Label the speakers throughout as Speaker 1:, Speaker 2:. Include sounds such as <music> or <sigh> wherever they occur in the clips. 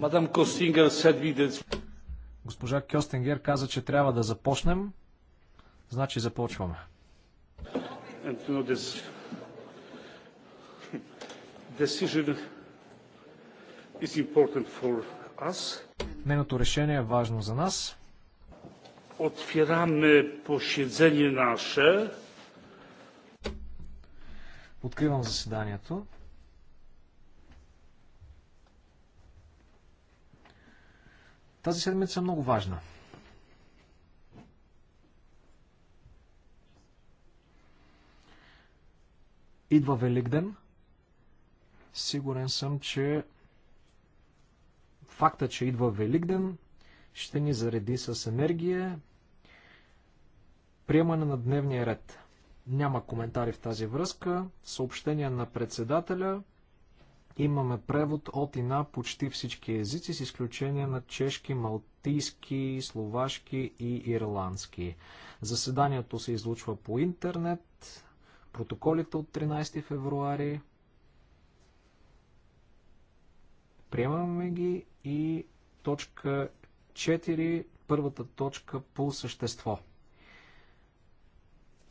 Speaker 1: Мадам Костингер
Speaker 2: Госпожа Кьостингер каза, че трябва да започнем. Значи започваме. Неното решение е важно за нас.
Speaker 1: Отвираме поседение наше.
Speaker 2: Откривам заседанието. Тази седмица е много важна. Идва Великден. Сигурен съм, че факта, че идва Великден, ще ни зареди с енергия. Приемане на дневния ред. Няма коментари в тази връзка. Съобщение на председателя. Имаме превод от и на почти всички езици, с изключение на чешки, малтийски, словашки и ирландски. Заседанието се излучва по интернет, протоколите от 13 февруари. Приемаме ги и точка 4, първата точка по същество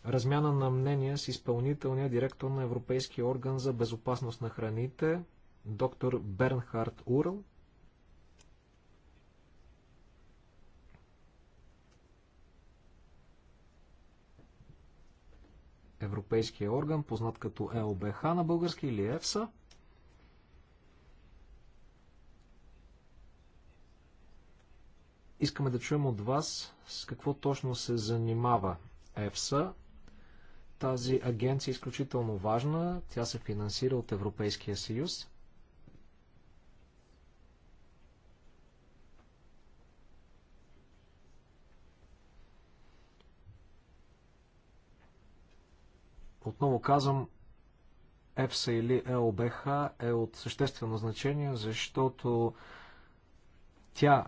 Speaker 2: размяна на мнения с изпълнителния директор на Европейския орган за безопасност на храните доктор Бернхард Урл. Европейския орган, познат като ЕОБХ на български или ЕФСА. Искаме да чуем от вас с какво точно се занимава ЕФСА. Тази агенция е изключително важна. Тя се финансира от Европейския съюз. Отново казвам, ЕФСА или ЕОБХ е от съществено значение, защото тя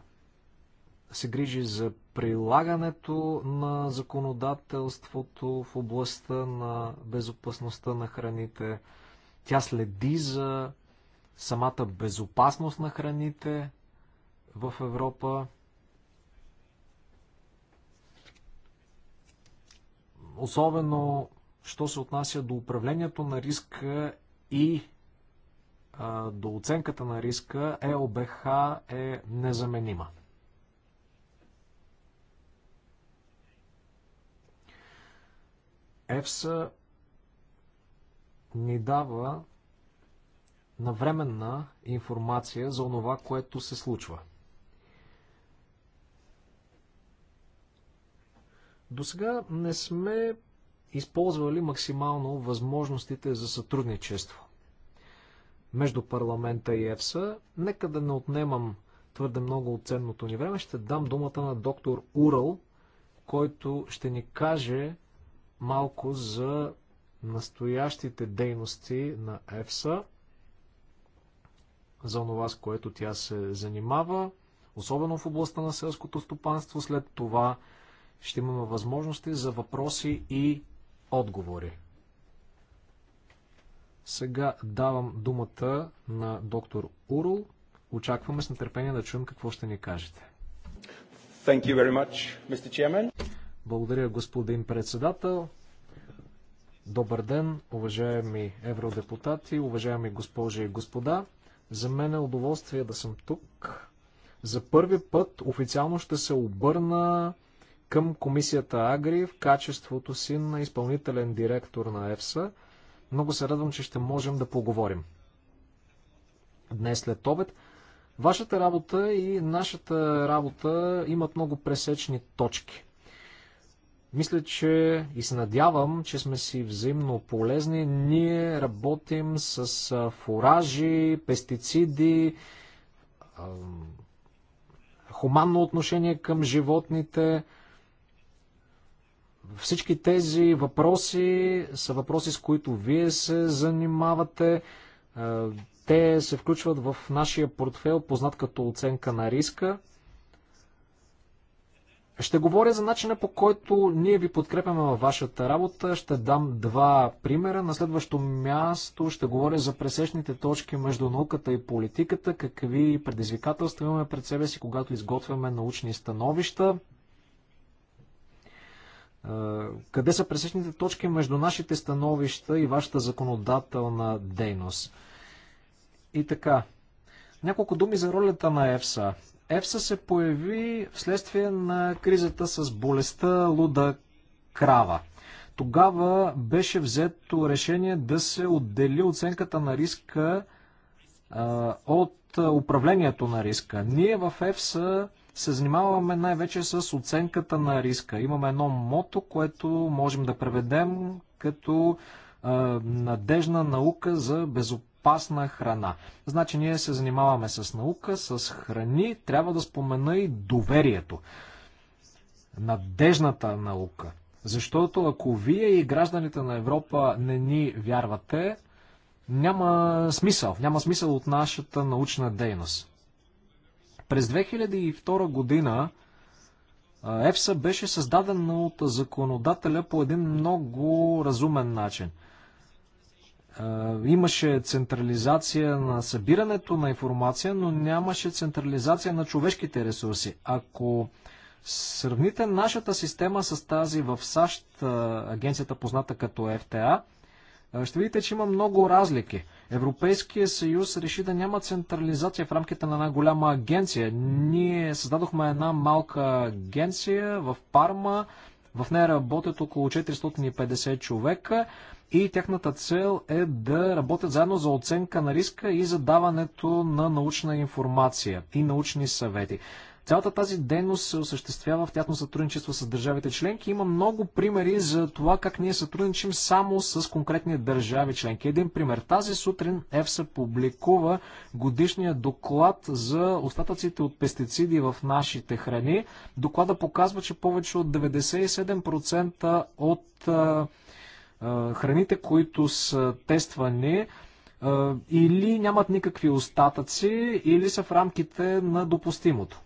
Speaker 2: се грижи за прилагането на законодателството в областта на безопасността на храните. Тя следи за самата безопасност на храните в Европа. Особено що се отнася до управлението на риска и а, до оценката на риска, ЕОБХ е незаменима. ЕФСА ни дава навременна информация за онова, което се случва. До сега не сме използвали максимално възможностите за сътрудничество между парламента и ЕФСА. Нека да не отнемам твърде много от ценното ни време. Ще дам думата на доктор Урал, който ще ни каже малко за настоящите дейности на ЕФСА, за това, с което тя се занимава, особено в областта на селското стопанство. След това ще имаме възможности за въпроси и отговори. Сега давам думата на доктор Урул. Очакваме с нетърпение да чуем какво ще ни кажете.
Speaker 3: Thank you very much, Mr.
Speaker 2: Chairman. Благодаря, господин председател. Добър ден, уважаеми евродепутати, уважаеми госпожи и господа. За мен е удоволствие да съм тук. За първи път официално ще се обърна към комисията Агри в качеството си на изпълнителен директор на ЕФСА. Много се радвам, че ще можем да поговорим. Днес след обед. Вашата работа и нашата работа имат много пресечни точки. Мисля, че и се надявам, че сме си взаимно полезни. Ние работим с фуражи, пестициди, хуманно отношение към животните. Всички тези въпроси са въпроси, с които вие се занимавате. Е, те се включват в нашия портфел, познат като оценка на риска. Ще говоря за начина по който ние ви подкрепяме във вашата работа. Ще дам два примера. На следващо място ще говоря за пресечните точки между науката и политиката, какви предизвикателства имаме пред себе си, когато изготвяме научни становища. Къде са пресечните точки между нашите становища и вашата законодателна дейност? И така, няколко думи за ролята на ЕФСА. ЕФСА се появи вследствие на кризата с болестта луда крава. Тогава беше взето решение да се отдели оценката на риска а, от управлението на риска. Ние в ЕФСА се занимаваме най-вече с оценката на риска. Имаме едно мото, което можем да преведем като е, надежна наука за безопасна храна. Значи ние се занимаваме с наука, с храни, трябва да спомена и доверието. Надежната наука. Защото ако вие и гражданите на Европа не ни вярвате, няма смисъл. Няма смисъл от нашата научна дейност. През 2002 година ЕФСА беше създадена от законодателя по един много разумен начин. Имаше централизация на събирането на информация, но нямаше централизация на човешките ресурси. Ако сравните нашата система с тази в САЩ, агенцията позната като FTA, ще видите, че има много разлики. Европейския съюз реши да няма централизация в рамките на една голяма агенция. Ние създадохме една малка агенция в Парма. В нея работят около 450 човека и тяхната цел е да работят заедно за оценка на риска и за даването на научна информация и научни съвети. Цялата тази дейност се осъществява в тяхно сътрудничество с държавите членки. Има много примери за това как ние сътрудничим само с конкретни държави членки. Един пример. Тази сутрин ЕФСА публикува годишния доклад за остатъците от пестициди в нашите храни. Доклада показва, че повече от 97% от храните, които са тествани, или нямат никакви остатъци, или са в рамките на допустимото.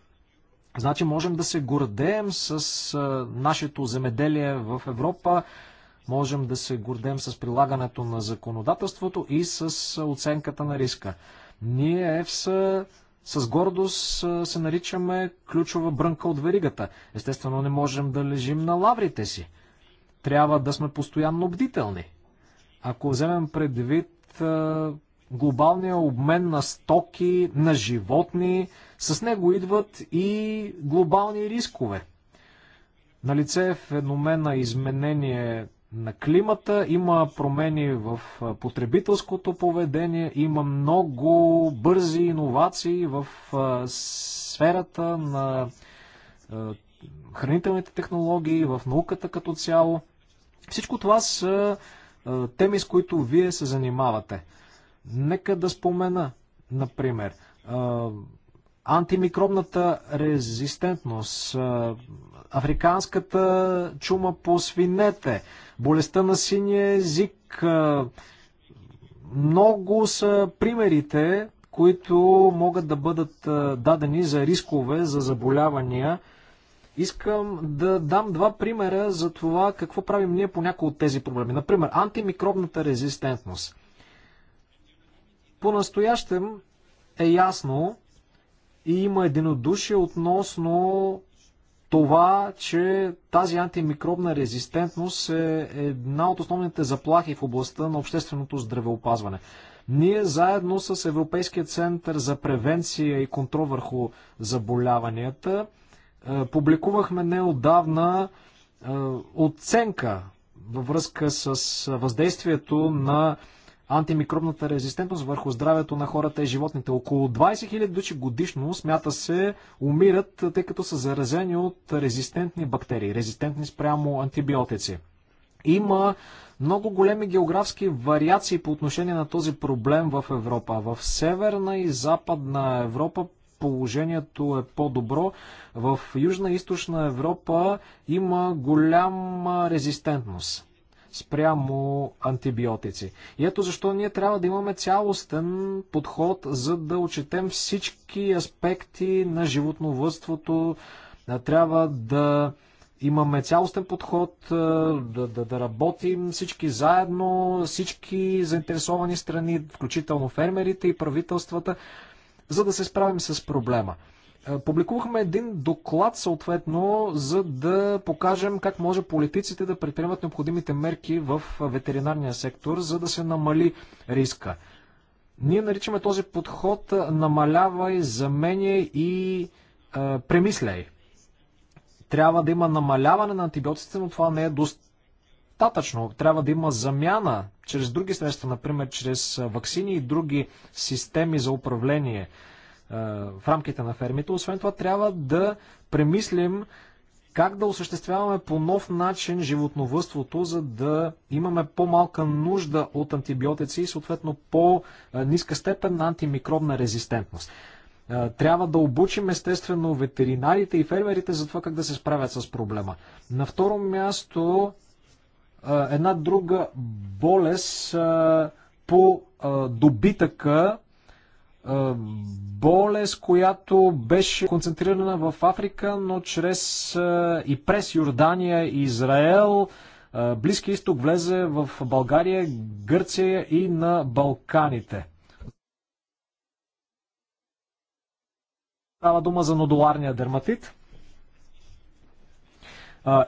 Speaker 2: Значи можем да се гордеем с нашето земеделие в Европа, можем да се гордем с прилагането на законодателството и с оценката на риска. Ние ЕФСА с гордост се наричаме ключова брънка от веригата. Естествено не можем да лежим на лаврите си. Трябва да сме постоянно бдителни. Ако вземем предвид глобалния обмен на стоки, на животни, с него идват и глобални рискове. Налице е феномен на изменение на климата, има промени в потребителското поведение, има много бързи иновации в сферата на хранителните технологии, в науката като цяло. Всичко това са теми, с които вие се занимавате. Нека да спомена, например, антимикробната резистентност, африканската чума по свинете, болестта на синия език. Много са примерите, които могат да бъдат дадени за рискове, за заболявания. Искам да дам два примера за това какво правим ние по някои от тези проблеми. Например, антимикробната резистентност. По-настоящем е ясно, и има единодушие относно това, че тази антимикробна резистентност е една от основните заплахи в областта на общественото здравеопазване. Ние заедно с Европейския център за превенция и контрол върху заболяванията е, публикувахме неодавна е, оценка във връзка с въздействието на антимикробната резистентност върху здравето на хората и животните. Около 20 000 души годишно, смята се, умират, тъй като са заразени от резистентни бактерии, резистентни спрямо антибиотици. Има много големи географски вариации по отношение на този проблем в Европа. В Северна и Западна Европа положението е по-добро. В Южна и Източна Европа има голяма резистентност спрямо антибиотици. И ето защо ние трябва да имаме цялостен подход, за да отчетем всички аспекти на животновътството. Трябва да имаме цялостен подход, да, да, да работим всички заедно, всички заинтересовани страни, включително фермерите и правителствата, за да се справим с проблема. Е, публикувахме един доклад, съответно, за да покажем как може политиците да предприемат необходимите мерки в ветеринарния сектор, за да се намали риска. Ние наричаме този подход е, намалявай, заменяй и е, премисляй. Трябва да има намаляване на антибиотиците, но това не е достатъчно. Трябва да има замяна чрез други средства, например чрез е, вакцини и други системи за управление в рамките на фермите. Освен това, трябва да премислим как да осъществяваме по нов начин животновътството, за да имаме по-малка нужда от антибиотици и съответно по-ниска степен на антимикробна резистентност. Трябва да обучим естествено ветеринарите и фермерите за това как да се справят с проблема. На второ място, една друга болест по добитъка е, болест, която беше концентрирана в Африка, но чрез е, и през Йордания и Израел. Е, Близки изток влезе в България, Гърция и на Балканите. Става дума за нодуларния дерматит.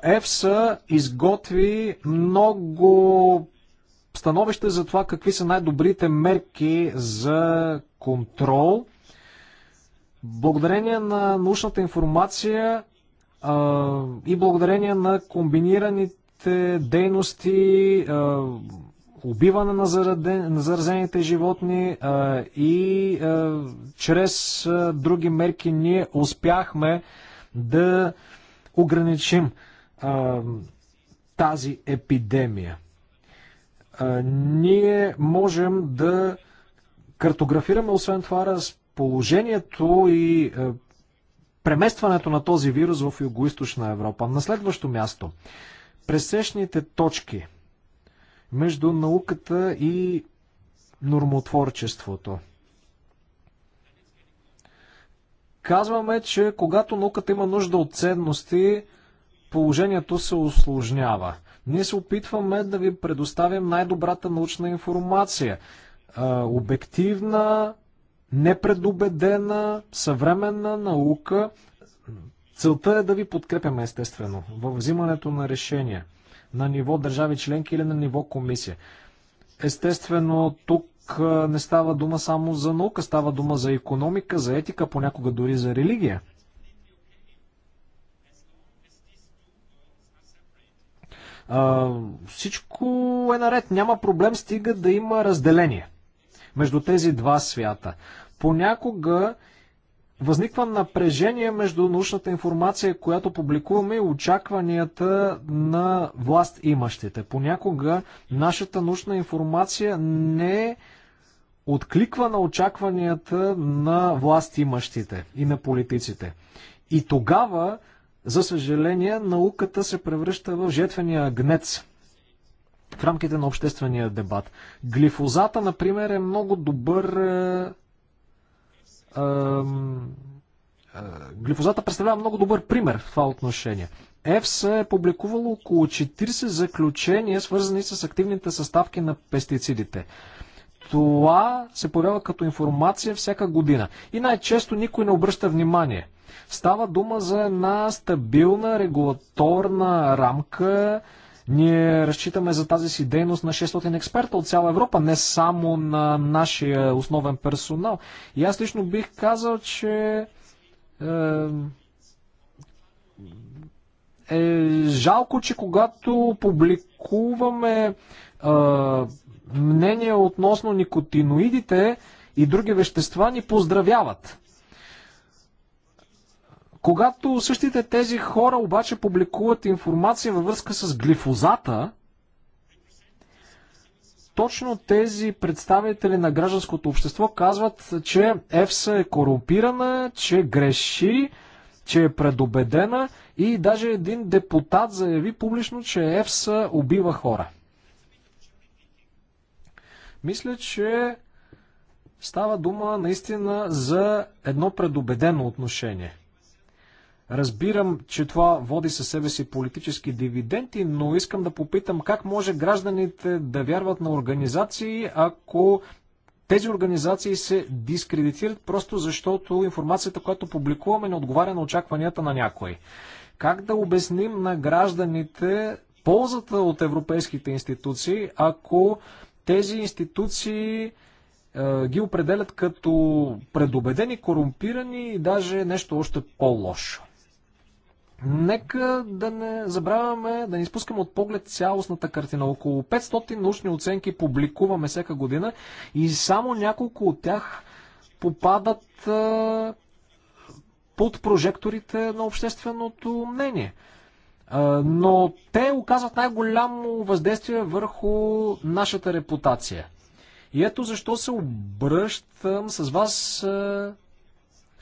Speaker 2: ЕФСА изготви много становище за това какви са най-добрите мерки за контрол. Благодарение на научната информация а, и благодарение на комбинираните дейности, а, убиване на, зараден, на заразените животни а, и а, чрез а, други мерки ние успяхме да ограничим а, тази епидемия ние можем да картографираме освен това разположението и е, преместването на този вирус в Юго-Источна Европа. На следващо място, пресечните точки между науката и нормотворчеството. Казваме, че когато науката има нужда от ценности, положението се осложнява. Ние се опитваме да ви предоставим най-добрата научна информация. Обективна, непредубедена, съвременна наука. Целта е да ви подкрепяме, естествено, в взимането на решения на ниво държави членки или на ниво комисия. Естествено, тук не става дума само за наука, става дума за економика, за етика, понякога дори за религия. А, всичко е наред, няма проблем, стига да има разделение между тези два свята. Понякога възниква напрежение между научната информация, която публикуваме и очакванията на власт имащите. Понякога нашата научна информация не е откликва на очакванията на власт имащите и на политиците. И тогава за съжаление, науката се превръща в жетвения гнец в рамките на обществения дебат. Глифозата, например, е много добър. Е, е, е, глифозата представлява много добър пример в това отношение. ЕФСА е публикувало около 40 заключения, свързани с активните съставки на пестицидите. Това се появява като информация всяка година. И най-често никой не обръща внимание – Става дума за една стабилна регулаторна рамка. Ние разчитаме за тази си дейност на 600 експерта от цяла Европа, не само на нашия основен персонал. И аз лично бих казал, че е, е жалко, че когато публикуваме е, мнение относно никотиноидите и други вещества, ни поздравяват. Когато същите тези хора обаче публикуват информация във връзка с глифозата, точно тези представители на гражданското общество казват, че ЕФСА е корумпирана, че греши, че е предобедена и даже един депутат заяви публично, че ЕФСА убива хора. Мисля, че става дума наистина за едно предобедено отношение – Разбирам, че това води със себе си политически дивиденти, но искам да попитам как може гражданите да вярват на организации, ако тези организации се дискредитират просто защото информацията, която публикуваме, не отговаря на очакванията на някой. Как да обясним на гражданите ползата от европейските институции, ако тези институции е, ги определят като предубедени, корумпирани и даже нещо още по-лошо? Нека да не забравяме, да не изпускаме от поглед цялостната картина. Около 500 научни оценки публикуваме всяка година и само няколко от тях попадат а, под прожекторите на общественото мнение. А, но те оказват най-голямо въздействие върху нашата репутация. И ето защо се обръщам с вас, а,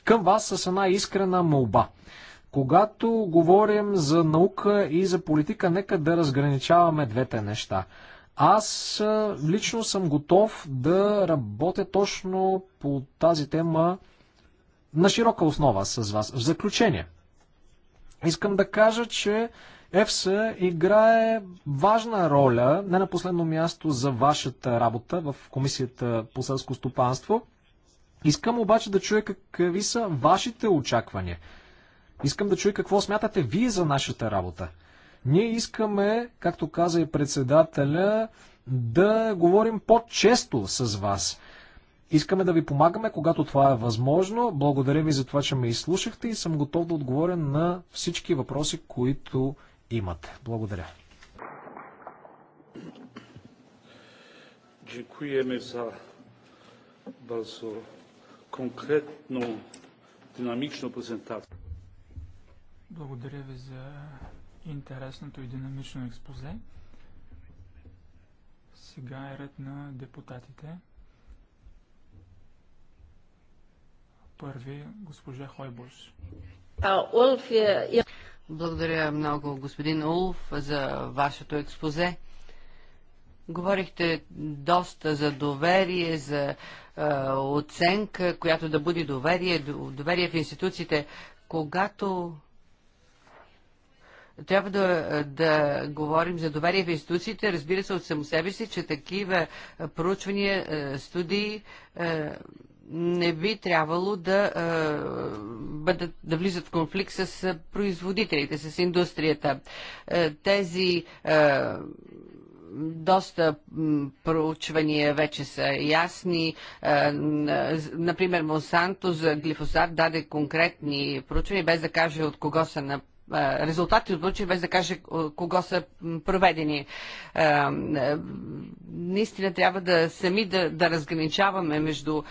Speaker 2: към вас с една искрена молба. Когато говорим за наука и за политика, нека да разграничаваме двете неща. Аз лично съм готов да работя точно по тази тема на широка основа с вас. В заключение, искам да кажа, че ЕФСА играе важна роля, не на последно място за вашата работа в Комисията по селско стопанство. Искам обаче да чуя какви са вашите очаквания. Искам да чуя какво смятате вие за нашата работа. Ние искаме, както каза и председателя, да говорим по-често с вас. Искаме да ви помагаме, когато това е възможно. Благодаря ви за това, че ме изслушахте и съм готов да отговоря на всички въпроси, които имате. Благодаря.
Speaker 1: Dziękujemy за бързо конкретно динамично презентация.
Speaker 3: Благодаря ви за интересното и динамично експозе. Сега е ред на депутатите. Първи госпожа Хойбуш.
Speaker 4: Е- е- Благодаря много, господин Улф, за вашето експозе. Говорихте доста за доверие, за е, оценка, която да буди доверие, доверие в институциите. Когато трябва да, да говорим за доверие в институциите. Разбира се от само себе си, че такива проучвания, студии не би трябвало да, бъдат, да влизат в конфликт с производителите, с индустрията. Тези доста проучвания вече са ясни. Например, Монсанто за глифосат даде конкретни проучвания, без да каже от кого са направени е, резултати от проучване, без да каже е, кого са проведени. Е, наистина трябва да сами да, да разграничаваме между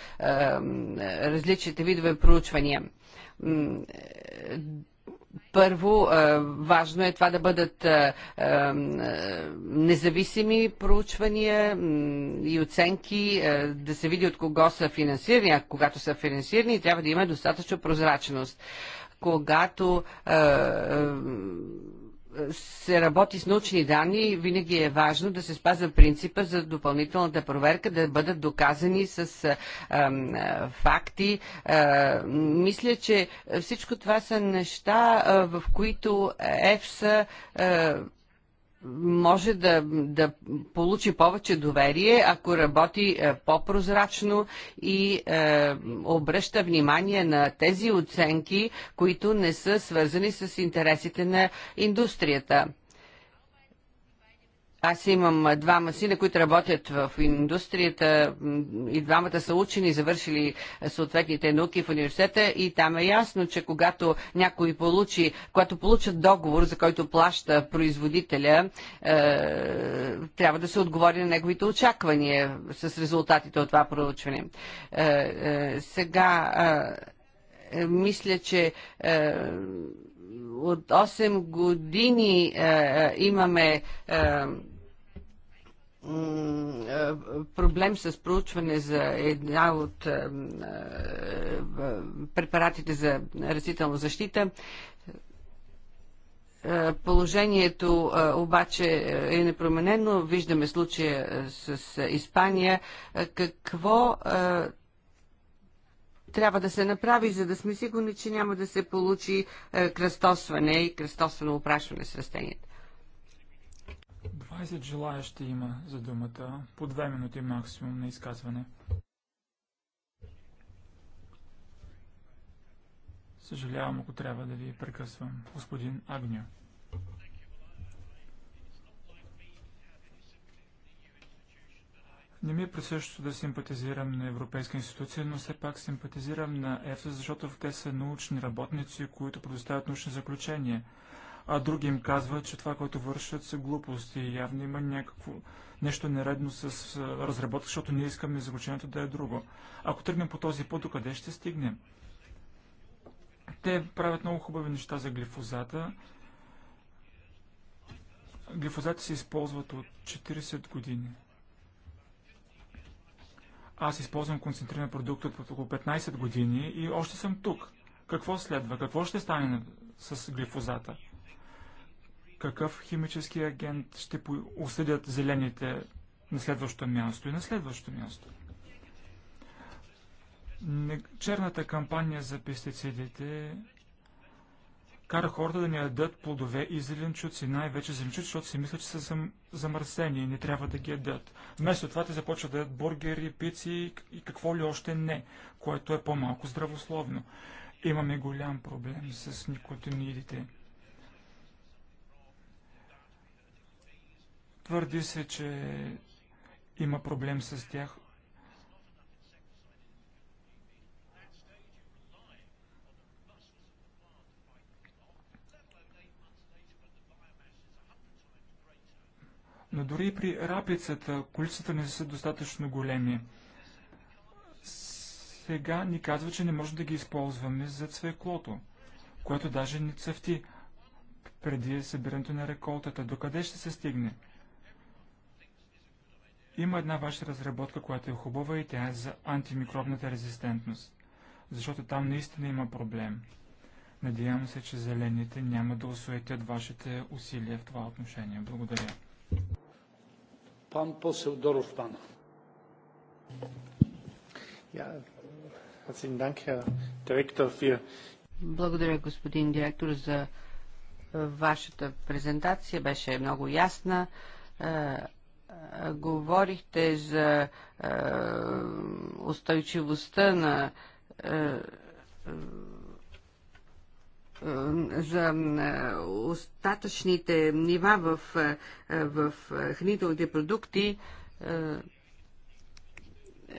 Speaker 4: различните видове проучвания първо, важно е това да бъдат независими проучвания и оценки, да се види от кого са финансирани, а когато са финансирани, трябва да има достатъчно прозрачност когато а, а, се работи с научни данни, винаги е важно да се спазва принципа за допълнителната проверка, да бъдат доказани с а, факти. мисля, че всичко това са неща, в които ЕФСА може да, да получи повече доверие, ако работи е, по-прозрачно и е, обръща внимание на тези оценки, които не са свързани с интересите на индустрията. Аз имам двама сина, които работят в индустрията и двамата са учени, завършили съответните науки в университета и там е ясно, че когато някой получи, когато получат договор, за който плаща производителя, е, трябва да се отговори на неговите очаквания с резултатите от това проучване. Е, е, сега е, мисля, че е, от 8 години е, е, имаме е, проблем с проучване за една от е, е, препаратите за растителна защита. Е, положението обаче е непроменено. Виждаме случая с Испания. Какво трябва да се направи, за да сме сигурни, че няма да се получи кръстосване и кръстосвено опрашване с растенията?
Speaker 3: 20 желаящи има за думата, по 2 минути максимум на изказване. Съжалявам, ако трябва да ви прекъсвам. Господин Агню. Не ми е присъщо да симпатизирам на Европейска институция, но все пак симпатизирам на ЕФСА, защото те са научни работници, които предоставят научни заключения – а други им казват, че това, което вършат, са глупости. Явно има някакво нещо нередно с разработка, защото ние искаме заключението да е друго. Ако тръгнем по този път, докъде ще стигнем? Те правят много хубави неща за глифозата. Глифозати се използват от 40 години. Аз използвам концентриран продукт от около 15 години и още съм тук. Какво следва? Какво ще стане с глифозата? какъв химически агент ще осъдят зелените на следващото място и на следващото място. Черната кампания за пестицидите кара хората да не ядат плодове и зеленчуци, най-вече зеленчуци, защото си мислят, че са замърсени и не трябва да ги ядат. Вместо това те започват да ядат бургери, пици и какво ли още не, което е по-малко здравословно. Имаме голям проблем с никотинидите. Твърди се, че има проблем с тях. Но дори и при рапицата количествата не са достатъчно големи. Сега ни казва, че не може да ги използваме за цвеклото, което даже не цъфти преди събирането на реколтата. Докъде ще се стигне? Има една ваша разработка, която е хубава и тя е за антимикробната резистентност. Защото там наистина има проблем. Надявам се, че зелените няма да усуетят вашите усилия в това отношение. Благодаря.
Speaker 1: Пан посел пан.
Speaker 4: Благодаря, господин директор, за е, вашата презентация. Беше много ясна е, говорихте за устойчивостта на за остатъчните нива в, в хранителните продукти,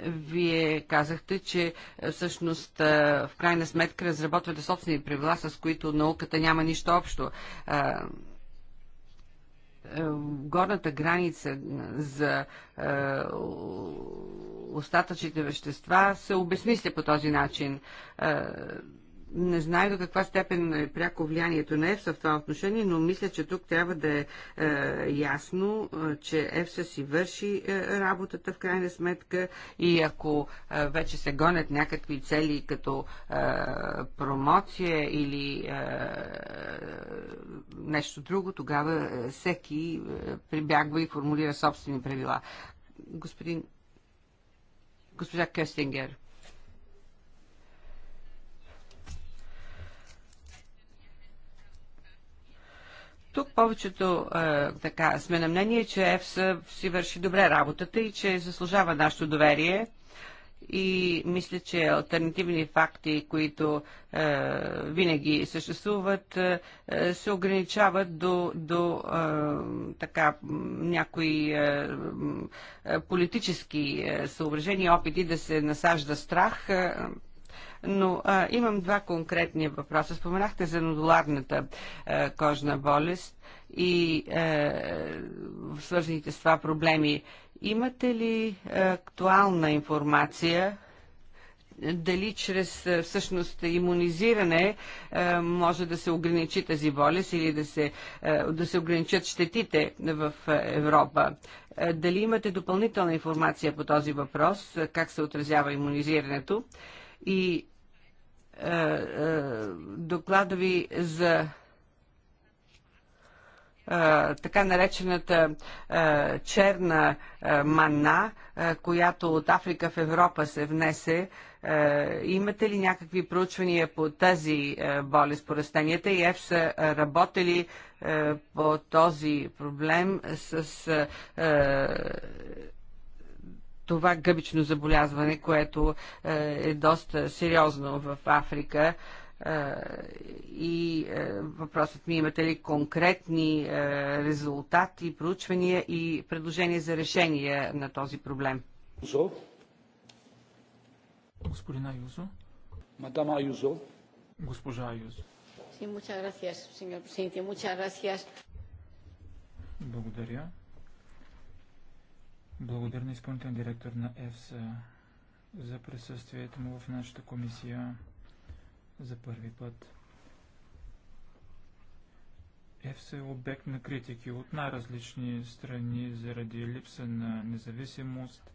Speaker 4: вие казахте, че всъщност в крайна сметка разработвате собствени правила, с които науката няма нищо общо. Е, горната граница за е, остатъчните вещества се обесмисля по този начин. Е, не знае до каква степен е пряко влиянието на ЕФСА в това отношение, но мисля, че тук трябва да е, е ясно, е, че ЕФСА си върши е, работата в крайна сметка и ако е, вече се гонят някакви цели като е, промоция или е, нещо друго, тогава е, всеки е, прибягва и формулира собствени правила. Господин, госпожа Кестингер. Тук повечето е, така, сме на мнение, че ЕФСА си върши добре работата и че заслужава нашето доверие. И мисля, че альтернативни факти, които е, винаги съществуват, е, се ограничават до, до е, така, някои е, политически съображения, опити да се насажда страх. Е, но а, имам два конкретни въпроса. Споменахте за нодуларната а, кожна болест и а, свързаните с това проблеми. Имате ли актуална информация дали чрез всъщност иммунизиране може да се ограничи тази болест или да се, да се ограничат щетите в Европа. Дали имате допълнителна информация по този въпрос, как се отразява иммунизирането? И е, е, докладови за е, така наречената черна манна, която от Африка в Европа се внесе. Имате ли някакви проучвания по тази болест по растенията и ЕФСА работили по този проблем с това гъбично заболязване, което е, е доста сериозно в Африка. Е, и е, въпросът ми имате ли конкретни резултати, проучвания и предложения за решение на този проблем? Господин Аюзо.
Speaker 1: Мадама Аюзо. Госпожа Аюзо.
Speaker 3: Благодаря. Благодаря на изпълнителен директор на ЕФСА за присъствието му в нашата комисия за първи път. ЕФСА е обект на критики от най-различни страни заради липса на независимост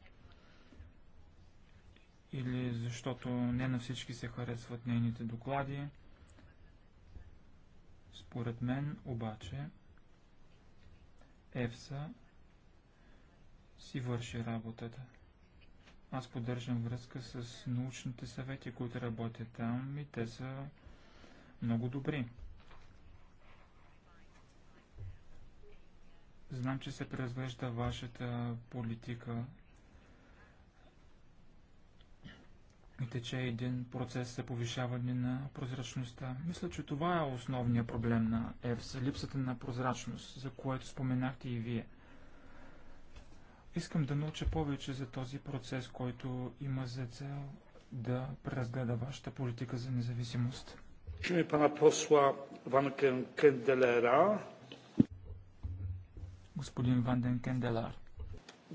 Speaker 3: или защото не на всички се харесват нейните доклади. Според мен обаче ЕФСА си върши работата. Аз поддържам връзка с научните съвети, които работят там и те са много добри. Знам, че се преразглежда вашата политика и тече един процес за повишаване на прозрачността. Мисля, че това е основният проблем на ЕФСА, липсата на прозрачност, за което споменахте и вие – Искам да науча повече за този процес, който има за цел да преразгледа вашата политика за независимост.
Speaker 1: Чуме пана посла Ван Кенделера.
Speaker 3: Господин Ванден Кенделар.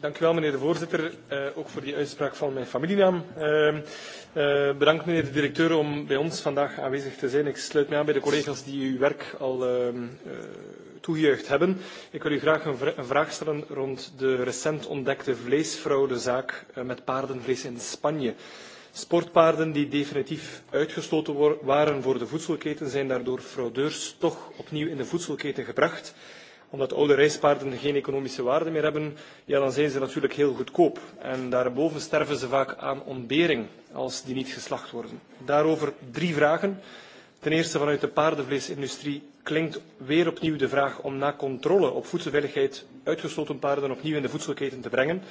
Speaker 5: Dank u wel, meneer de voorzitter. Uh, ook voor die uitspraak van mijn familienaam. Uh, uh, bedankt, meneer de directeur, om bij ons vandaag aanwezig te zijn. Ik sluit mij aan bij de collega's die uw werk al uh, uh, toegejuicht hebben. Ik wil u graag een vraag stellen rond de recent ontdekte vleesfraudezaak met paardenvlees in Spanje. Sportpaarden die definitief uitgestoten waren voor de voedselketen zijn daardoor fraudeurs toch opnieuw in de voedselketen gebracht. Omdat oude reispaarden geen economische waarde meer hebben, ja, dan zijn ze natuurlijk heel goedkoop. En daarboven sterven ze vaak aan ontbering als die niet geslacht worden. Daarover drie vragen. Ten eerste vanuit de paardenvleesindustrie klinkt weer opnieuw de vraag om na controle op voedselveiligheid uitgesloten paarden opnieuw in de voedselketen te brengen.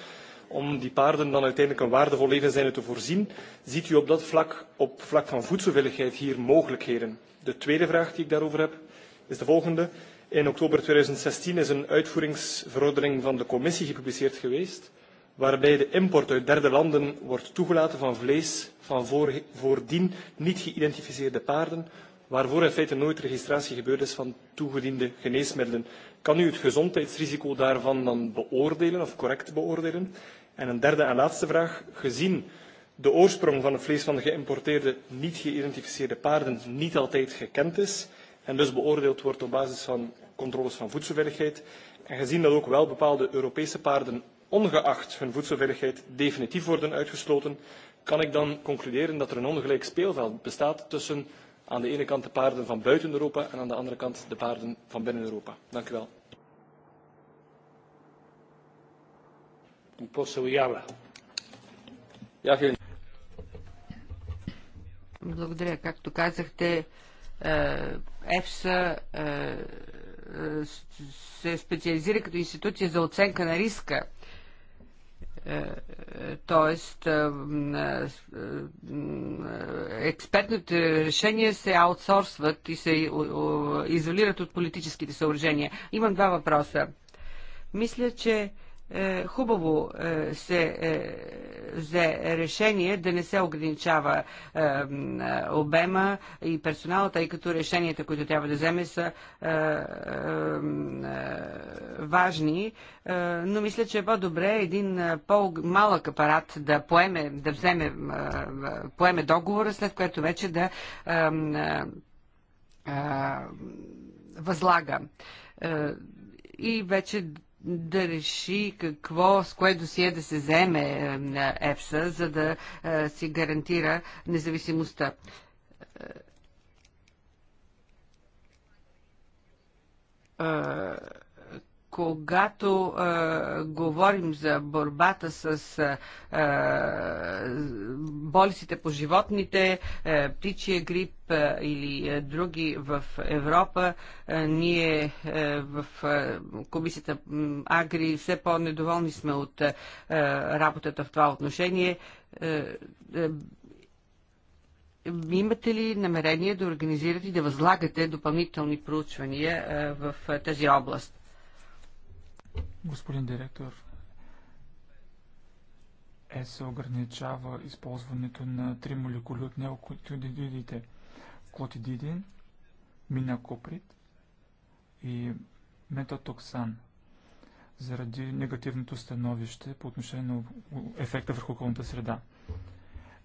Speaker 5: Om die paarden dan uiteindelijk een waardevol levenseinde te voorzien, ziet u op dat vlak, op vlak van voedselveiligheid hier mogelijkheden? De tweede vraag die ik daarover heb is de volgende. In oktober 2016 is een uitvoeringsverordening van de commissie gepubliceerd geweest, waarbij de import uit derde landen wordt toegelaten van vlees van voordien niet geïdentificeerde paarden waarvoor in feite nooit registratie gebeurd is van toegediende geneesmiddelen. Kan u het gezondheidsrisico daarvan dan beoordelen of correct beoordelen? En een derde en laatste vraag. Gezien de oorsprong van het vlees van de geïmporteerde niet geïdentificeerde paarden niet altijd gekend is en dus beoordeeld wordt op basis van controles van voedselveiligheid, en gezien dat ook wel bepaalde Europese paarden ongeacht hun voedselveiligheid definitief worden uitgesloten, kan ik dan concluderen dat er een ongelijk speelveld bestaat tussen Aan de ene kant de paarden van buiten Europa en aan de andere kant de paarden van binnen Europa. Dank u wel.
Speaker 4: Благодаря. Както казахте, ЕФСА се специализира като институция за оценка на риска Тоест, е, е, експертните решения се аутсорсват и се изолират от политическите съоръжения. Имам два въпроса. Мисля, че е, хубаво е, се е, взе решение да не се ограничава е, е, обема и персонала, тъй като решенията, които трябва да вземе, са е, е, е важни. Е, но мисля, че е по-добре един е, по-малък апарат да поеме, да вземе, е, поеме договора, след което вече да е, е, възлага. Е, и вече да реши какво, с кое досие да се вземе ЕПСА, за да е, си гарантира независимостта. Uh когато е, говорим за борбата с е, болестите по животните, е, птичия грип е, или е, други в Европа, е, ние е, в е, комисията Агри все по-недоволни сме от е, работата в това отношение. Е, е, Имате ли намерение да организирате и да възлагате допълнителни проучвания в тази област?
Speaker 3: Господин директор, е се ограничава използването на три молекули от неокотидидите клотидидин, минакоприт и метатоксан заради негативното становище по отношение на ефекта върху околната среда.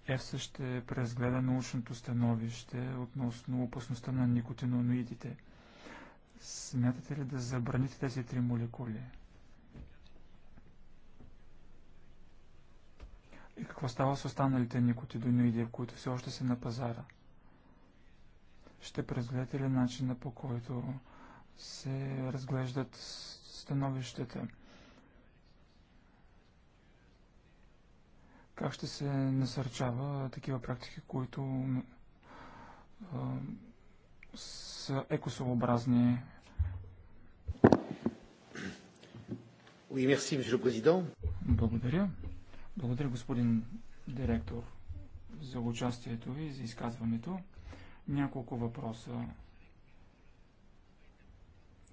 Speaker 3: ЕФСА ще преразгледа научното становище относно опасността на никотиноидите. Смятате ли да забраните тези три молекули? И какво става с останалите никотидониди, които все още са на пазара? Ще преразгледате ли начина по който се разглеждат становищата? Как ще се насърчава такива практики, които а, са екосообразни? Благодаря. Благодаря, господин директор, за участието и за изказването. Няколко въпроса.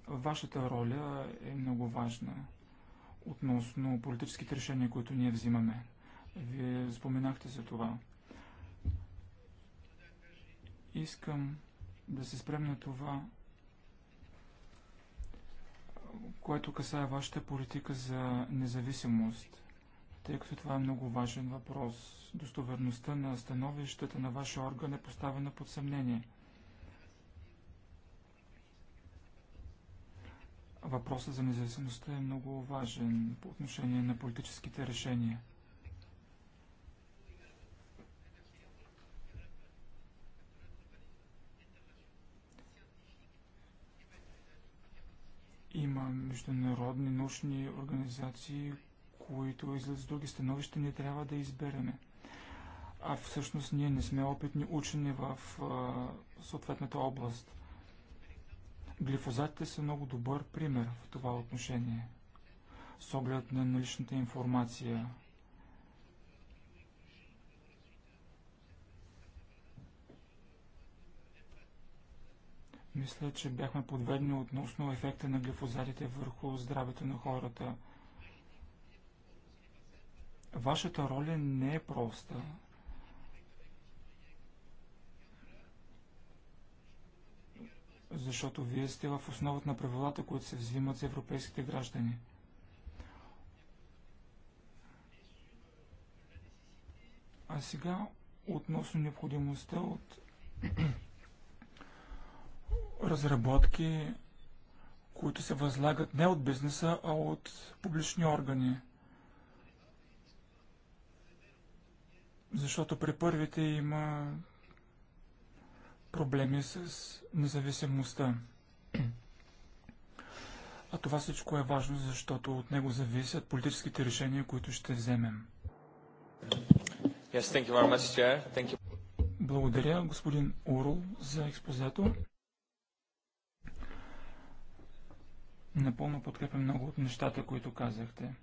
Speaker 3: Вашата роля е много важна относно политическите решения, които ние взимаме. Вие споменахте за това. Искам да се спрем на това, което касае вашата политика за независимост тъй като това е много важен въпрос. Достоверността на становищата на вашия орган е поставена под съмнение. Въпросът за независимостта е много важен по отношение на политическите решения. Има международни научни организации, които излизат с други становища, ние трябва да избереме. А всъщност ние не сме опитни учени в а, съответната област. Глифозатите са много добър пример в това отношение. С оглед на наличната информация, Мисля, че бяхме подведени относно ефекта на глифозатите върху здравето на хората. Вашата роля не е проста. Защото вие сте в основата на правилата, които се взимат за европейските граждани. А сега относно необходимостта от <clears throat> разработки, които се възлагат не от бизнеса, а от публични органи. Защото при първите има проблеми с независимостта. А това всичко е важно, защото от него зависят политическите решения, които ще вземем.
Speaker 5: Yes, thank you very much, Chair. Thank you.
Speaker 3: Благодаря, господин Урл, за експозето. Напълно подкрепям много от нещата, които казахте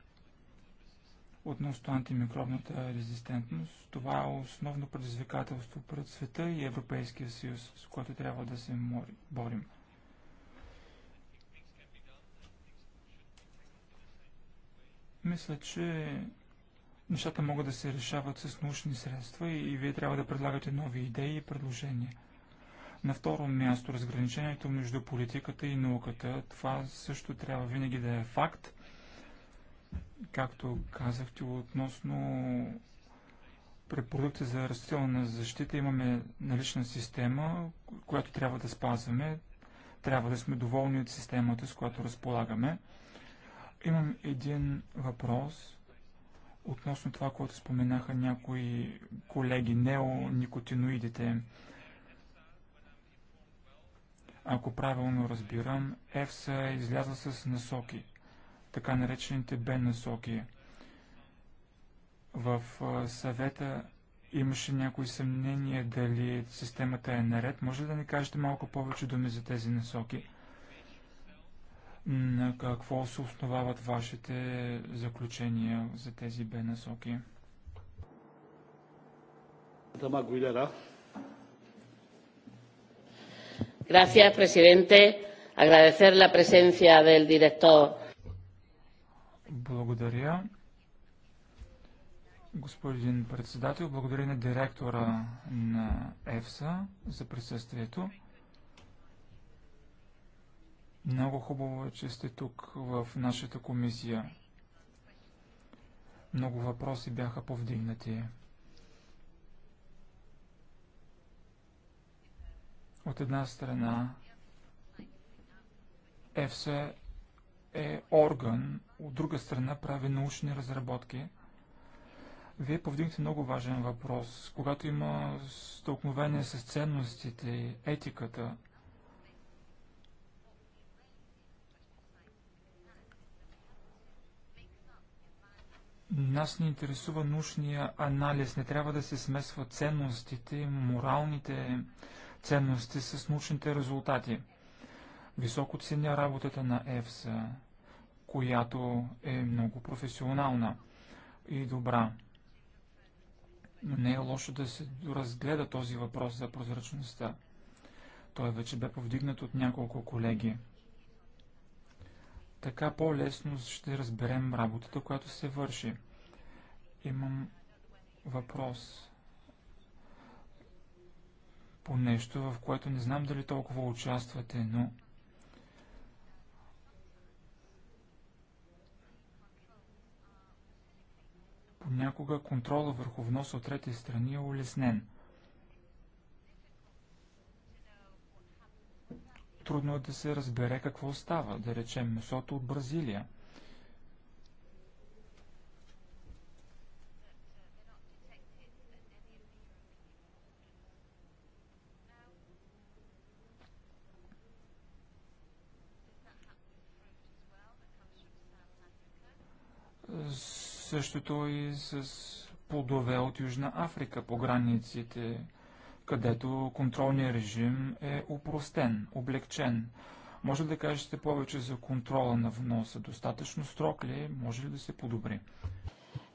Speaker 3: относно антимикробната резистентност. Това е основно предизвикателство пред света и Европейския съюз, с което трябва да се борим. Мисля, че нещата могат да се решават с научни средства и вие трябва да предлагате нови идеи и предложения. На второ място, разграничението между политиката и науката. Това също трябва винаги да е факт както казахте, относно препоръките за растителна защита имаме налична система, която трябва да спазваме. Трябва да сме доволни от системата, с която разполагаме. Имам един въпрос относно това, което споменаха някои колеги, неоникотиноидите. Ако правилно разбирам, ЕФСА е излязла с насоки – така наречените бен насоки. В съвета имаше някои съмнения дали системата е наред. Може ли да ни кажете малко повече думи за тези насоки? На какво се основават вашите заключения за тези бен насоки?
Speaker 4: Gracias, presidente. Agradecer la presencia del director
Speaker 3: благодаря. Господин председател, благодаря на директора на ЕФСА за присъствието. Много хубаво е, че сте тук в нашата комисия. Много въпроси бяха повдигнати. От една страна, ЕФСА е орган, от друга страна прави научни разработки. Вие повдигнахте много важен въпрос. Когато има столкновение с ценностите и етиката, Нас ни интересува научния анализ. Не трябва да се смесва ценностите, моралните ценности с научните резултати. Високо ценя работата на ЕФСА която е много професионална и добра. Но не е лошо да се разгледа този въпрос за прозрачността. Той вече бе повдигнат от няколко колеги. Така по-лесно ще разберем работата, която се върши. Имам въпрос по нещо, в което не знам дали толкова участвате, но Понякога контрола върху вноса от трети страни е улеснен. Трудно е да се разбере какво става, да речем месото от Бразилия. Същото и с плодове от Южна Африка по границите, където контролният режим е упростен, облегчен. Може ли да кажете повече за контрола на вноса? Достатъчно строг ли Може ли да се подобри?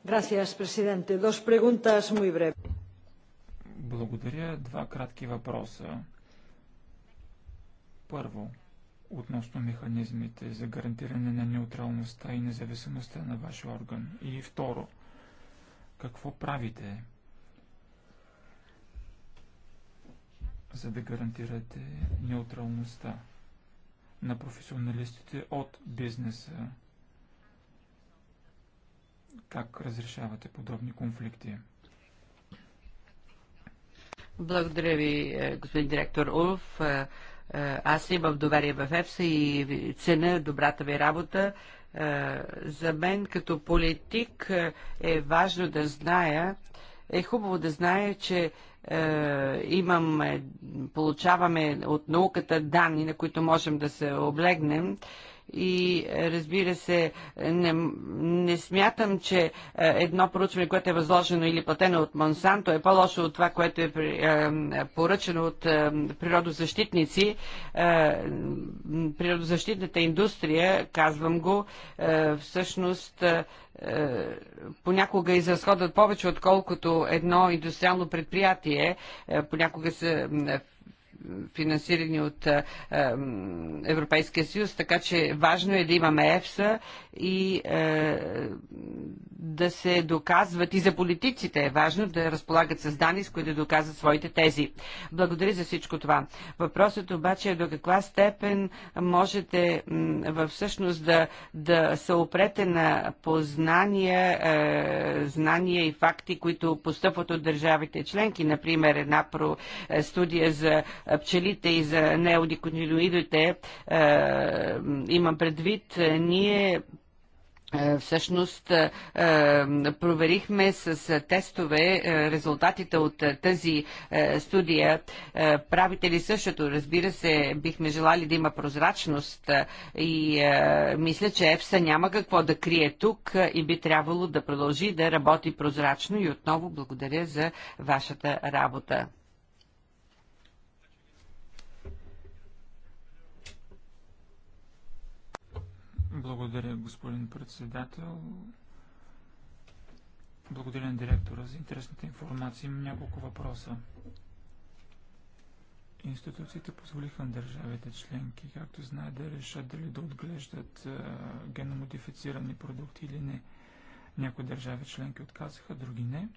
Speaker 4: Gracias, presidente. Dos preguntas muy breves.
Speaker 3: Благодаря. Два кратки въпроса. Първо, относно механизмите за гарантиране на неутралността и независимостта на вашия орган? И второ, какво правите, за да гарантирате неутралността на професионалистите от бизнеса? Как разрешавате подобни конфликти?
Speaker 4: Благодаря ви, е, господин директор Улф. Е, е, аз имам доверие в ЕФСА и цена добрата ви работа. Е, за мен като политик е, е важно да зная, е хубаво да зная, че е, имам, получаваме от науката данни, на които можем да се облегнем. Е, и разбира се, не, не смятам, че е, едно поручване, което е възложено или платено от Монсанто е по-лошо от това, което е, е поръчено от е, природозащитници. Природозащитната индустрия, казвам го, всъщност понякога изразходват повече, отколкото едно индустриално предприятие. Понякога се финансирани от Европейския съюз, така че важно е да имаме ЕФСА и да се доказват и за политиците е важно да разполагат с данни, с които да доказват своите тези. Благодаря за всичко това. Въпросът обаче е до каква степен можете всъщност да, да се опрете на познания, знания и факти, които постъпват от държавите членки. Например, една про, е, студия за е, пчелите и за неодикотиноидите, имам предвид, ние всъщност проверихме с тестове резултатите от тази студия. Правите ли същото? Разбира се, бихме желали да има прозрачност и мисля, че ЕФСА няма какво да крие тук и би трябвало да продължи да работи прозрачно и отново благодаря за вашата работа.
Speaker 1: Благодаря,
Speaker 3: господин председател. Благодаря на директора за интересната информация. Имам няколко въпроса. Институциите позволиха на държавите членки, както знаят, да решат дали да отглеждат геномодифицирани продукти или не. Някои държави членки отказаха, други не.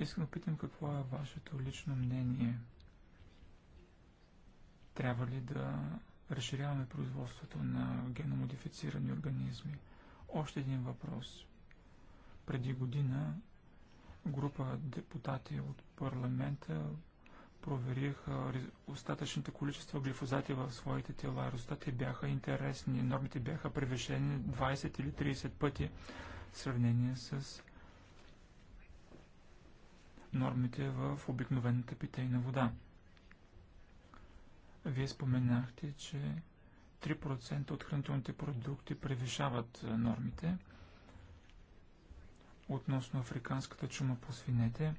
Speaker 3: Искам да питам какво е вашето лично мнение. Трябва ли да разширяваме производството на геномодифицирани организми. Още един въпрос. Преди година група депутати от парламента провериха остатъчните количества глифозати в своите тела. Резултатите бяха интересни. Нормите бяха превишени 20 или 30 пъти в сравнение с нормите в обикновената питейна вода. Вие споменахте, че 3% от хранителните продукти превишават е, нормите относно африканската чума по свинете.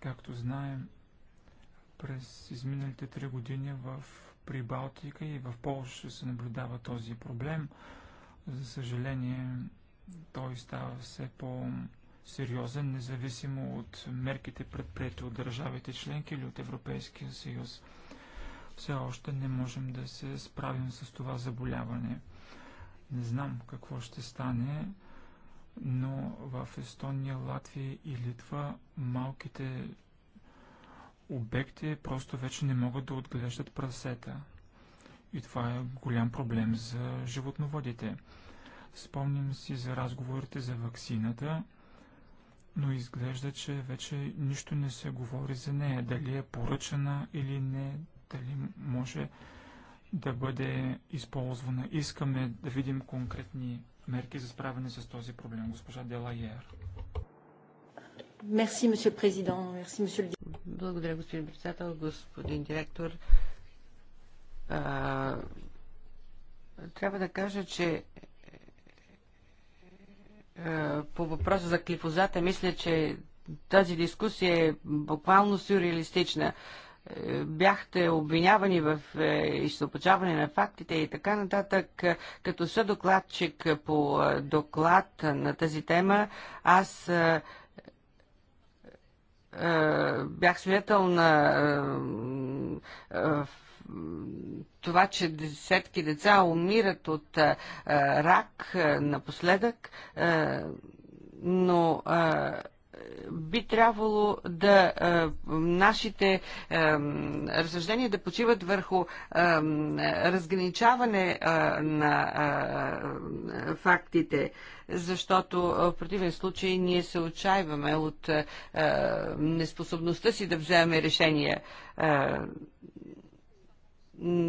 Speaker 3: Както знаем, през изминалите 3 години в Прибалтика и в Полша се наблюдава този проблем. За съжаление, той става все по-сериозен, независимо от мерките предприяти от държавите членки или от Европейския съюз все още не можем да се справим с това заболяване. Не знам какво ще стане, но в Естония, Латвия и Литва малките обекти просто вече не могат да отглеждат прасета. И това е голям проблем за животноводите. Спомним си за разговорите за ваксината, но изглежда, че вече нищо не се говори за нея, дали е поръчана или не, дали може да бъде използвана. Искаме да видим конкретни мерки за справяне с този проблем. Госпожа Делайер.
Speaker 4: Мерси, месье президент. Мерси, месье Благодаря, господин председател, господин директор. А, трябва да кажа, че а, е, е, по въпроса за клифозата, мисля, че тази дискусия е буквално сюрреалистична. А, бяхте обвинявани в е, изопачаване на фактите и така нататък. Като съдокладчик по е, доклад на тази тема, аз е, бях свидетел на това, че десетки деца умират от рак напоследък, но би трябвало да а, е, нашите а, е, разсъждения да почиват върху а, е, разграничаване а, на а, фактите, защото в противен случай ние се отчаиваме от а, неспособността си да вземем решения. А,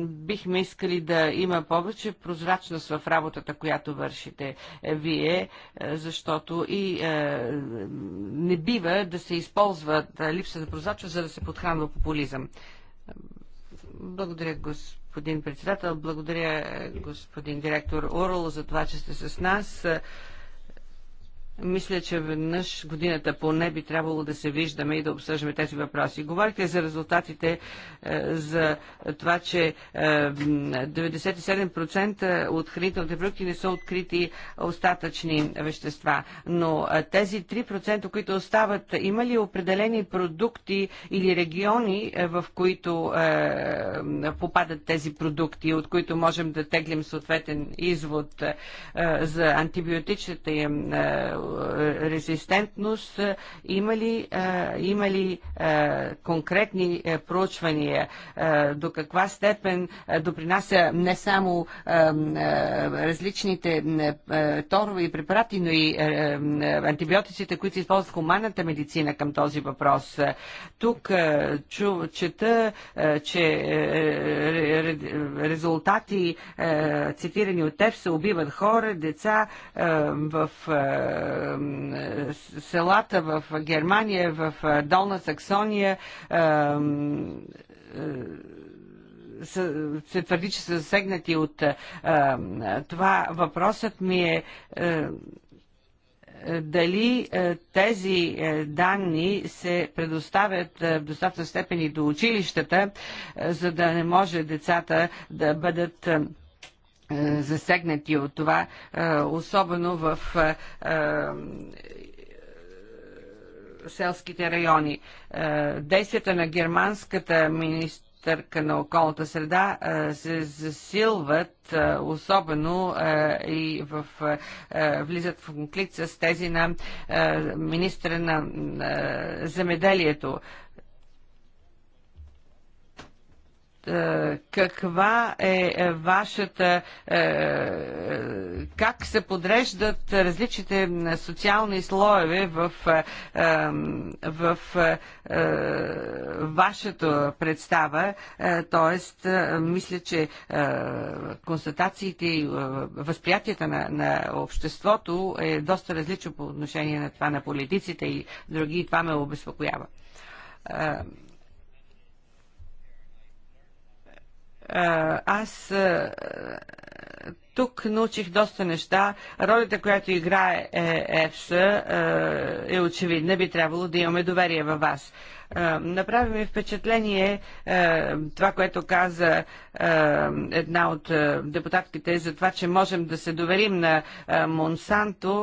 Speaker 4: бихме искали да има повече прозрачност в работата, която вършите е, вие, е, защото и е, не бива да се използва липса на прозрачност, за да се подхранва популизъм. Благодаря, господин председател. Благодаря, господин директор Орло за това, че сте с нас. Мисля, че веднъж годината поне би трябвало да се виждаме и да обсъждаме тези въпроси. Говорите за резултатите, е, за това, че 97% е, от хранителните продукти не са открити остатъчни вещества. Но е, тези 3%, които остават, има ли определени продукти или региони, в които попадат тези продукти, от които можем да теглим съответен извод за антибиотичната им резистентност, има ли, има ли конкретни проучвания, до каква степен допринася не само различните торови препарати, но и антибиотиците, които се използват в хуманната медицина към този въпрос. Тук чу, чета, че е, резултати, цитирани от теб, се убиват хора, деца в е, селата в Германия, в е, Долна Саксония е, се твърди, че са засегнати от това. Въпросът ми е дали тези данни се предоставят в достатъчна степени до училищата, за да не може децата да бъдат е, засегнати от това, е, особено в е, селските райони. Действията на германската министърка на околната среда се засилват, особено и в, влизат в конфликт с тези на министра на земеделието. Е, каква е, е вашата, е, как се подреждат различните социални слоеве в, в, в вашата представа, т.е. мисля, че констатациите и възприятията на, на обществото е доста различно по отношение на това на политиците и други и това ме обезпокоява. Е, аз е, тук научих доста неща. Ролята, която играе ЕФСА е, е очевидна. Би трябвало да имаме доверие във вас. Направи ми впечатление това, което каза е, една от е, депутатките за това, че можем да се доверим на е, Монсанто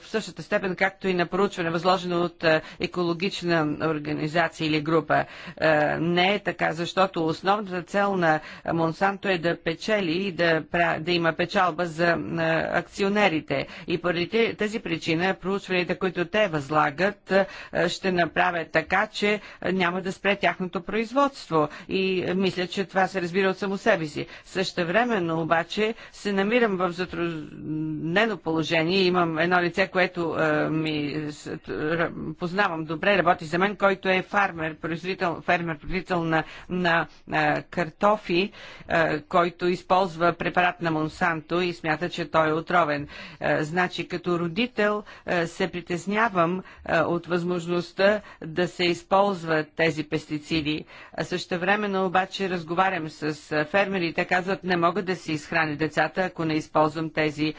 Speaker 4: в същата степен, както и на проучване, възложено от екологична организация или група. Не е така, защото основната цел на Монсанто е да печели и да, да има печалба за акционерите. И поради тази причина проучванията, които те възлагат, ще направят така, че няма да спре тяхното производство. И мисля, че това се разбира от само себе си. Същевременно обаче се намирам в затруднено положение. Имам едно лице, което е, ми е, познавам добре, работи за мен, който е фармер, производител, фермер, производител на, на, на е, картофи, е, който използва препарат на Монсанто и смята, че той е отровен. Е, значи, като родител е, се притеснявам е, от възможността да се използват тези пестициди. Същевременно обаче разговарям с е, фермерите казват, не могат да си изхраня децата, ако не използвам тези е,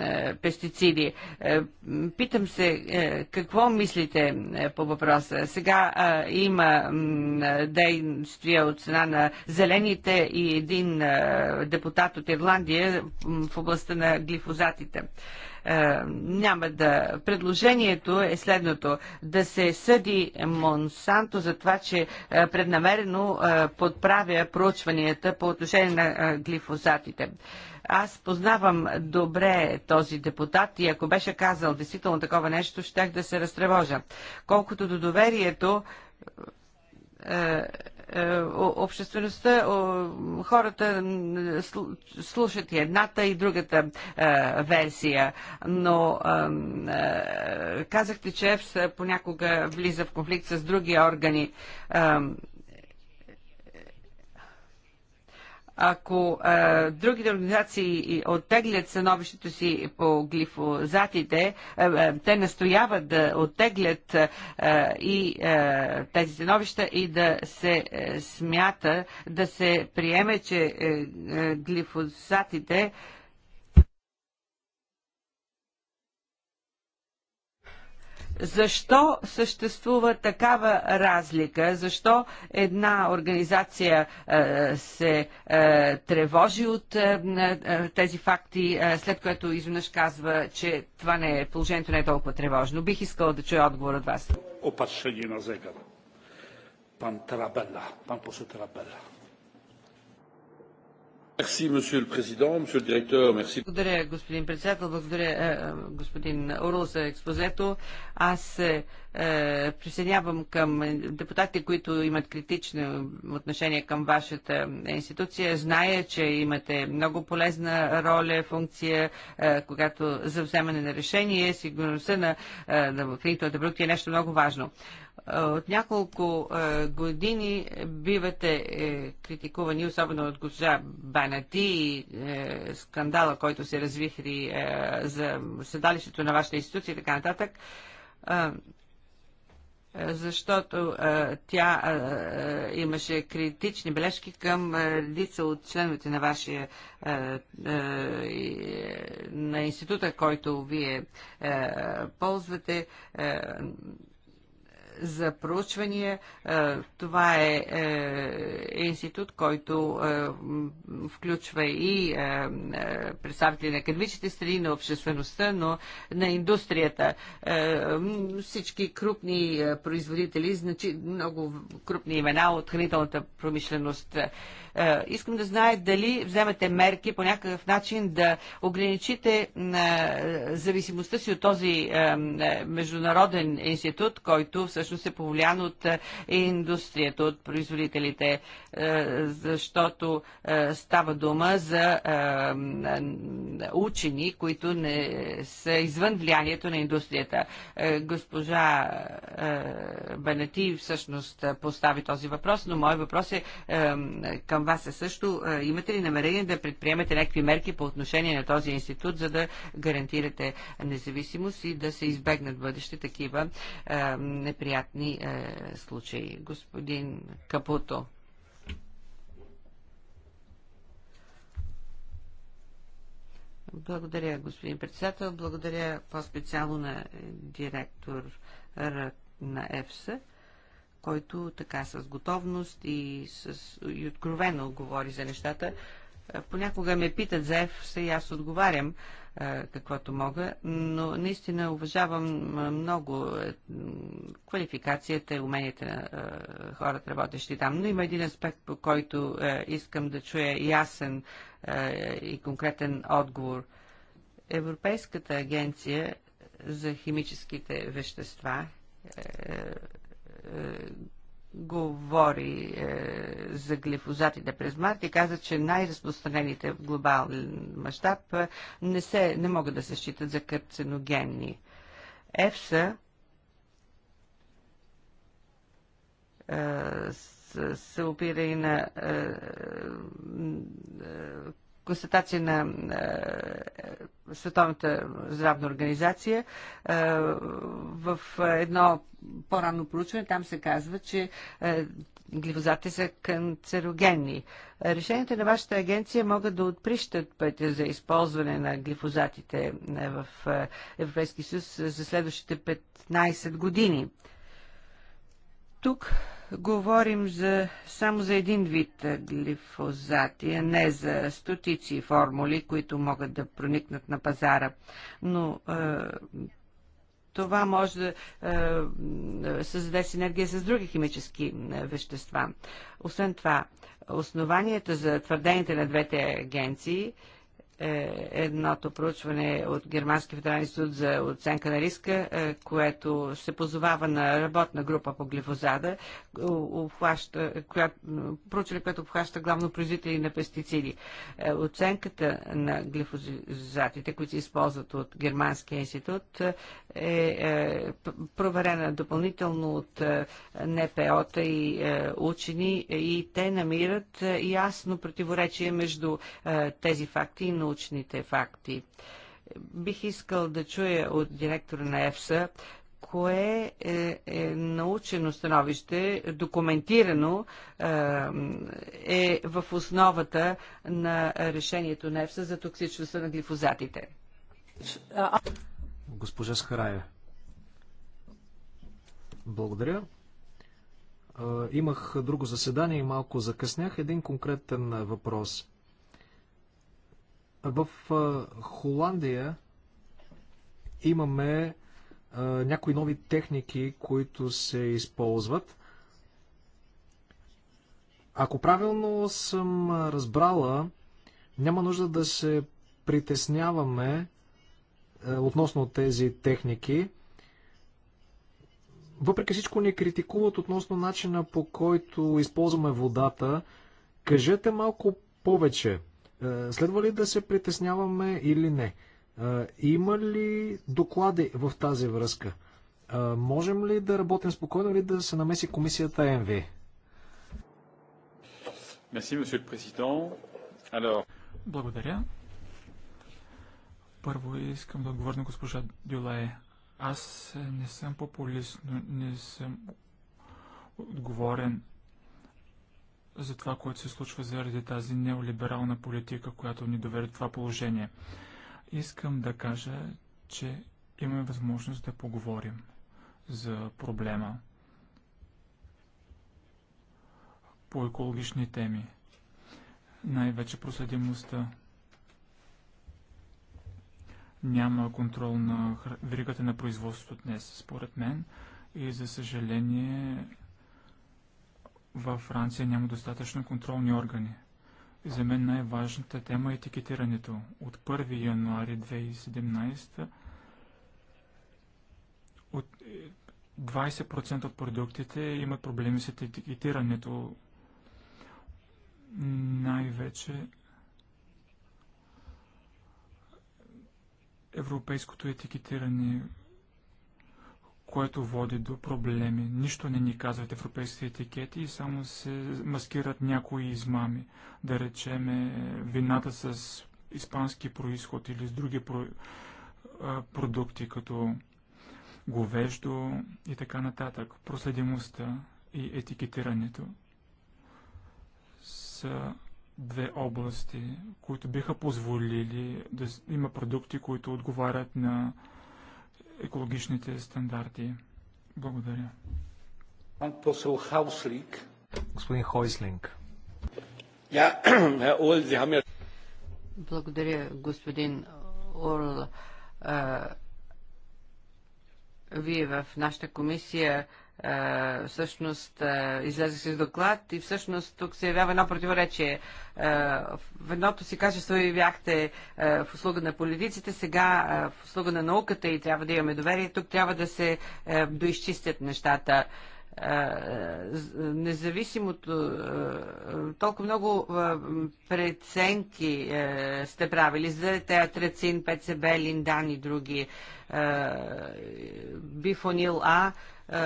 Speaker 4: е, пестициди. Е, питам се, е, какво мислите е, по въпроса? Сега е, има е, действия от цена на зелените и един е, депутат от Ирландия в областта на глифозатите. Е, е, няма да... Предложението е следното. Да се съди Монсанто за това, че е, преднамерено е, подправя проучванията по отношение на глифозатите. Аз познавам добре този депутат и ако беше казал действително такова нещо, щях да се разтревожа. Колкото до доверието, е, обществеността, хората слушат и едната и другата е, версия, но е, казахте, че ЕФС понякога влиза в конфликт с други органи. ако е, другите организации оттеглят становището си по глифозатите, е, е, те настояват да оттеглят е, и е, тези становища и да се е, смята, да се приеме, че е, е, глифозатите е, Защо съществува такава разлика? Защо една организация е, се е, тревожи от е, тези факти, след което изведнъж казва, че това не е, положението не е толкова тревожно? Бих искала да чуя отговор от вас.
Speaker 1: Опашение на Зегар. Пан Тарабела, пан посол Тарабела.
Speaker 4: Благодаря, господин председател. Благодаря, е, е, господин Орул, за експозето. Аз се е, присъединявам към депутатите, които имат критично отношение към вашата институция. Зная, че имате много полезна роля, функция, когато за вземане на решение, сигурността на, на продукция е нещо много важно. Е, от няколко е, години бивате е, критикувани, особено от госпожа Банати и скандала, който се развихри за седалището на вашата институция и така нататък защото тя имаше критични бележки към лица от членовете на вашия на института, който вие ползвате за проучвания. Е, това е, е институт, който е, включва и представители на академичните страни, на обществеността, но на индустрията. Всички крупни производители, значи много крупни имена от хранителната промишленост е, искам да знае дали вземате мерки по някакъв начин да ограничите е, зависимостта си от този е, международен институт, който всъщност е повлиян от индустрията, от производителите, защото става дума за учени, които не са извън влиянието на индустрията. Госпожа Бенети всъщност постави този въпрос, но мой въпрос е към вас е също, имате ли намерение да предприемете някакви мерки по отношение на този институт, за да гарантирате независимост и да се избегнат бъдеще такива неприятни случаи? Господин Капуто. Благодаря, господин председател. Благодаря по-специално на директор на ЕФСА който така с готовност и, с, и откровено говори за нещата. Понякога ме питат за ЕФСА и аз отговарям каквото мога, но наистина уважавам много е, квалификацията и уменията на хората, работещи там. Но има един аспект, по който искам да чуя ясен и конкретен отговор. Европейската агенция за химическите вещества е, говори е, за глифозатите през март и каза, че най-разпространените в глобален мащаб е, не, се, не могат да се считат за карциногенни. ЕФСА е, се опира и на е, е, констатация на е, Световната здравна организация е, в едно по рано проучване, там се казва, че е, глифозатите са канцерогенни. Решенията на вашата агенция могат да отприщат пътя за използване на глифозатите е, в е, Европейския съюз за следващите 15 години. Тук говорим за, само за един вид е, глифозати, а не за стотици формули, които могат да проникнат на пазара. Но е, това може да е, създаде синергия с други химически е, вещества. Освен това, основанията за твърдените на двете агенции е, е едното проучване от Германски федерален институт за оценка на риска, е, което се позовава на работна група по глифозада, която, проучване, което обхваща главно производители на пестициди. Е, оценката на глифозатите, които се използват от Германския институт, е проверена допълнително от НПО-та и учени и те намират ясно противоречие между тези факти и научни научните факти. Бих искал да чуя от директора на ЕФСА кое е, е научено становище, документирано, е, е в основата на решението на ЕФСА за токсичността на глифозатите.
Speaker 2: Госпожа Схарая. Благодаря. Е, имах друго заседание и малко закъснях. Един конкретен въпрос. В Холандия имаме някои нови техники, които се използват. Ако правилно съм разбрала, няма нужда да се притесняваме относно тези техники. Въпреки всичко ни критикуват относно начина по който използваме водата. Кажете малко повече е, следва ли да се притесняваме или не? Е, има ли доклади в тази връзка? Е, можем ли да работим спокойно или да се намеси комисията МВ? Благодаря.
Speaker 3: Първо искам да отговоря на госпожа Дюлай. Аз не съм популист, но не съм отговорен за това, което се случва заради тази неолиберална политика, която ни доведе това положение. Искам да кажа, че имаме възможност да поговорим за проблема по екологични теми. Най-вече проследимостта. Няма контрол на веригата на производството днес, според мен. И за съжаление във Франция няма достатъчно контролни органи. За мен най-важната тема е етикетирането. От 1 януари 2017 от 20% е, от продуктите имат проблеми с етикетирането. Най-вече европейското етикетиране което води до проблеми. Нищо не ни казват европейските етикети и само се маскират някои измами. Да речеме вината с испански происход или с други про... продукти, като говеждо и така нататък. Проследимостта и етикетирането са две области, които биха позволили да има продукти, които отговарят на екологичните стандарти. Благодаря.
Speaker 1: Господин Хойслинг. <clears throat>
Speaker 4: Благодаря, господин Орл. Вие в нашата комисия всъщност излезе с доклад и всъщност тук се явява едно противоречие. В едното си качество и бяхте в услуга на политиците, сега в услуга на науката и трябва да имаме доверие. Тук трябва да се доизчистят нещата независимото, толкова много преценки сте правили за театрацин, ПЦБ, Линдан и други, бифонил А, е,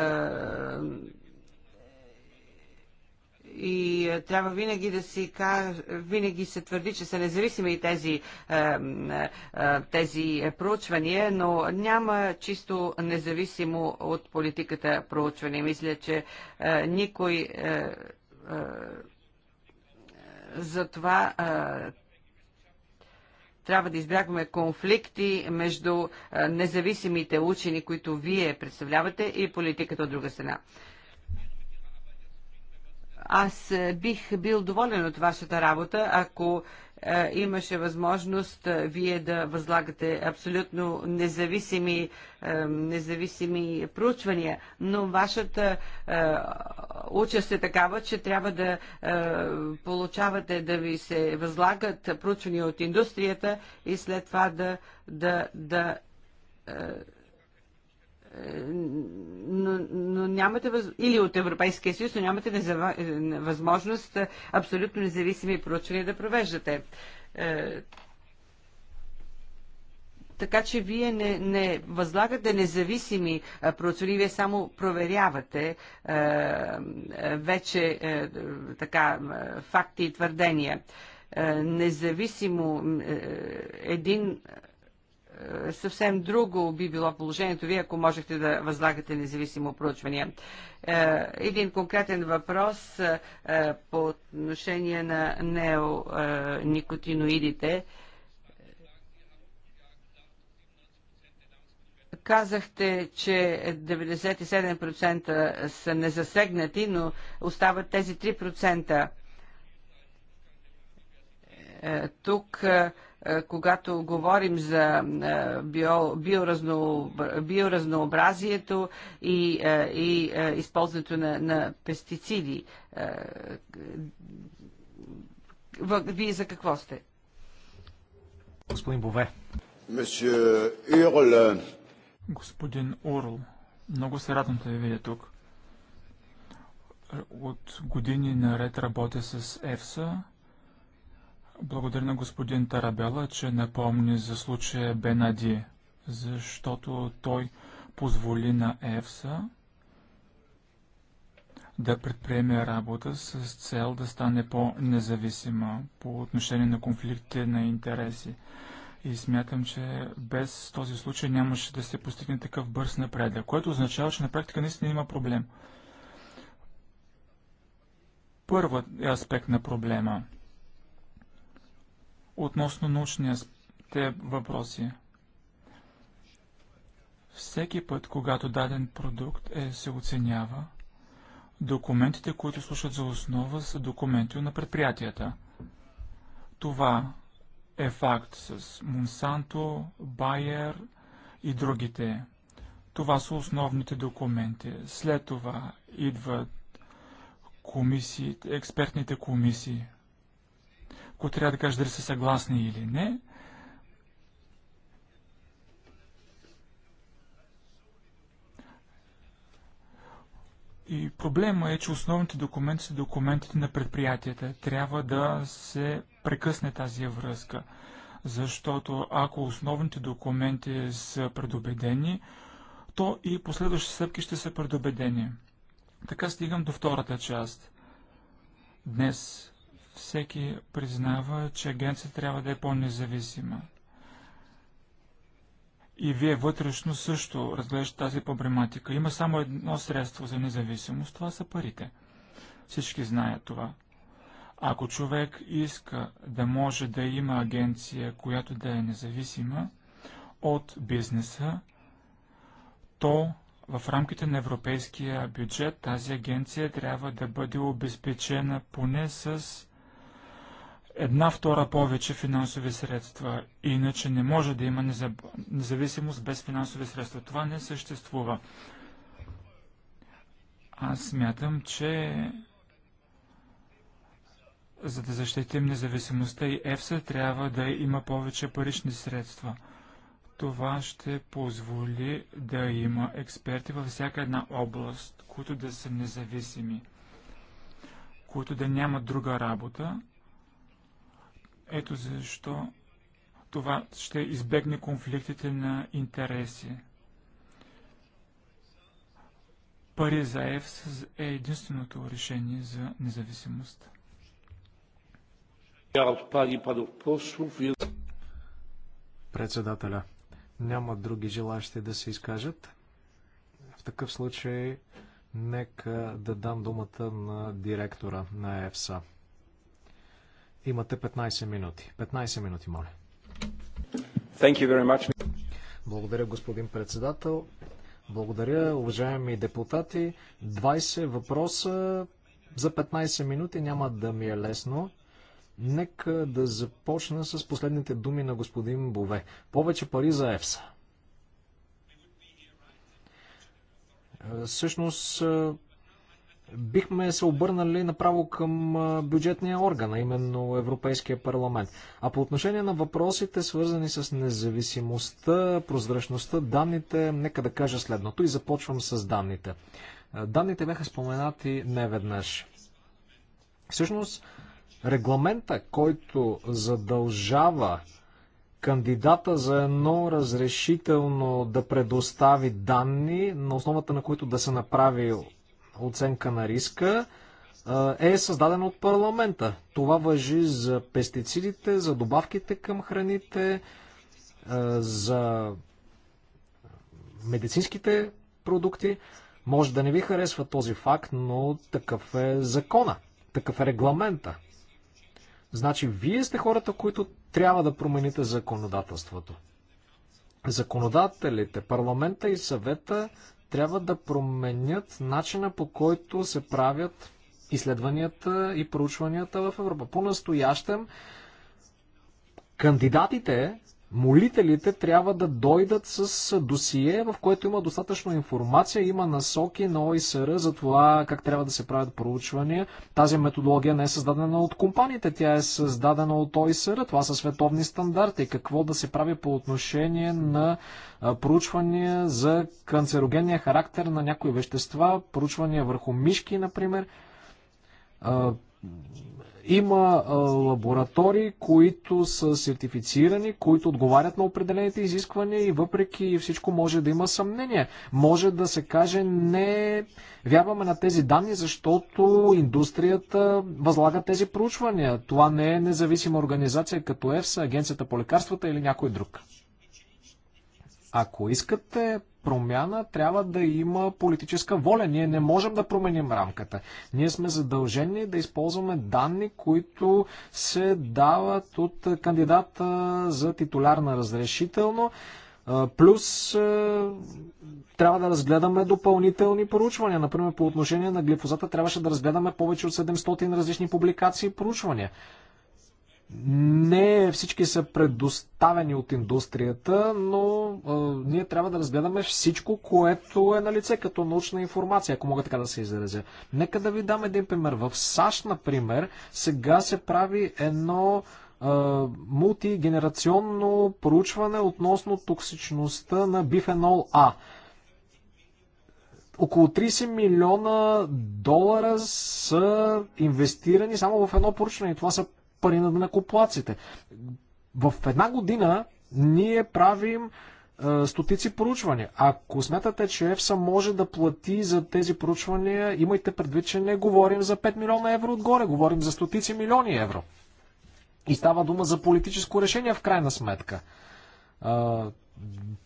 Speaker 4: и трябва винаги да си винаги се твърди, че са независими и тези, е, е, тези проучвания, но няма чисто независимо от политиката проучване. Мисля, че никой за това трябва да избягваме конфликти между независимите учени, които вие представлявате, и политиката от друга страна. Аз бих бил доволен от вашата работа, ако е, имаше възможност е, вие да възлагате абсолютно независими, е, независими проучвания, но вашата участ е такава, че трябва да получавате да ви се възлагат проучвания от индустрията и след това да, да, да но, но нямате въз... или от Европейския съюз, но нямате незава... Е, възможност абсолютно независими проучвания да провеждате. Е, така че вие не, не възлагате независими процедури, вие само проверявате е, е вече е, така факти и твърдения. Е, независимо е, един е, съвсем друго би било положението ви, ако можехте да възлагате независимо проучвания. Е, един конкретен въпрос е, по отношение на неоникотиноидите. Казахте, че 97% са незасегнати, но остават тези 3%. Е, тук, е, е, когато говорим за био, биоразно, биоразнообразието и, и използването на, на пестициди, вие за какво сте?
Speaker 2: Господин Бове.
Speaker 3: Господин Урл, много се радвам да ви видя тук. От години наред работя с ЕФСА благодаря на господин Тарабела, че напомни за случая Бенади, защото той позволи на ЕФСА да предприеме работа с цел да стане по-независима по отношение на конфликтите на интереси. И смятам, че без този случай нямаше да се постигне такъв бърз напредък, което означава, че на практика наистина има проблем. Първият е аспект на проблема – относно те въпроси. Всеки път, когато даден продукт е, се оценява, документите, които слушат за основа, са документи на предприятията. Това е факт с Монсанто, Байер и другите. Това са основните документи. След това идват комисии, експертните комисии – ако трябва да кажа дали са съгласни или не. И проблема е, че основните документи са документите на предприятията. Трябва да се прекъсне тази връзка, защото ако основните документи са предубедени, то и последващите стъпки ще са предубедени. Така стигам до втората част. Днес всеки признава, че агенцията трябва да е по-независима. И вие вътрешно също разглеждате тази проблематика. Има само едно средство за независимост, това са парите. Всички знаят това. Ако човек иска да може да има агенция, която да е независима от бизнеса, то в рамките на европейския бюджет тази агенция трябва да бъде обезпечена поне с една втора повече финансови средства. Иначе не може да има независимост без финансови средства. Това не съществува. Аз смятам, че за да защитим независимостта и ЕФСА трябва да има повече парични средства. Това ще позволи да има експерти във всяка една област, които да са независими, които да нямат друга работа ето защо това ще избегне конфликтите на интереси. Пари за ЕФС е единственото решение за независимост.
Speaker 2: Председателя, няма други желащи да се изкажат. В такъв случай, нека да дам думата на директора на ЕФСА. Имате 15 минути. 15 минути, моля. Thank you very much. Благодаря, господин председател. Благодаря, уважаеми депутати. 20 въпроса за 15 минути няма да ми е лесно. Нека да започна с последните думи на господин Бове. Повече пари за ЕФСА. Всъщност, бихме се обърнали направо към бюджетния орган, а именно Европейския парламент. А по отношение на въпросите, свързани с независимостта, прозрачността, данните, нека да кажа следното и започвам с данните. Данните бяха споменати неведнъж. Всъщност, регламента, който задължава кандидата за едно разрешително да предостави данни, на основата на които да се направи оценка на риска е създадена от парламента. Това въжи за пестицидите, за добавките към храните, за медицинските продукти. Може да не ви харесва този факт, но такъв е закона, такъв е регламента. Значи, вие сте хората, които трябва да промените законодателството. Законодателите, парламента и съвета трябва да променят начина по който се правят изследванията и проучванията в Европа. По-настоящем кандидатите молителите трябва да дойдат с досие, в което има достатъчно информация, има насоки на ОИСР за това как трябва да се правят проучвания. Тази методология не е създадена от компаниите, тя е създадена от ОИСР. Това са световни стандарти. Какво да се прави по отношение на проучвания за канцерогенния характер на някои вещества, проучвания върху мишки, например има а, лаборатории, които са сертифицирани, които отговарят на определените изисквания и въпреки всичко може да има съмнение. Може да се каже не вярваме на тези данни, защото индустрията възлага тези проучвания. Това не е независима организация като ЕФСА, Агенцията по лекарствата или някой друг. Ако искате промяна, трябва да има политическа воля. Ние не можем да променим рамката. Ние сме задължени да използваме данни, които се дават от кандидата за титуляр на разрешително. Плюс трябва да разгледаме допълнителни поручвания. Например, по отношение на глифозата трябваше да разгледаме повече от 700 различни публикации и поручвания. Не всички са предоставени от индустрията, но а, ние трябва да разгледаме всичко, което е на лице като научна информация, ако мога така да се изразя. Нека да ви дам един пример. В САЩ, например, сега се прави едно мултигенерационно проучване относно токсичността на бифенол А. Около 30 милиона долара са инвестирани само в едно поручване. Това са пари на накоплаците. В една година ние правим е, стотици проучвания. Ако смятате, че ЕФСА може да плати за тези проучвания, имайте предвид, че не говорим за 5 милиона евро отгоре, говорим за стотици милиони евро. И става дума за политическо решение в крайна сметка. Е,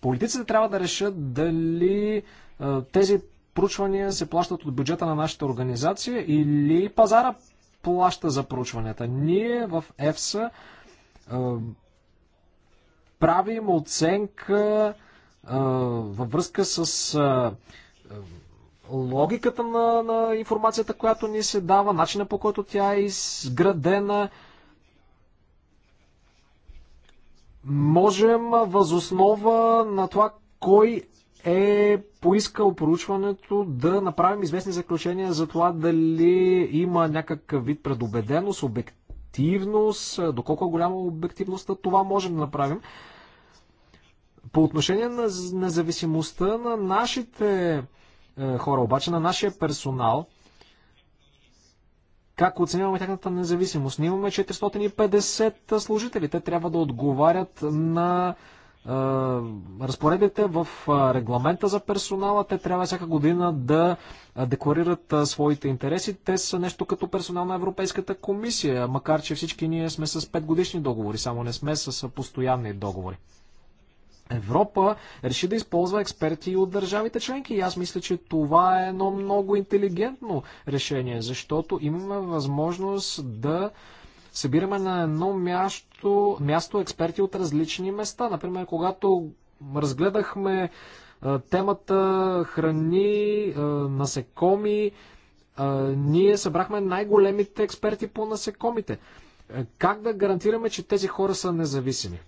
Speaker 2: политиците трябва да решат дали е, тези проучвания се плащат от бюджета на нашата организация или пазара плаща за проучванията. Ние в ЕФСА е, правим оценка е, във връзка с е, е, логиката на, на информацията, която ни се дава, начина по който тя е изградена. Можем възоснова на това, кой е поискал проучването да направим известни заключения за това дали има някакъв вид предубеденост, обективност, доколко голяма обективността, това можем да направим. По отношение на независимостта на нашите е, хора, обаче на нашия персонал, как оценяваме тяхната независимост? Ние имаме 450 служители. Те трябва да отговарят на е, разпоредите в е, регламента за персонала. Те трябва всяка година да е, декларират своите интереси. Те са нещо като персонал на Европейската комисия, макар че всички ние сме с 5 годишни договори, само не сме с постоянни договори. Европа реши да използва експерти от държавите членки. И аз мисля, че това е едно много интелигентно решение, защото имаме възможност да Събираме на едно място, място експерти от различни места. Например, когато разгледахме темата храни, насекоми, ние събрахме най-големите експерти по насекомите. Как да гарантираме, че тези хора са независими?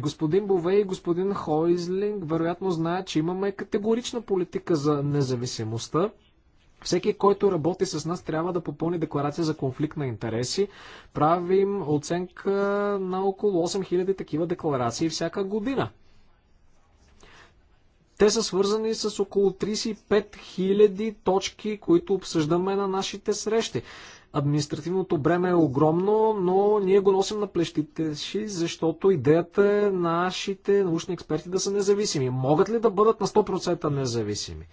Speaker 2: Господин Бове и господин Хойзлинг вероятно знаят, че имаме категорична политика за независимостта. Всеки, който работи с нас, трябва да попълни декларация за конфликт на интереси. Правим оценка на около 8000 такива декларации всяка година. Те са свързани с около 35 000 точки, които обсъждаме на нашите срещи. Административното бреме е огромно, но ние го носим на плещите си, защото идеята е нашите научни експерти да са независими. Могат ли да бъдат на 100% независими?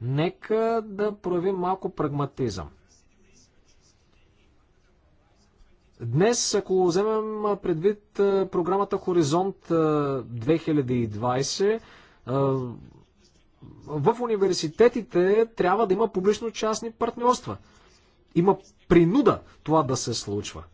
Speaker 2: Нека да проявим малко прагматизъм. Днес, ако вземем предвид програмата Хоризонт 2020, в университетите трябва да има публично-частни партньорства. Има принуда това да се случва.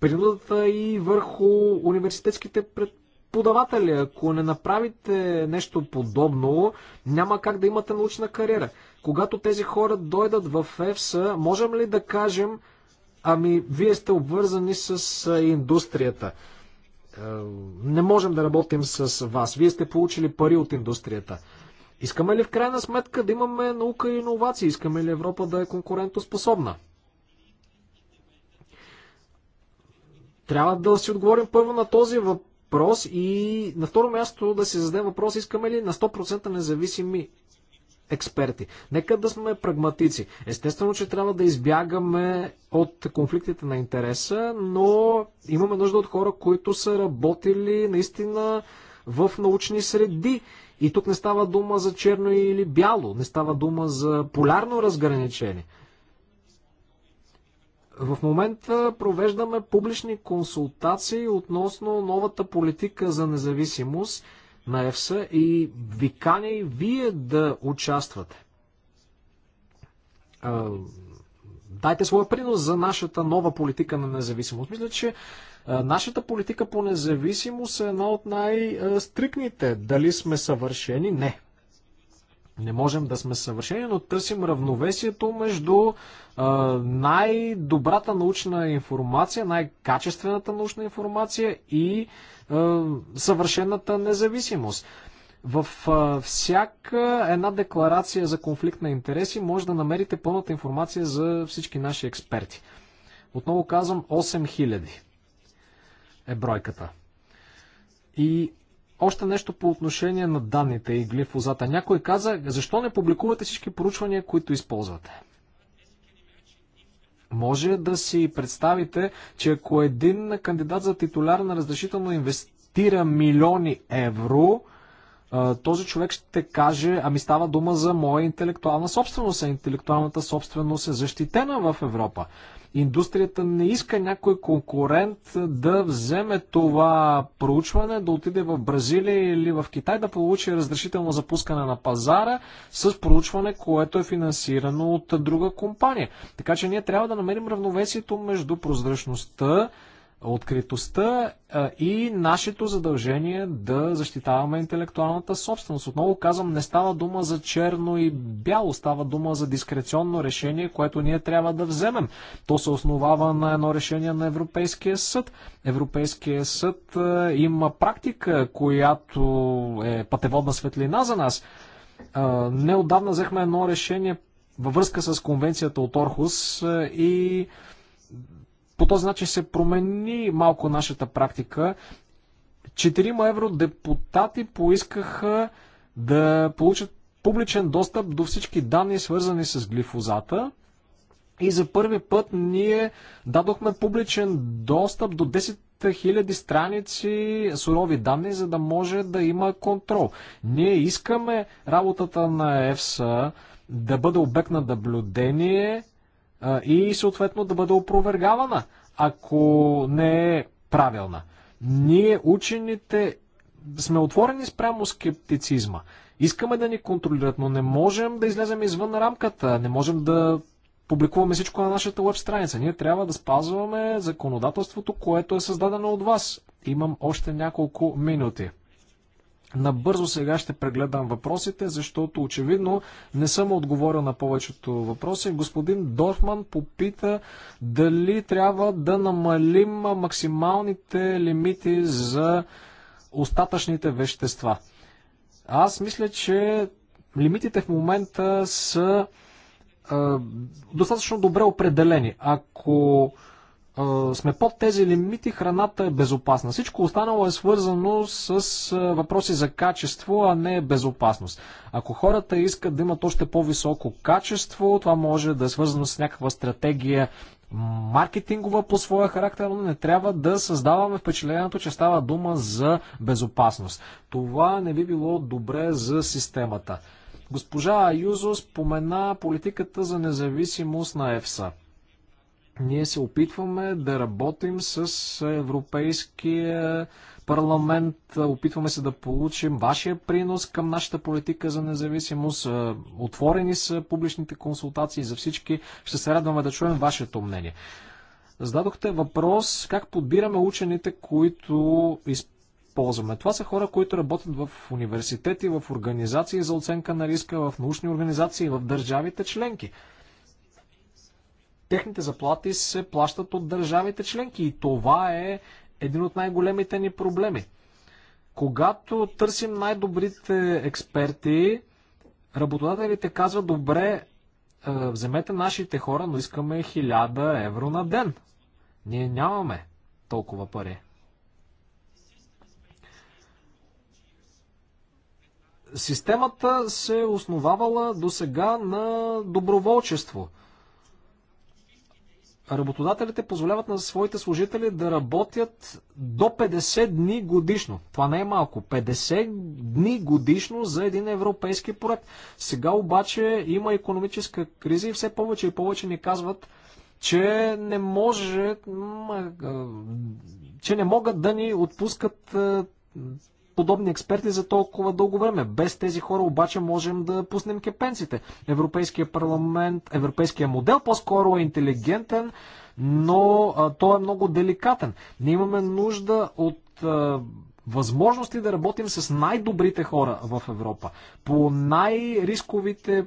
Speaker 2: Принудата и върху университетските пред преподаватели. Ако не направите нещо подобно, няма как да имате научна кариера. Когато тези хора дойдат в ЕФСА, можем ли да кажем, ами вие сте обвързани с индустрията? Е, не можем да работим с вас. Вие сте получили пари от индустрията. Искаме ли в крайна сметка да имаме наука и иновации? Искаме ли Европа да е конкурентоспособна? Трябва да си отговорим първо на този въпрос въпрос и на второ място да си зададем въпрос, искаме ли на 100% независими експерти. Нека да сме прагматици. Естествено, че трябва да избягаме от конфликтите на интереса, но имаме нужда от хора, които са работили наистина в научни среди. И тук не става дума за черно или бяло, не става дума за полярно разграничение. В момента провеждаме публични консултации относно новата политика за независимост на ЕФСА и ви каня и вие да участвате. Дайте своя принос за нашата нова политика на независимост. Мисля, че нашата политика по независимост е една от най-стрикните. Дали сме съвършени? Не. Не можем да сме съвършени, но търсим равновесието между най-добрата научна информация, най-качествената научна информация и а, съвършената независимост. В а, всяка една декларация за конфликт на интереси може да намерите пълната информация за всички наши експерти. Отново казвам 8000 е бройката. И още нещо по отношение на данните и глифозата. Някой каза, защо не публикувате всички поручвания, които използвате? Може да си представите, че ако един кандидат за титуляр на разрешително инвестира милиони евро, този човек ще каже, ами става дума за моя интелектуална собственост, а интелектуалната собственост е защитена в Европа. Индустрията не иска някой конкурент да вземе това проучване, да отиде в Бразилия или в Китай да получи разрешително запускане на пазара с проучване, което е финансирано от друга компания. Така че ние трябва да намерим равновесието между прозрачността, откритостта и нашето задължение да защитаваме интелектуалната собственост. Отново казвам, не става дума за черно и бяло, става дума за дискреционно решение, което ние трябва да вземем. То се основава на едно решение на Европейския съд. Европейския съд има практика, която е пътеводна светлина за нас. Неодавна взехме едно решение във връзка с конвенцията от Орхус и по този начин се промени малко нашата практика. Четирима евродепутати поискаха да получат публичен достъп до всички данни, свързани с глифозата. И за първи път ние дадохме публичен достъп до 10 000 страници сурови данни, за да може да има контрол. Ние искаме работата на ЕФСА да бъде обект на наблюдение и съответно да бъде опровергавана, ако не е правилна. Ние, учените, сме отворени спрямо скептицизма. Искаме да ни контролират, но не можем да излезем извън рамката, не можем да публикуваме всичко на нашата веб страница. Ние трябва да спазваме законодателството, което е създадено от вас. Имам още няколко минути. Набързо сега ще прегледам въпросите, защото очевидно не съм отговорил на повечето въпроси. Господин Дорфман попита дали трябва да намалим максималните лимити за остатъчните вещества. Аз мисля, че лимитите в момента са е, достатъчно добре определени. Ако е, сме под тези лимити, храната е безопасна. Всичко останало е свързано с въпроси за качество, а не безопасност. Ако хората искат да имат още по-високо качество, това може да е свързано с някаква стратегия маркетингова по своя характер, но не трябва да създаваме впечатлението, че става дума за безопасност. Това не би било добре за системата. Госпожа Аюзо спомена политиката за независимост на ЕФСА. Ние се опитваме да работим с Европейския парламент, опитваме се да получим вашия принос към нашата политика за независимост. Е, отворени са публичните консултации за всички. Ще се радваме да чуем вашето мнение. Зададохте въпрос как подбираме учените, които използваме. Това са хора, които работят в университети, в организации за оценка на риска, в научни организации, в държавите членки техните заплати се плащат от държавите членки и това е един от най-големите ни проблеми. Когато търсим най-добрите експерти, работодателите казват, добре, е, вземете нашите хора, но искаме 1000 евро на ден. Ние нямаме толкова пари. Системата се основавала до сега на доброволчество – работодателите позволяват на своите служители да работят до 50 дни годишно. Това не е малко. 50 дни годишно за един европейски проект. Сега обаче има економическа криза и все повече и повече ни казват, че не може, че не могат да ни отпускат подобни експерти за толкова дълго време. Без тези хора обаче можем да пуснем кепенците. Европейския парламент, европейския модел по-скоро е интелигентен, но а, той е много деликатен. Ние имаме нужда от а, възможности да работим с най-добрите хора в Европа, по най-рисковите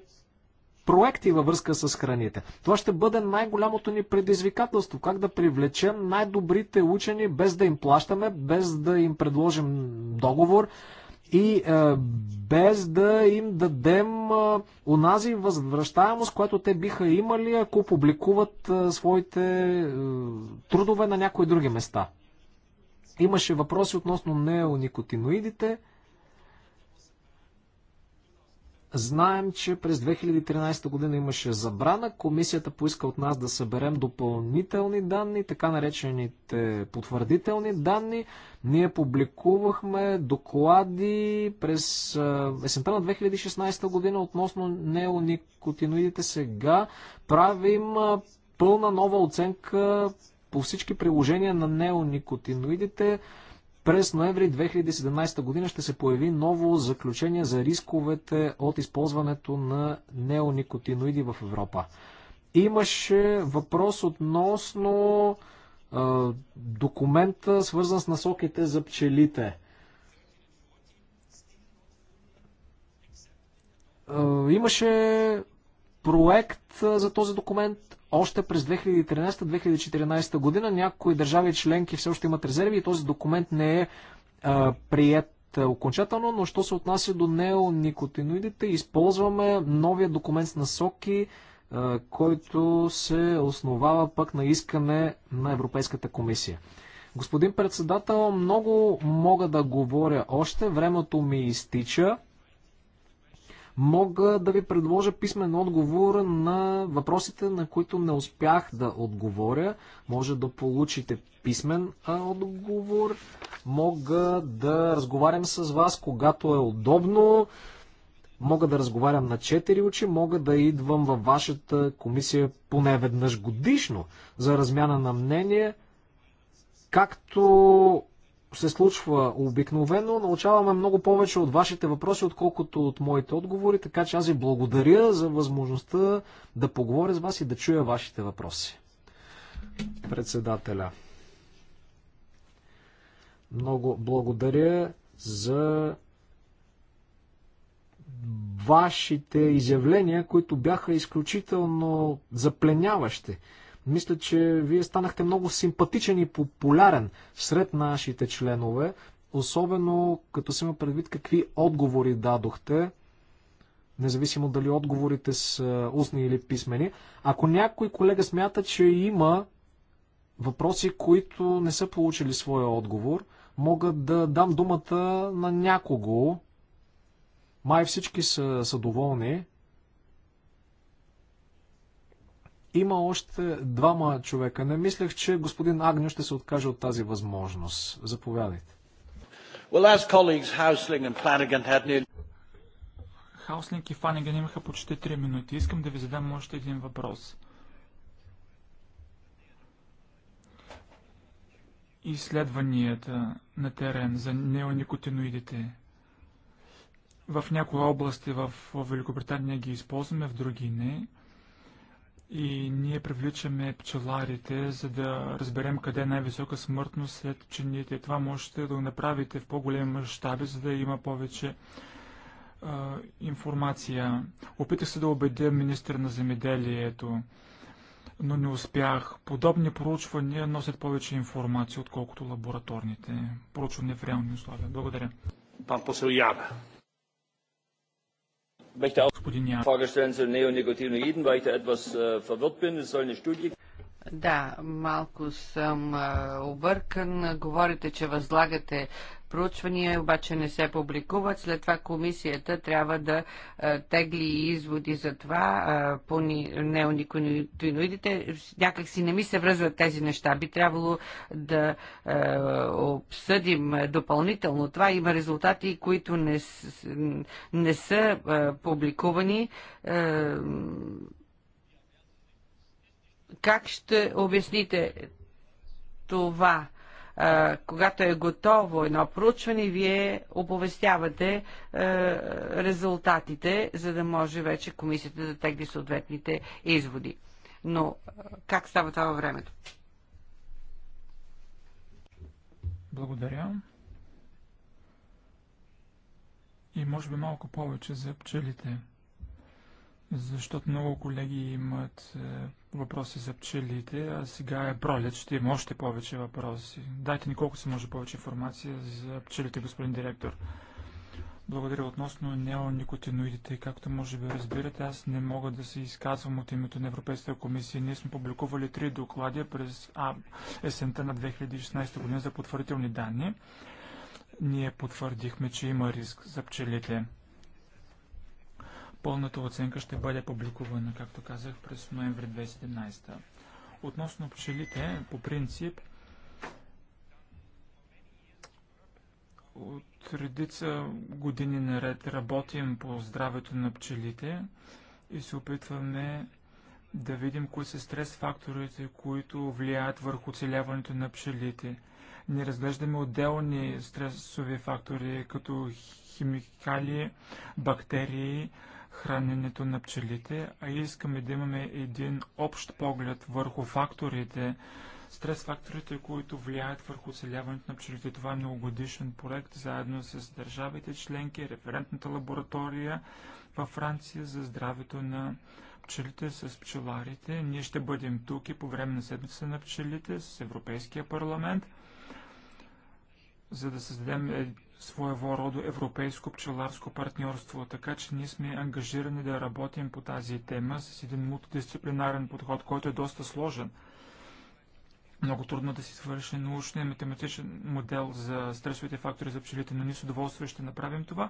Speaker 2: проекти във връзка с храните. Това ще бъде най-голямото ни предизвикателство. Как да привлечем най-добрите учени, без да им плащаме, без да им предложим договор и е, без да им дадем е, унази възвръщаемост, която те биха имали, ако публикуват е, своите е, трудове на някои други места. Имаше въпроси относно неоникотиноидите. Знаем, че през 2013 година имаше забрана. Комисията поиска от нас да съберем допълнителни данни, така наречените потвърдителни данни. Ние публикувахме доклади през есента на 2016 година относно неоникотиноидите. Сега правим пълна нова оценка по всички приложения на неоникотиноидите. През ноември 2017 година ще се появи ново заключение за рисковете от използването на неоникотиноиди в Европа. Имаше въпрос относно е, документа, свързан с насоките за пчелите. Е, имаше проект за този документ, още през 2013-2014 година някои държави членки все още имат резерви и този документ не е а, прият окончателно, но що се отнася до неоникотиноидите, използваме новия документ с насоки, а, който се основава пък на искане на Европейската комисия. Господин председател, много мога да говоря още, времето ми изтича. Мога да ви предложа писмен отговор на въпросите, на които не успях да отговоря. Може да получите писмен отговор. Мога да разговарям с вас, когато е удобно. Мога да разговарям на четири очи, мога да идвам във вашата комисия поне веднъж годишно за размяна на мнение, както се случва обикновено. Научаваме много повече от вашите въпроси, отколкото от моите отговори, така че аз ви благодаря за възможността да поговоря с вас и да чуя вашите въпроси. Председателя. Много благодаря за вашите изявления, които бяха изключително запленяващи. Мисля, че вие станахте много симпатичен и популярен сред нашите членове, особено като си има предвид какви отговори дадохте, независимо дали отговорите са устни или писмени. Ако някой колега смята, че има въпроси, които не са получили своя отговор, мога да дам думата на някого. Май всички са, са доволни. Има още двама човека. Не мислех, че господин Агню ще се откаже от тази възможност. Заповядайте.
Speaker 1: Well, as colleagues,
Speaker 5: and Flanagan had nearly...
Speaker 3: Хауслинг и Фаниган имаха почти 3 минути. Искам да ви задам още един въпрос. Изследванията на терен за неоникотиноидите. В някои области в Великобритания ги използваме, в други не и ние привличаме пчеларите, за да разберем къде е най-висока смъртност след пчените. Това можете да го направите в по-големи мащаби, за да има повече а, информация. Опитах се да убедя министър на земеделието, но не успях. Подобни проучвания носят повече информация, отколкото лабораторните. проучвания в реални условия. Благодаря.
Speaker 1: Пан посел Ява. Господин Ян.
Speaker 4: Да, малко съм объркан. Говорите, че възлагате проучвания, обаче не се публикуват. След това комисията трябва да тегли изводи за това по неоникотиноидите. Някак си не ми се връзват тези неща. Би трябвало да обсъдим допълнително това. Има резултати, които не, не са публикувани как ще обясните това? когато е готово едно проучване, вие оповестявате резултатите, за да може вече комисията да тегли съответните изводи. Но как става това във времето?
Speaker 3: Благодаря. И може би малко повече за пчелите, защото много колеги имат е, въпроси за пчелите, а сега е пролет, ще има още повече въпроси. Дайте ни колко се може повече информация за пчелите, господин директор. Благодаря относно неоникотиноидите. Както може би разбирате, аз не мога да се изказвам от името на Европейската комисия. Ние сме публикували три доклади през а, есента на 2016 година за потвърдителни данни. Ние потвърдихме, че има риск за пчелите. Пълната оценка ще бъде публикувана, както казах, през ноември 2017. Относно пчелите, по принцип, от редица години наред работим по здравето на пчелите и се опитваме да видим кои са стрес факторите, които влияят върху оцеляването на пчелите. Не разглеждаме отделни стресови фактори, като химикали, бактерии, храненето на пчелите, а искаме да имаме един общ поглед върху факторите, стрес факторите, които влияят върху оцеляването на пчелите. Това е многогодишен проект заедно с държавите членки, референтната лаборатория във Франция за здравето на пчелите с пчеларите. Ние ще бъдем тук и по време на седмица на пчелите с Европейския парламент, за да създадем своего рода европейско пчеларско партньорство, така че ние сме ангажирани да работим по тази тема с един мултидисциплинарен подход, който е доста сложен. Много трудно да си свърши научния математичен модел за стресовите фактори за пчелите, но ние с удоволствие ще направим това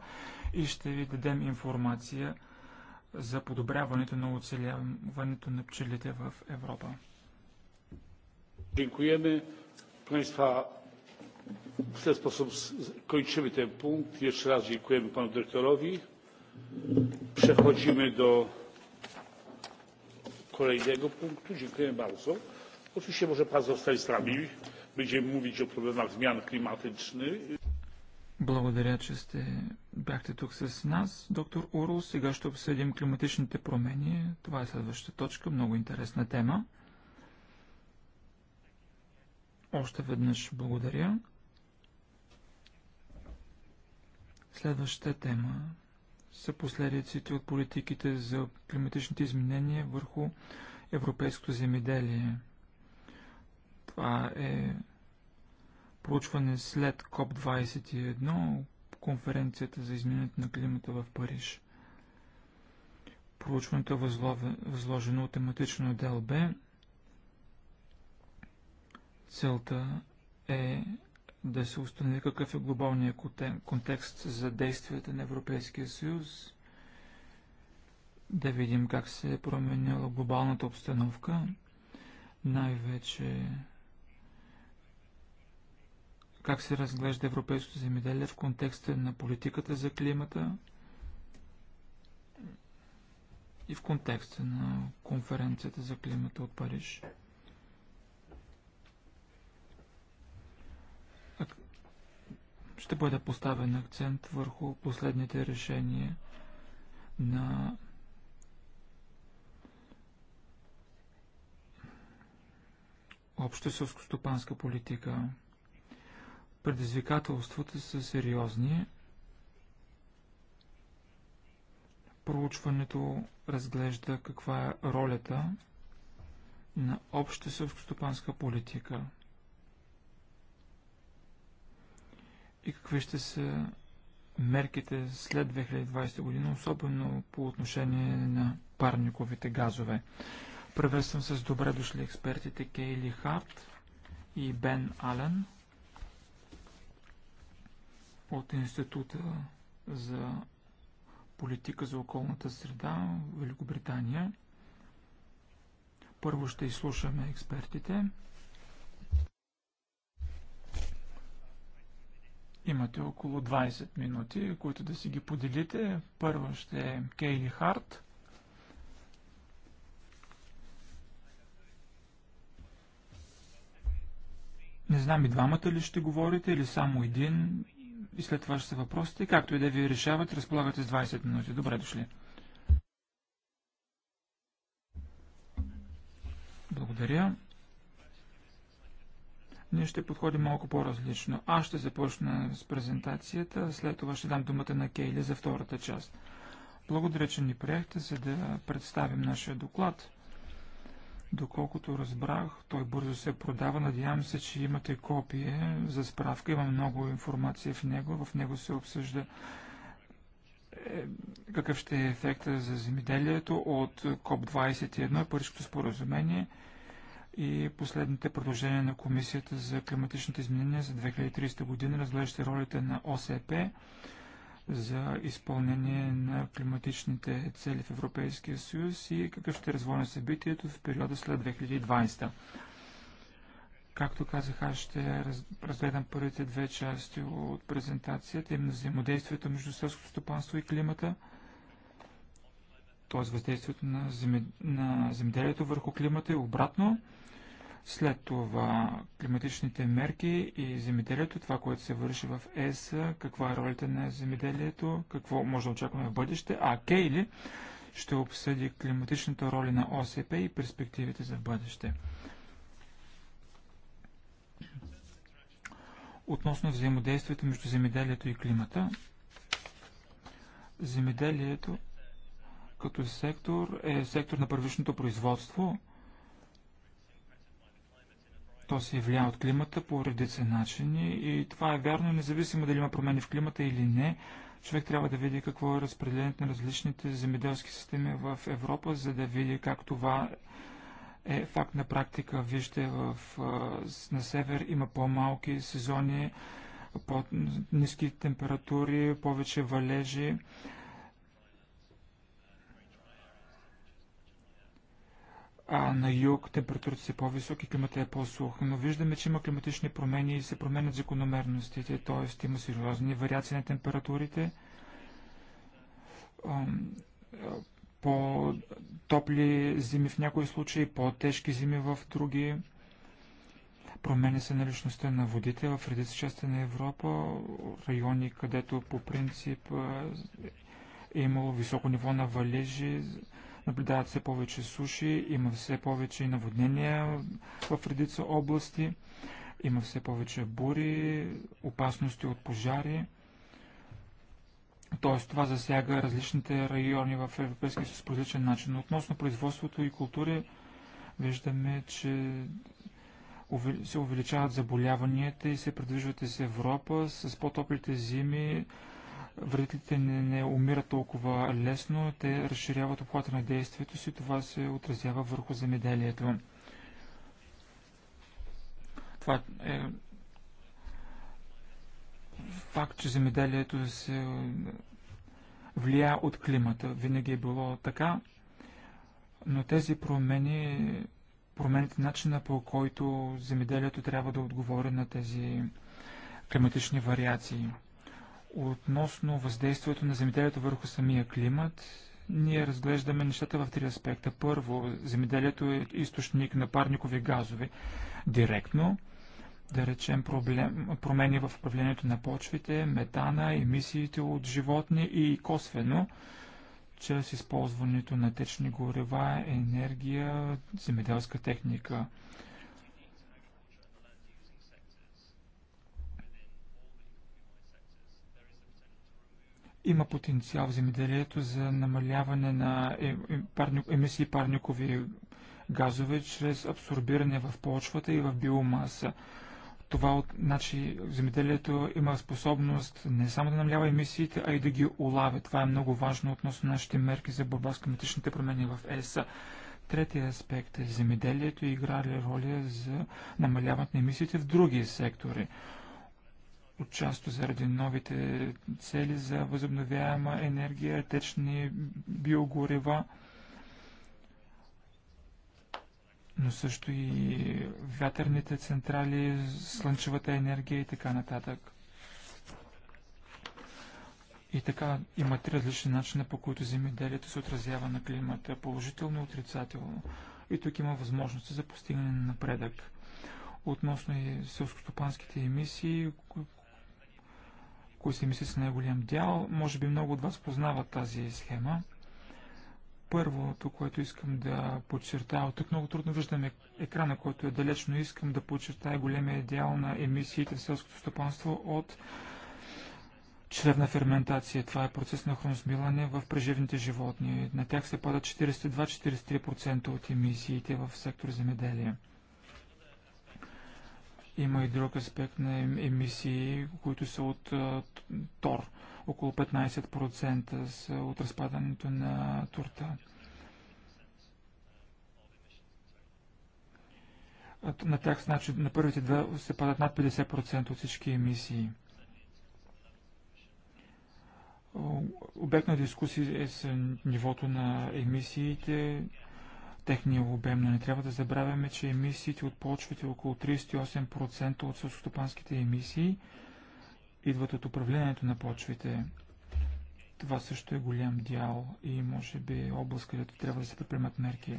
Speaker 3: и ще ви дадем информация за подобряването на оцеляването на пчелите в Европа.
Speaker 1: Dziękujemy Państwa w ten sposób kończymy ten punkt. jeszcze raz dziękujemy panu dyrektorowi. przechodzimy do kolejnego punktu. dziękujemy bardzo. oczywiście może pan zostać z nami. będziemy mówić o problemach zmian klimatycznych.
Speaker 3: Благодаря, че сте бяхте тук с нас, доктор Урл. Сега ще обсъдим климатичните промени. Това е следващата точка, много интересна тема. Още веднъж благодаря. Следващата тема са последиците от политиките за климатичните изменения върху европейското земеделие. Това е проучване след КОП-21, конференцията за изменението на климата в Париж. Проучването е възложено от тематично отдел Б. Целта е да се установи какъв е глобалният контекст за действията на Европейския съюз, да видим как се е променила глобалната обстановка, най-вече как се разглежда европейското земеделие в контекста на политиката за климата и в контекста на конференцията за климата от Париж. ще бъде поставен акцент върху последните решения на обща селско-стопанска политика. Предизвикателствата са сериозни. Проучването разглежда каква е ролята на обща селско-стопанска политика – и какви ще са мерките след 2020 година, особено по отношение на парниковите газове. Приветствам с добре дошли експертите Кейли Харт и Бен Ален от Института за политика за околната среда в Великобритания. Първо ще изслушаме експертите. Имате около 20 минути, които да си ги поделите. Първо ще е Кейли Харт. Не знам и двамата ли ще говорите или само един. И след това ще са въпросите. Както и да ви решават, разполагате с 20 минути. Добре дошли. Благодаря. Ние ще подходим малко по-различно. Аз ще започна с презентацията, след това ще дам думата на Кейли за втората част. Благодаря, че ни приехте, за да представим нашия доклад. Доколкото разбрах, той бързо се продава. Надявам се, че имате копие за справка. Има много информация в него. В него се обсъжда е, какъв ще е ефекта за земеделието от КОП-21, Парижското споразумение – и последните предложения на Комисията за климатичните изменения за 2030 година, разглеждащи ролите на ОСП за изпълнение на климатичните цели в Европейския съюз и какъв ще е развой на събитието в периода след 2020. Както казах, аз ще разгледам първите две части от презентацията, именно взаимодействието между селското стопанство и климата, т.е. въздействието на, земеделието върху климата и обратно – след това климатичните мерки и земеделието, това, което се върши в ЕС, каква е ролята на земеделието, какво може да очакваме в бъдеще, а Кейли ще обсъди климатичната роли на ОСП и перспективите за бъдеще. Относно взаимодействието между земеделието и климата, земеделието като сектор е сектор на първичното производство – то се влияе от климата по редица начини и това е вярно, независимо дали има промени в климата или не. Човек трябва да види какво е разпределението на различните земеделски системи в Европа, за да види как това е факт на практика. Вижте, в, на север има по-малки сезони, по-низки температури, повече валежи. а на юг температурите са по-високи, климата е по-сух. Но виждаме, че има климатични промени и се променят закономерностите, т.е. има сериозни вариации на температурите. По-топли зими в някои случаи, по-тежки зими в други. Променя се наличността на водите в редица части на Европа, райони, където по принцип е имало високо ниво на валежи, наблюдават все повече суши, има все повече наводнения в редица области, има все повече бури, опасности от пожари. Т.е. това засяга различните райони в Европейския съюз по различен начин. Относно производството и култури, виждаме, че се увеличават заболяванията и се предвижват из Европа с по-топлите зими, вредителите не, не умират толкова лесно, те разширяват обхвата на действието си, това се отразява върху земеделието. Това е факт, че земеделието се влия от климата. Винаги е било така, но тези промени променят начина по който земеделието трябва да отговори на тези климатични вариации. Относно въздействието на земеделието върху самия климат, ние разглеждаме нещата в три аспекта. Първо, земеделието е източник на парникови газове директно, да речем проблем, промени в управлението на почвите, метана, емисиите от животни и косвено, чрез използването на течни горива, енергия, земеделска техника – Има потенциал в земеделието за намаляване на е, е, емисии парникови газове чрез абсорбиране в почвата и в биомаса. Това значи земеделието има способност не само да намалява емисиите, а и да ги улавя. Това е много важно относно нашите мерки за борба с климатичните промени в ЕС. Третия аспект е земеделието играли роля за намаляването на емисиите в други сектори отчасто заради новите цели за възобновяема енергия, течни биогорева, но също и вятърните централи, слънчевата енергия и така нататък. И така има три различни начина, по които земеделието се отразява на климата, положително и отрицателно. И тук има възможности за постигане на напредък относно и селскостопанските емисии, кои се мисли с най-голям дял. Може би много от вас познават тази схема. Първото, което искам да подчертая, тук много трудно виждаме екрана, който е далеч, но искам да подчертая големия дял на емисиите в селското стопанство от чревна ферментация. Това е процес на храносмилане в преживните животни. На тях се пада 42-43% от емисиите в сектор земеделие. Има и друг аспект на емисии, които са от тор. Около 15% са от разпадането на торта. На тях, значи, на първите два се падат над 50% от всички емисии. Обект на дискусии е с е нивото на емисиите, техния обем, но не трябва да забравяме, че емисиите от почвите около 38% от сълскостопанските емисии идват от управлението на почвите. Това също е голям дял и може би е област, където трябва да се предприемат мерки.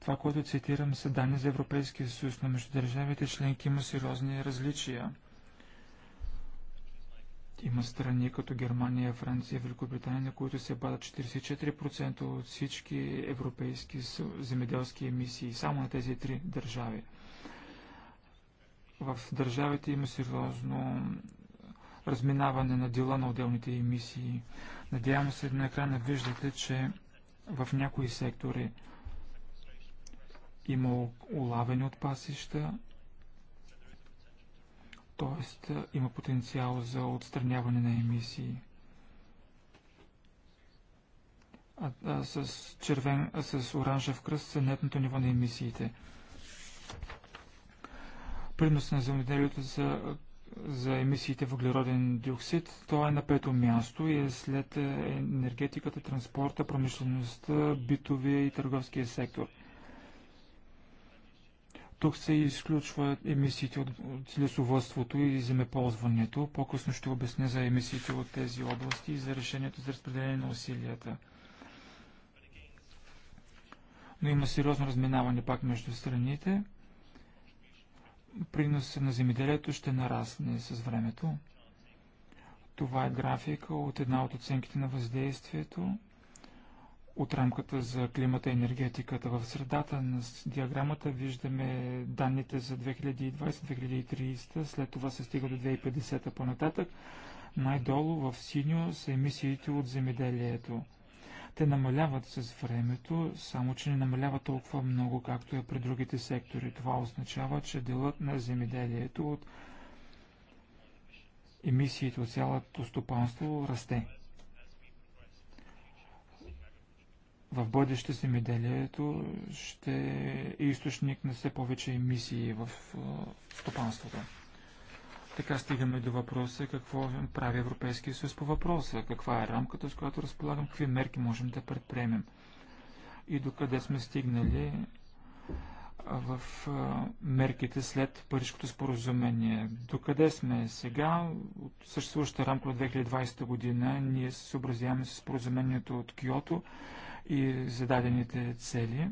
Speaker 3: Това, което цитирам, са данни за Европейския съюз, но между държавите членки има сериозни различия – има страни като Германия, Франция, Великобритания, на които се падат 44% от всички европейски земеделски емисии, само на тези три държави. В държавите има сериозно разминаване на дела на отделните емисии. Надявам се на екрана виждате, че в някои сектори има улавени от пасища, т.е. има потенциал за отстраняване на емисии. А, а, с, червен, а с оранжев кръст са нетното ниво на емисиите. Принос на земеделието за, за емисиите въглероден диоксид, то е на пето място и е след е, енергетиката, транспорта, промишлеността, битовия и търговския сектор – тук се изключват емисиите от, от лесовътството и земеползването. По-късно ще обясня за емисиите от тези области и за решението за разпределение на усилията. Но има сериозно разминаване пак между страните. Приносът на земеделието ще нарасне с времето. Това е графика от една от оценките на въздействието от рамката за климата и енергетиката. В средата на диаграмата виждаме данните за 2020-2030, след това се стига до 2050 по-нататък. Най-долу в синьо са емисиите от земеделието. Те намаляват с времето, само че не намаляват толкова много, както е при другите сектори. Това означава, че делът на земеделието от емисиите от цялото стопанство расте. в бъдеще земеделието ще е източник на все повече емисии в стопанството. Така стигаме до въпроса какво прави Европейския съюз по въпроса, каква е рамката, с която разполагам, какви мерки можем да предприемем и до къде сме стигнали в мерките след Парижското споразумение. До къде сме сега? От съществуващата рамка от 2020 година ние се съобразяваме с споразумението от Киото, и зададените цели.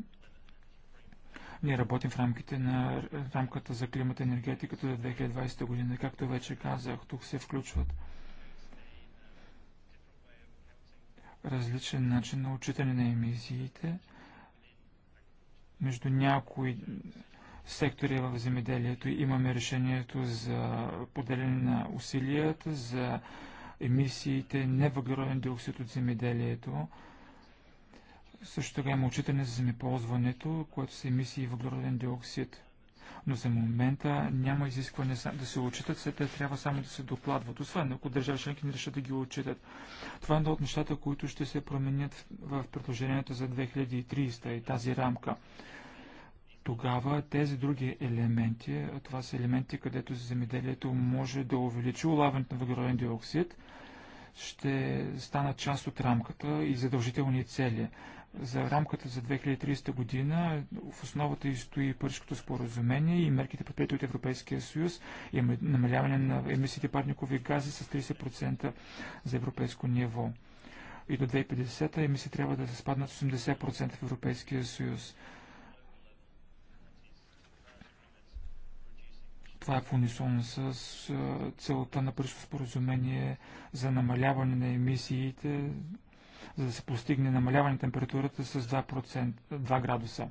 Speaker 3: Ние работим в рамките на рамката за климата и енергетиката до 2020 година. Както вече казах, тук се включват различен начин на отчитане на емисиите между някои сектори в земеделието. Имаме решението за поделяне на усилията, за емисиите невъглероден диоксид от земеделието. Също така има отчитане за земеползването, което са емисии въглероден диоксид. Но за момента няма изискване да се отчитат, след те трябва само да се докладват, освен ако държави членки не решат да ги отчитат. Това е едно от нещата, които ще се променят в предложението за 2030 и тази рамка тогава тези други елементи, това са елементи, където земеделието може да увеличи улавянето на въглероден диоксид, ще станат част от рамката и задължителни цели за рамката за 2030 година в основата и стои Парижското споразумение и мерките предприяти от Европейския съюз и намаляване на емисиите парникови гази с 30% за европейско ниво. И до 2050 емисии трябва да се спаднат 80% в Европейския съюз. Това е в унисон с целта на Парижското споразумение за намаляване на емисиите за да се постигне намаляване на температурата с 2%, 2 градуса.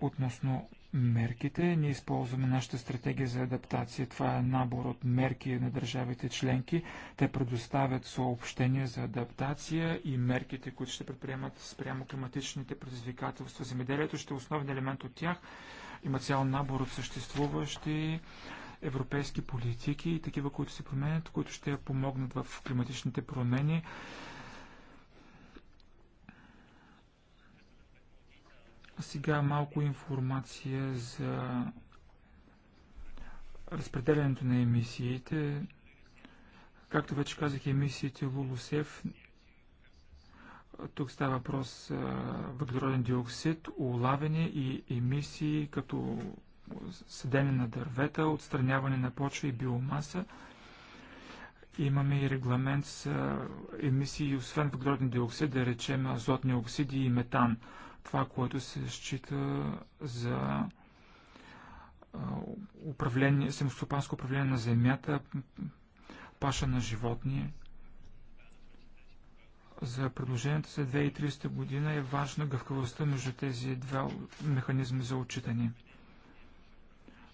Speaker 3: Относно мерките, ние използваме нашата стратегия за адаптация. Това е набор от мерки на държавите членки. Те предоставят съобщения за адаптация и мерките, които ще предприемат спрямо климатичните предизвикателства. Земеделието ще е основен елемент от тях. Има цял набор от съществуващи европейски политики и такива, които се променят, които ще я помогнат в климатичните промени. Сега малко информация за разпределянето на емисиите. Както вече казах, емисиите Лулусев, тук става въпрос въглероден диоксид, улавяне и емисии като седене на дървета, отстраняване на почва и биомаса. Имаме и регламент с емисии, освен въглероден диоксид, да речем азотни оксиди и метан. Това, което се счита за управление, самостопанско управление на земята, паша на животни. За предложението за 2030 година е важна гъвкавостта между тези два механизми за отчитане.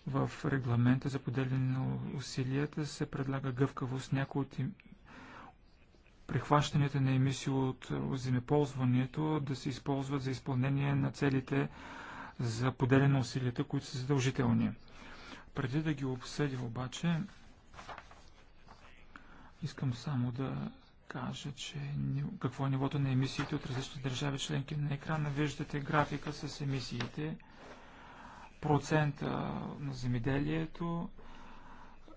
Speaker 3: В регламента за поделяне на усилията се предлага гъвкавост. Някои от им... прихващанията на емисии от земеползването да се използват за изпълнение на целите за поделяне на усилията, които са задължителни. Преди да ги обсъдя обаче, искам само да кажа, че какво е нивото на емисиите от различни държави членки. На екрана виждате графика с емисиите процента на земеделието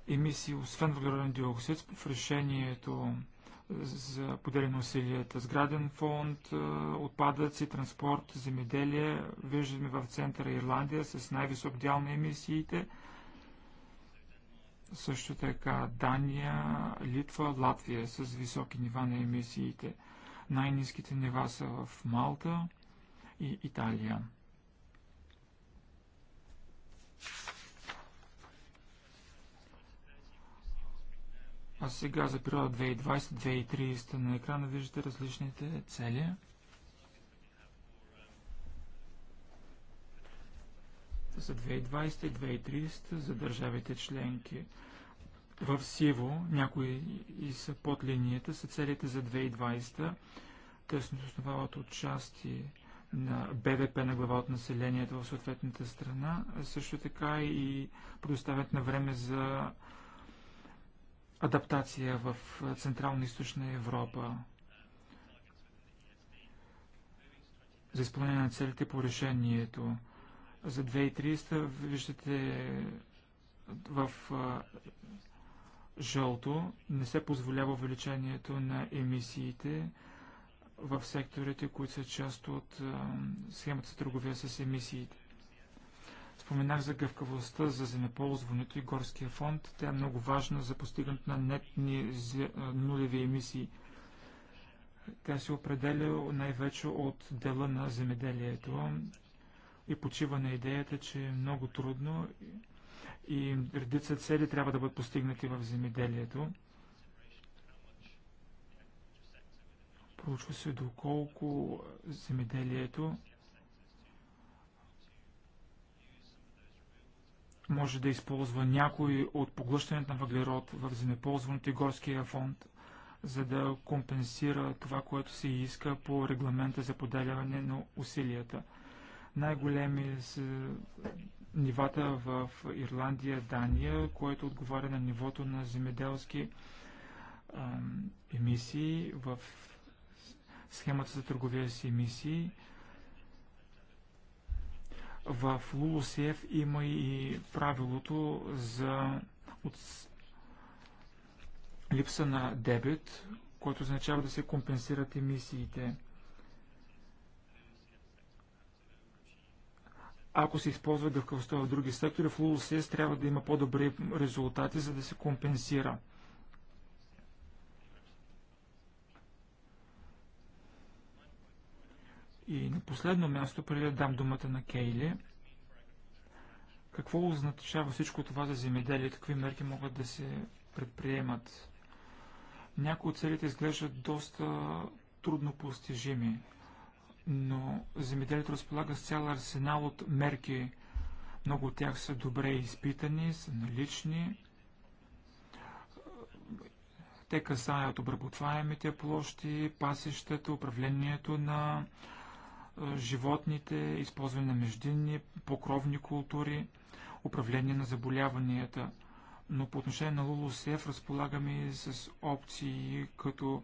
Speaker 3: емисии, освен въглероден диоксид, в решението за поделено усилията. Сграден фонд, отпадъци, транспорт, земеделие. Виждаме в центъра Ирландия с най-висок дял на емисиите. Също така Дания, Литва, Латвия с високи нива на емисиите. Най-низките нива са в Малта и Италия. А сега за периода 2020-2030 на екрана виждате различните цели. За 2020 и 2030 за държавите членки. В сиво, някои и са под линията, са целите за 2020. Те се основават от части на БВП на глава от населението в съответната страна, също така и предоставят на време за адаптация в Централна и Източна Европа за изпълнение на целите по решението. За 2030 виждате в жълто не се позволява увеличението на емисиите в секторите, които са част от схемата за търговия с емисиите. Споменах за гъвкавостта, за земеползването и горския фонд. Тя е много важна за постигането на нетни нулеви емисии. Тя се определя най-вече от дела на земеделието и почива на идеята, че е много трудно и редица цели трябва да бъдат постигнати в земеделието. Проучва се доколко е, земеделието може да използва някой от поглъщането на въглерод в земеползването и горския фонд, за да компенсира това, което се иска по регламента за поделяване на усилията. Най-големи са нивата в Ирландия, Дания, което отговаря на нивото на земеделски емисии в схемата за търговия с емисии. В ЛУЛСЕФ има и правилото за от... липса на дебет, което означава да се компенсират емисиите. Ако се използва гъвкавостта в други сектори, в ЛУЛСЕС трябва да има по-добри резултати, за да се компенсира. И на последно място, преди да дам думата на Кейли, какво означава всичко това за земеделие? Какви мерки могат да се предприемат? Някои от целите изглеждат доста трудно постижими, но земеделието разполага с цял арсенал от мерки. Много от тях са добре изпитани, са налични. Те касаят обработваемите площи, пасещата, управлението на животните, използване на междинни, покровни култури, управление на заболяванията. Но по отношение на Лулусев разполагаме и с опции като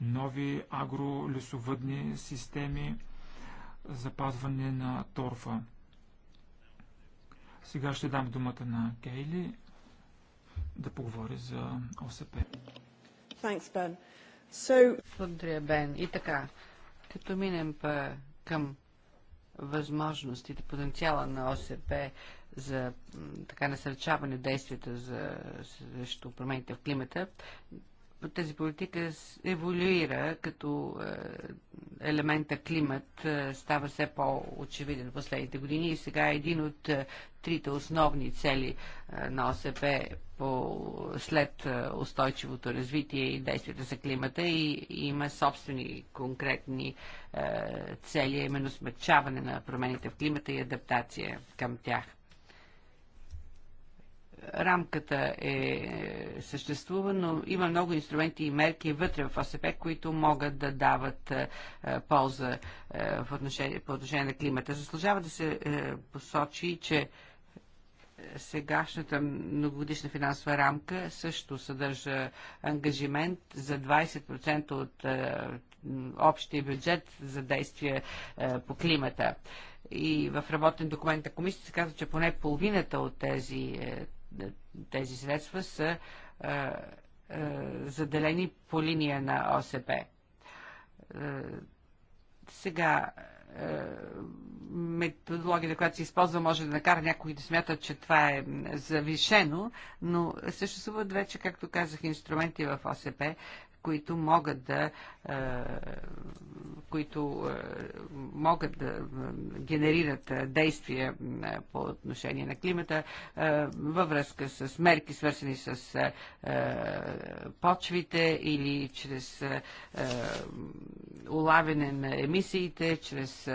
Speaker 3: нови агролесовъдни системи, запазване на торфа. Сега ще дам думата на Кейли да поговори за ОСП.
Speaker 4: Thanks, ben. So... Благодаря, Бен. И така, като минем по към възможностите, потенциала на ОСП за така насърчаване действията за, срещу промените в климата, тази политика еволюира, като е, елемента климат е, става все по-очевиден в последните години и сега е един от е, трите основни цели на ОСП по, след устойчивото развитие и действията за климата и, и има собствени конкретни цели, именно смягчаване на промените в климата и адаптация към тях рамката е, е, съществува, но има много инструменти и мерки вътре в ОСП, които могат да дават е, е, полза в отношение, по отношение на климата. Заслужава да се посочи, че сегашната многогодишна финансова рамка също съдържа ангажимент за 20% от общия бюджет за действия по климата и в работен документ на комисията се казва, че поне половината от тези тези средства са а, а, заделени по линия на ОСП. А, сега методологията, която се използва, може да накара някои да смятат, че това е завишено, но съществуват вече, както казах, инструменти в ОСП, които могат да е, които е, могат да генерират е, действия по отношение на климата във връзка с мерки свързани с почвите или чрез улавяне на емисиите, чрез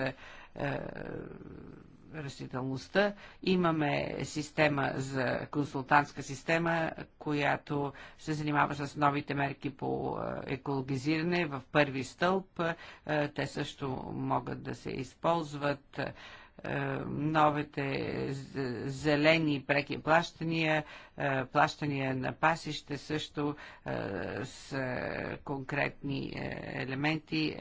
Speaker 4: растителността. Имаме система за консултантска система, която се занимава с новите мерки по е, екологизиране в първи стълб. Е, те също могат да се използват е, е, новите зелени преки плащания, е, плащания на пасище също е, с конкретни елементи.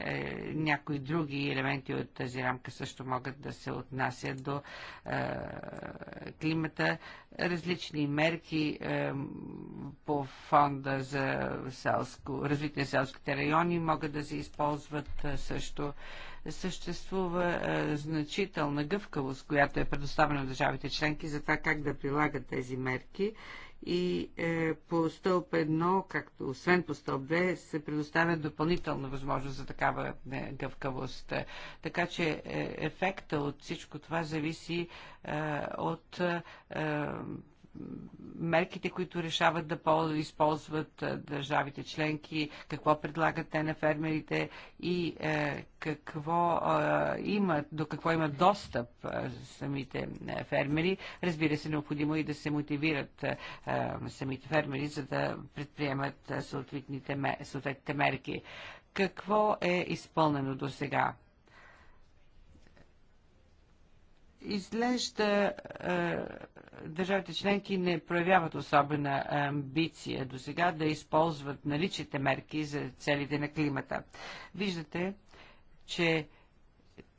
Speaker 4: Някои други елементи от тази рамка също могат да се отнасят до климата. Различни мерки по фонда за селско, развитие на селските райони могат да се използват също съществува а, е, значителна гъвкавост, която е предоставена на държавите членки за това как да прилагат тези мерки. И е, по стълб 1, както освен по стълб 2, се предоставя допълнителна възможност за такава е, гъвкавост. Е, така че е, ефекта от всичко това зависи е, от е, мерките, които решават да използват държавите членки, какво предлагат те на фермерите и е, какво имат, до какво имат достъп самите е, фермери. Разбира се, необходимо е и да се мотивират самите фермери, за да предприемат съответните, съответните мерки. Какво е изпълнено до сега? Изглежда държавите членки не проявяват особена амбиция до сега да използват наличните мерки за целите на климата. Виждате, че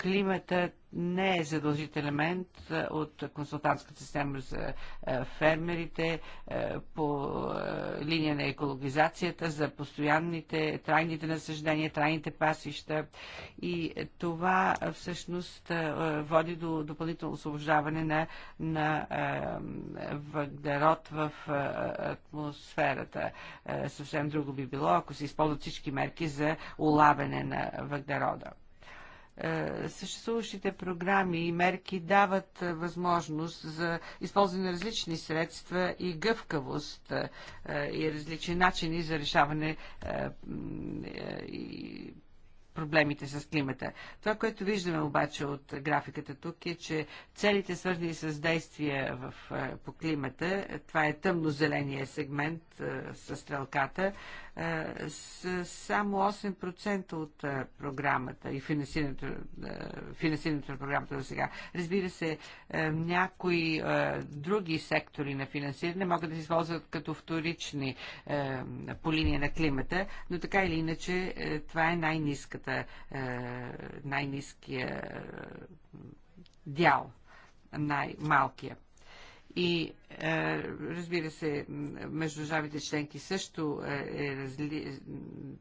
Speaker 4: Климата не е задължителен елемент от консултантската система за фермерите по линия на екологизацията, за постоянните, трайните насъждения, трайните пасища. И това всъщност води до допълнително освобождаване на, на въглерод в атмосферата. Съвсем друго би било, ако се използват всички мерки за улавяне на въглерода. Е, съществуващите програми и мерки дават е, възможност за използване на различни средства и гъвкавост е, и различни начини за решаване и проблемите с климата. Това, което виждаме обаче от графиката тук е, че целите свързани с действия в, по климата, това е тъмно-зеления сегмент с стрелката, с само 8% от програмата и финансирането, финансирането на програмата до сега. Разбира се, някои други сектори на финансиране могат да се използват като вторични по линия на климата, но така или иначе това е най-низката, най-низкия дял, най-малкия и е, разбира се, между държавите членки също е, е разли...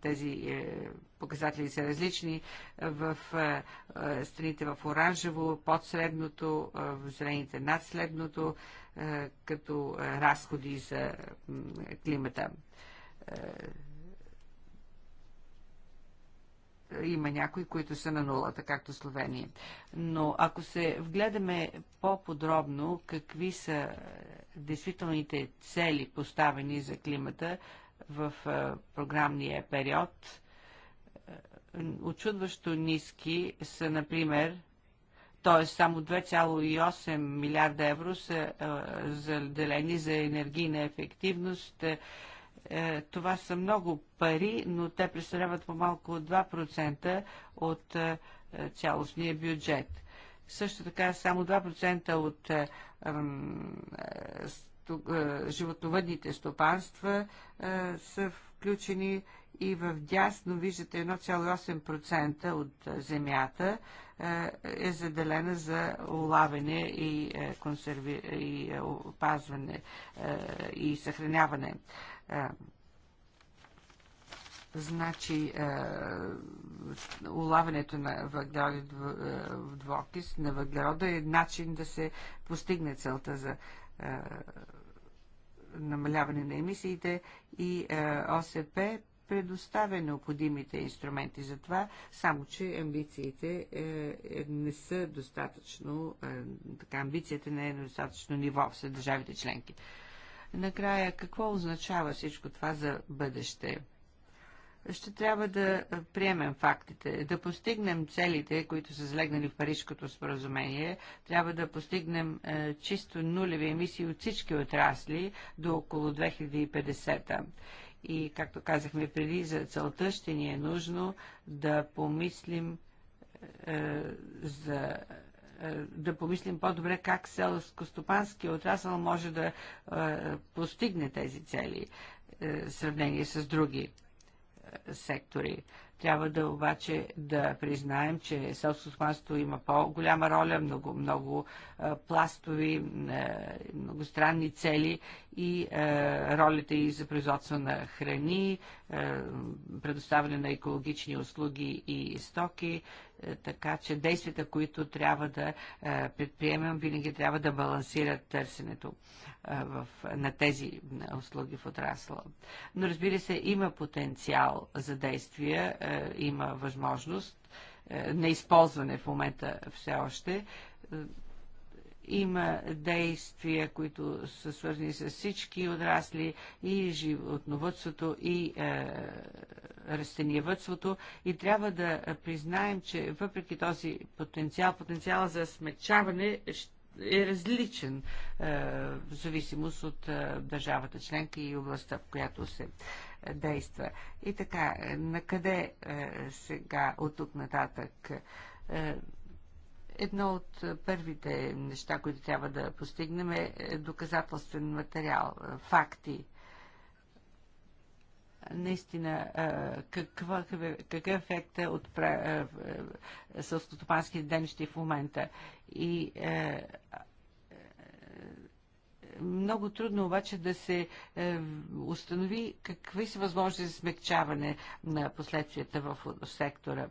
Speaker 4: тези е, показатели са различни. В страните в оранжево, под средното, в зелените над средното, като разходи за климата има някои, които са на нулата, както Словения. Но ако се вгледаме по-подробно какви са е, действителните цели поставени за климата в е, програмния период, е, очудващо ниски са, например, т.е. само 2,8 милиарда евро са заделени за енергийна ефективност, е, това са много пари, но те представляват по-малко от 2% от е, цялостния бюджет. Също така само 2% от е, е тук, е, животновъдните стопанства е, са включени и в дясно виждате 1,8% от земята е, е заделена за улавене и, е, консерви... и е, опазване и съхраняване. Значи улаването на въглерод в двокис на въглерода е начин да се постигне целта за намаляване на емисиите и е, ОСП предоставя необходимите инструменти за това, само че амбициите е, е, не са достатъчно, така амбицията не е на достатъчно ниво в държавите членки. Накрая, какво означава всичко това за бъдеще? ще трябва да приемем фактите, да постигнем целите, които са залегнали в Парижското споразумение. Трябва да постигнем е, чисто нулеви емисии от всички отрасли до около 2050 И, както казахме преди, за целта ще ни е нужно да помислим е, за е, да помислим по-добре как селско-стопанския отрасъл може да е, постигне тези цели е, в сравнение с други сектори. Трябва да обаче да признаем, че селското стопанство има по-голяма роля, много, много пластови, многостранни цели и е, ролите и за производство на храни, е, предоставяне на екологични услуги и стоки, е, така че действията, които трябва да е, предприемем, винаги трябва да балансират търсенето е, в, на тези услуги в отрасла. Но разбира се, има потенциал за действия, е, има възможност, е, неизползване в момента все още. Е, има действия, които са свързани с всички отрасли и животновътството и е, растениевътството и трябва да признаем, че въпреки този потенциал, потенциала за смечаване е различен е, в зависимост от е, държавата членка и областта, в която се е, действа. И така, къде е, сега, от тук нататък? Е, Едно от е, първите неща, които трябва да постигнем е, е доказателствен материал, е, факти. Наистина, каква, какъв ефект е от сълскотопанските денщи в момента? И е, много трудно обаче да се е, установи какви са възможности за смягчаване на последствията в сектора. Е,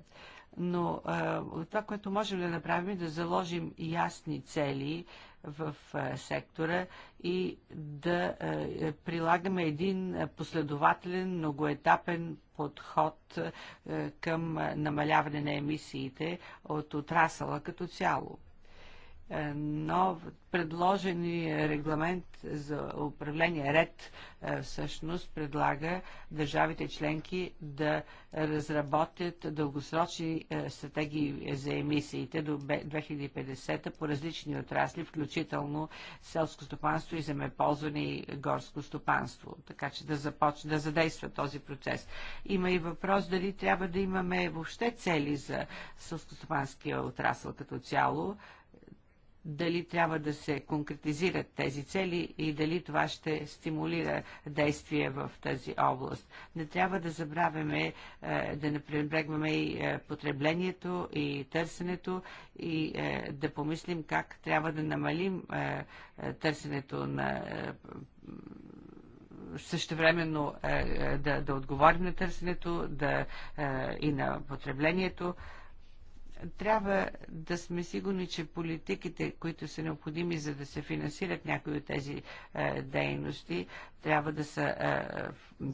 Speaker 4: но а, това, което можем да направим е да заложим ясни цели в а, сектора и да а, прилагаме един последователен, многоетапен подход а, към намаляване на емисиите от отрасъла като цяло. Е, нов предложени регламент за управление ред е, всъщност предлага държавите членки да разработят дългосрочни е, стратегии за емисиите до 2050 по различни отрасли, включително селско стопанство и земеползване и горско стопанство, така че да започне да задейства този процес. Има и въпрос дали трябва да имаме въобще цели за селскостопанския отрасъл като цяло дали трябва да се конкретизират тези цели и дали това ще стимулира действия в тази област. Не трябва да забравяме, е, да не пренебрегваме и е, потреблението и търсенето и е, да помислим как трябва да намалим търсенето на същевременно да, да отговорим на търсенето да, и на потреблението трябва да сме сигурни, че политиките, които са необходими за да се финансират някои от тези е, дейности, трябва да са е,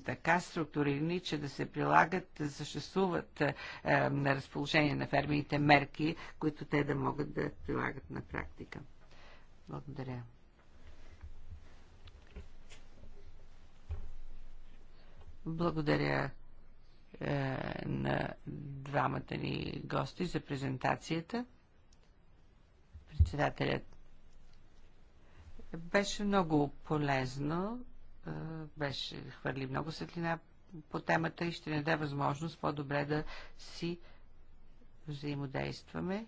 Speaker 4: така структурирани, че да се прилагат, да съществуват е, е на разположение на фермените мерки, които те да могат да прилагат на практика. Благодаря. Благодаря е, на двамата ни гости за презентацията. Председателят беше много полезно, е, беше хвърли много светлина по темата и ще ни даде възможност по-добре да си взаимодействаме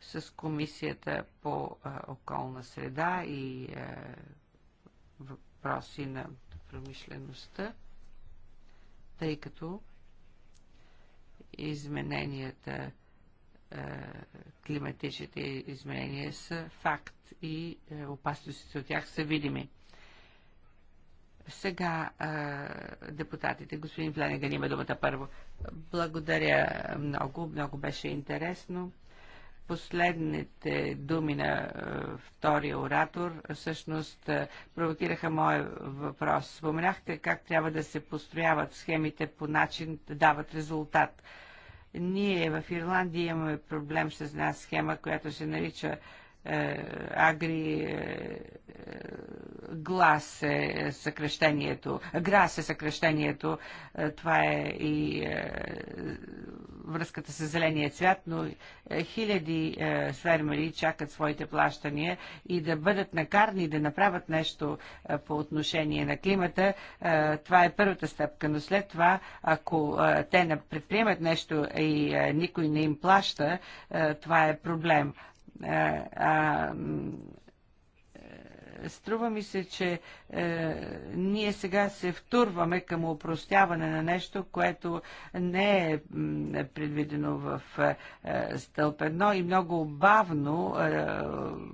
Speaker 4: с Комисията по е, околна среда и въпроси на промишлеността тъй като измененията, е, климатичните изменения са факт и е, опасностите от тях са видими. Сега е, депутатите, господин Фленеган има думата първо. Благодаря много, много беше интересно последните думи на е, втория оратор всъщност е, провокираха моя въпрос. Споменахте как трябва да се построяват схемите по начин да дават резултат. Ние в Ирландия имаме проблем с една схема, която се нарича Агри е, глас е съкрещението. Грас е съкрещението. Това е и връзката с зеления цвят, но е, хиляди е, фермери чакат своите плащания и да бъдат накарни да направят нещо е, по отношение на климата, това е първата стъпка. Но след това, ако те предприемат нещо и никой не им плаща, това е проблем. Струва ми се, че е, ние сега се втурваме към упростяване на нещо, което не е предвидено в е, е, стълб едно и много бавно е,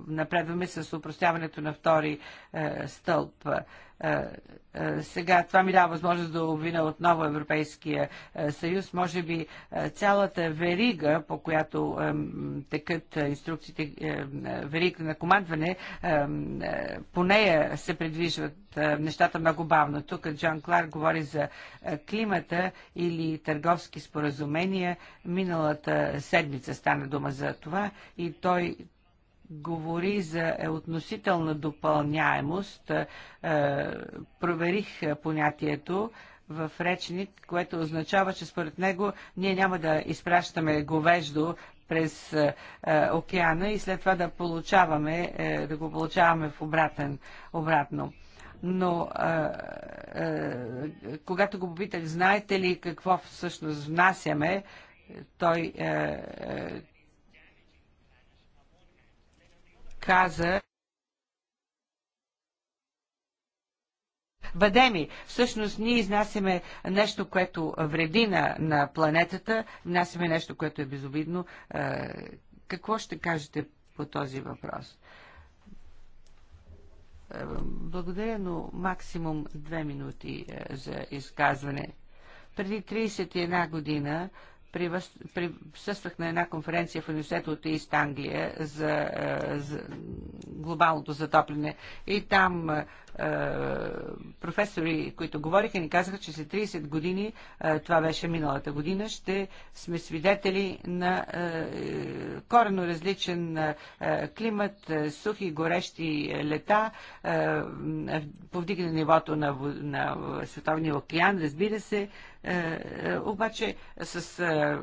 Speaker 4: напредваме с упростяването на втори е, стълб. Е, е, е, сега това ми дава възможност да обвина отново Европейския е, съюз. Може би цялата верига, по която текат инструкциите, верига на командване, по нея се предвижват нещата много бавно. Тук Джон Кларк говори за климата или търговски споразумения. Миналата седмица стана дума за това и той говори за е относителна допълняемост. Е, проверих понятието в речник, което означава, че според него ние няма да изпращаме говеждо през е, океана и след това да получаваме, да го получаваме в обратен, обратно. Но когато го попитах, знаете ли какво всъщност внасяме, той каза, Бъде ми, всъщност ние изнасяме нещо, което вреди на, на планетата, внасяме нещо, което е безобидно. Е, какво ще кажете по този въпрос? Е, благодаря, но максимум две минути е, за изказване. Преди 31 година присъствах на една конференция в университета от Ист Англия за, е, за глобалното затопляне и там е, е, професори, които говориха, ни казаха, че след 30 години, това беше миналата година, ще сме свидетели на корено различен климат, сухи, горещи лета, повдигане нивото на, на Световния океан, разбира се, е, е, обаче с е,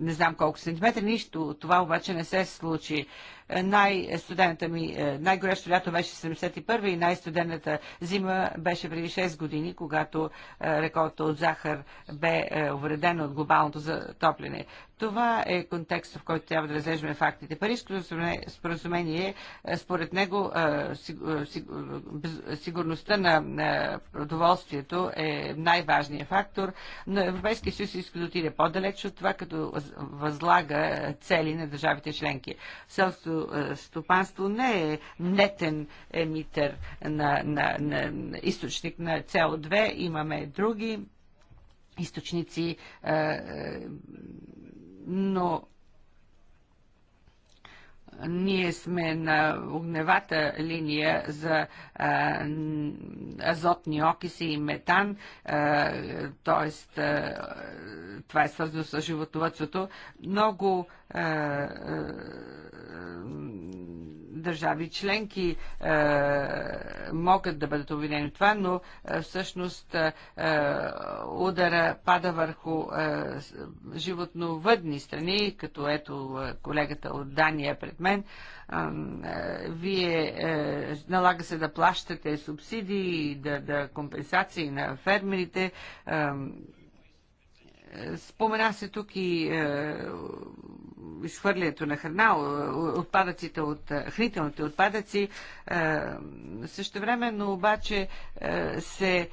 Speaker 4: не знам колко сантиметра, нищо. Това обаче не се случи. Най-студената ми, е, най-горещо лято беше 71 и най-студената зима беше преди 6 години, когато е, реколта от захар бе е, увредена от глобалното затопляне. Това е контекстът, в който трябва да разглеждаме фактите. Парижското споразумение, според него, сигурността на продоволствието е най-важният фактор, но Европейския съюз иска да отиде по-далеч от това, като възлага цели на държавите членки. Селското селското стопанство не е нетен емитер на, на, на, на източник на CO2. Имаме други източници, но ние сме на огневата линия за азотни окиси и метан, т.е. това е свързано с животовътството. Много държави членки е, могат да бъдат обвинени в това, но е, всъщност е, е удара пада върху е, животновъдни страни, като ето е, колегата от Дания пред мен. Вие налага се да плащате субсидии, да, да компенсации на фермерите. Спомена се тук и изхвърлянето на храна, отпадъците от хранителните отпадъци. Също но обаче се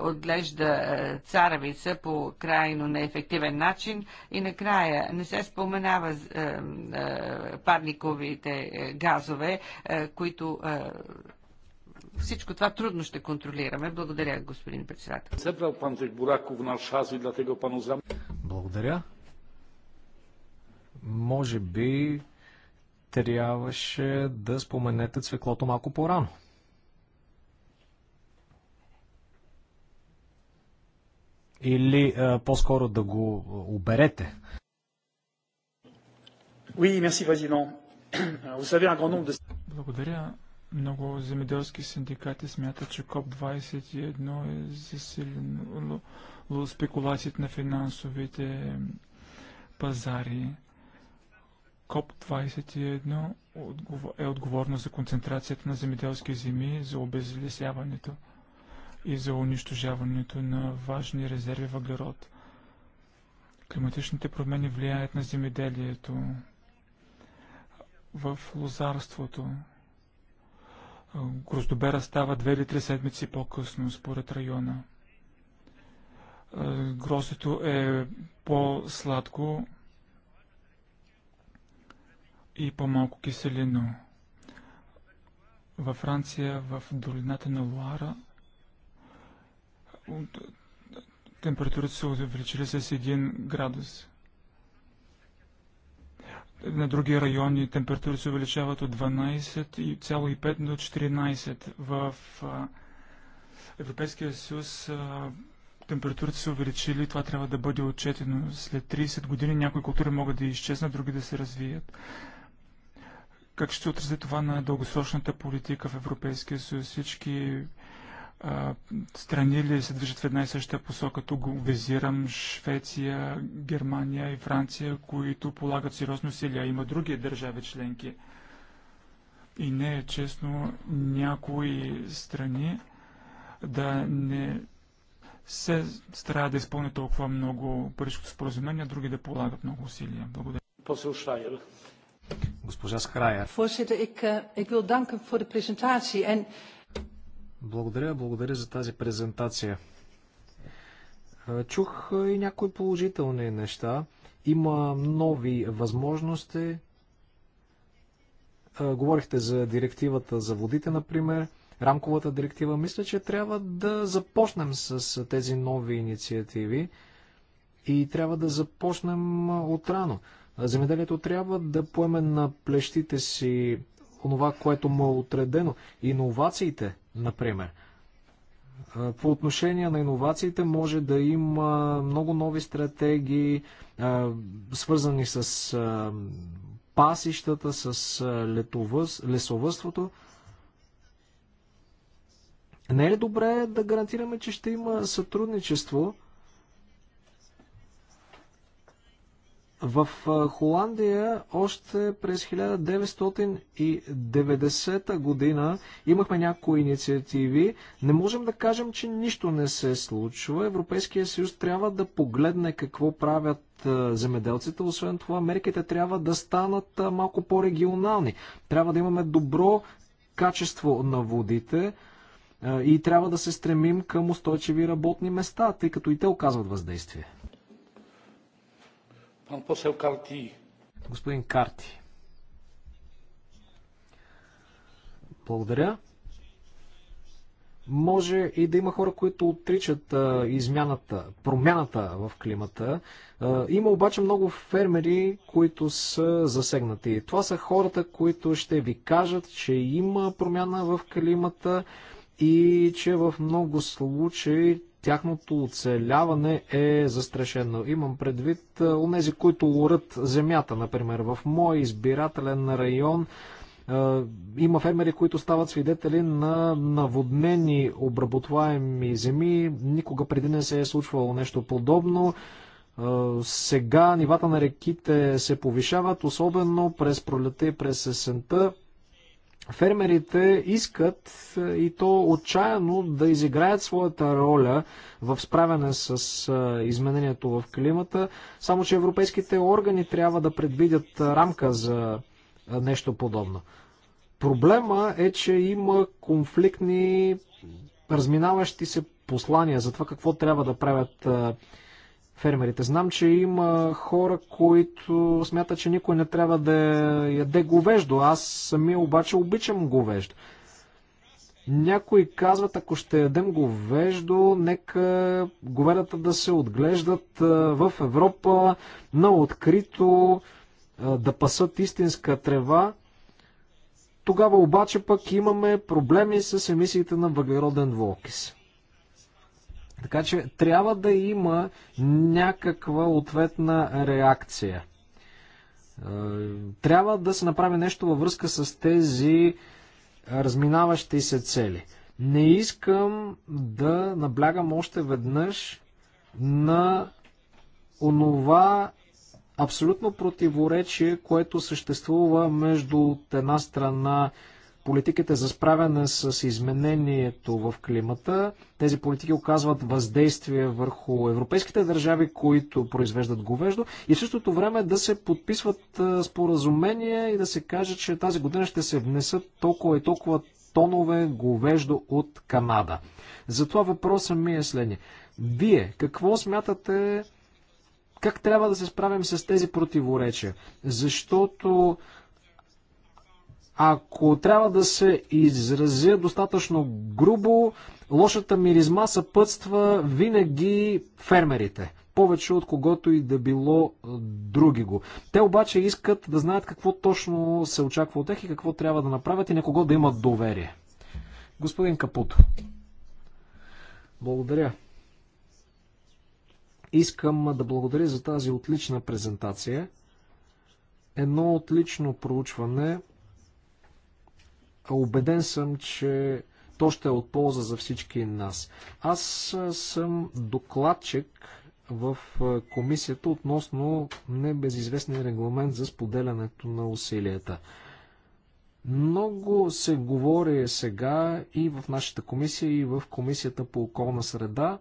Speaker 4: отглежда царевица по крайно неефективен начин и накрая не се споменава парниковите газове, които всичко това трудно ще контролираме. Благодаря, господин председател.
Speaker 2: Благодаря. Може би трябваше да споменете цвеклото малко по-рано. Или по-скоро да го оберете.
Speaker 1: Oui, merci, président. Vous savez, un grand nombre de...
Speaker 3: Благодаря. Много земеделски синдикати смятат, че КОП-21 е засилило спекулацията на финансовите пазари. КОП-21 е отговорно за концентрацията на земеделски земи, за обезлесяването и за унищожаването на важни резерви въглерод. Климатичните промени влияят на земеделието, в лозарството. Гроздобера става 2 или 3 седмици по-късно, според района. Гроздето е по-сладко, и по-малко киселино. Във Франция, в долината на Луара, температурата се увеличили с 1 градус. На други райони температурите се увеличават от 12,5 до 14. В Европейския съюз температурите се увеличили, това трябва да бъде отчетено. След 30 години някои култури могат да изчезнат, други да се развият. Как ще се отрази това на дългосрочната политика в Европейския съюз? Всички а, страни ли се движат в една и съща посока? Тук визирам Швеция, Германия и Франция, които полагат сериозно усилия. Има други държави членки. И не е честно някои страни да не се стараят да изпълнят толкова много парижското споразумение, а други да полагат много усилия. Благодаря.
Speaker 2: Госпожа Скрая.
Speaker 4: Eh,
Speaker 2: благодаря, благодаря за тази презентация. Е, чух е, и някои положителни неща. Има нови възможности. Е, говорихте за директивата за водите, например, рамковата директива. Мисля, че трябва да започнем с тези нови инициативи и трябва да започнем отрано. рано Земеделието трябва да поеме на плещите си онова, което му е отредено. Иновациите, например. По отношение на иновациите може да има много нови стратегии, свързани с пасищата, с лесовътството. Не е ли добре да гарантираме, че ще има сътрудничество В Холандия още през 1990 година имахме някои инициативи. Не можем да кажем, че нищо не се случва. Европейския съюз трябва да погледне какво правят земеделците. Освен това, мерките трябва да станат малко по-регионални. Трябва да имаме добро качество на водите и трябва да се стремим към устойчиви работни места, тъй като и те оказват въздействие. Господин Карти. Благодаря. Може и да има хора, които отричат а, измяната, промяната в климата. А, има обаче много фермери, които са засегнати. Това са хората, които ще ви кажат, че има промяна в климата и че в много случаи тяхното оцеляване е застрашено. Имам предвид е, онези, които урат земята, например. В мой избирателен район е, има фермери, които стават свидетели на наводнени обработваеми земи. Никога преди не се е случвало нещо подобно. Е, сега нивата на реките се повишават, особено през пролета и през есента фермерите искат е, и то отчаяно да изиграят своята роля в справяне с е, изменението в климата, само че европейските органи трябва да предвидят рамка за е, нещо подобно. Проблема е, че има конфликтни, разминаващи се послания за това какво трябва да правят фермерите. Знам, че има хора, които смятат, че никой не трябва да яде говеждо. Аз самия обаче обичам говеждо. Някои казват, ако ще ядем говеждо, нека говедата да се отглеждат в Европа на открито, да пасат истинска трева. Тогава обаче пък имаме проблеми с емисиите на въглероден двуокис. Така че трябва да има някаква ответна реакция. Е, трябва да се направи нещо във връзка с тези разминаващи се цели. Не искам да наблягам още веднъж на онова абсолютно противоречие, което съществува между от една страна политиките за справяне с изменението в климата. Тези политики оказват въздействие върху европейските държави, които произвеждат говеждо и в същото време да се подписват споразумения и да се каже, че тази година ще се внесат толкова и толкова тонове говеждо от Канада. Затова въпросът ми е следния. Вие какво смятате как трябва да се справим с тези противоречия? Защото ако трябва да се изразя достатъчно грубо, лошата миризма съпътства винаги фермерите. Повече от когото и да било други го. Те обаче искат да знаят какво точно се очаква от тях и какво трябва да направят и на кого да имат доверие. Господин Капуто. Благодаря. Искам да благодаря за тази отлична презентация. Едно отлично проучване, Обеден съм, че то ще е от полза за всички нас. Аз съм докладчик в комисията относно небезизвестния регламент за споделянето на усилията. Много се говори сега и в нашата комисия, и в комисията по околна среда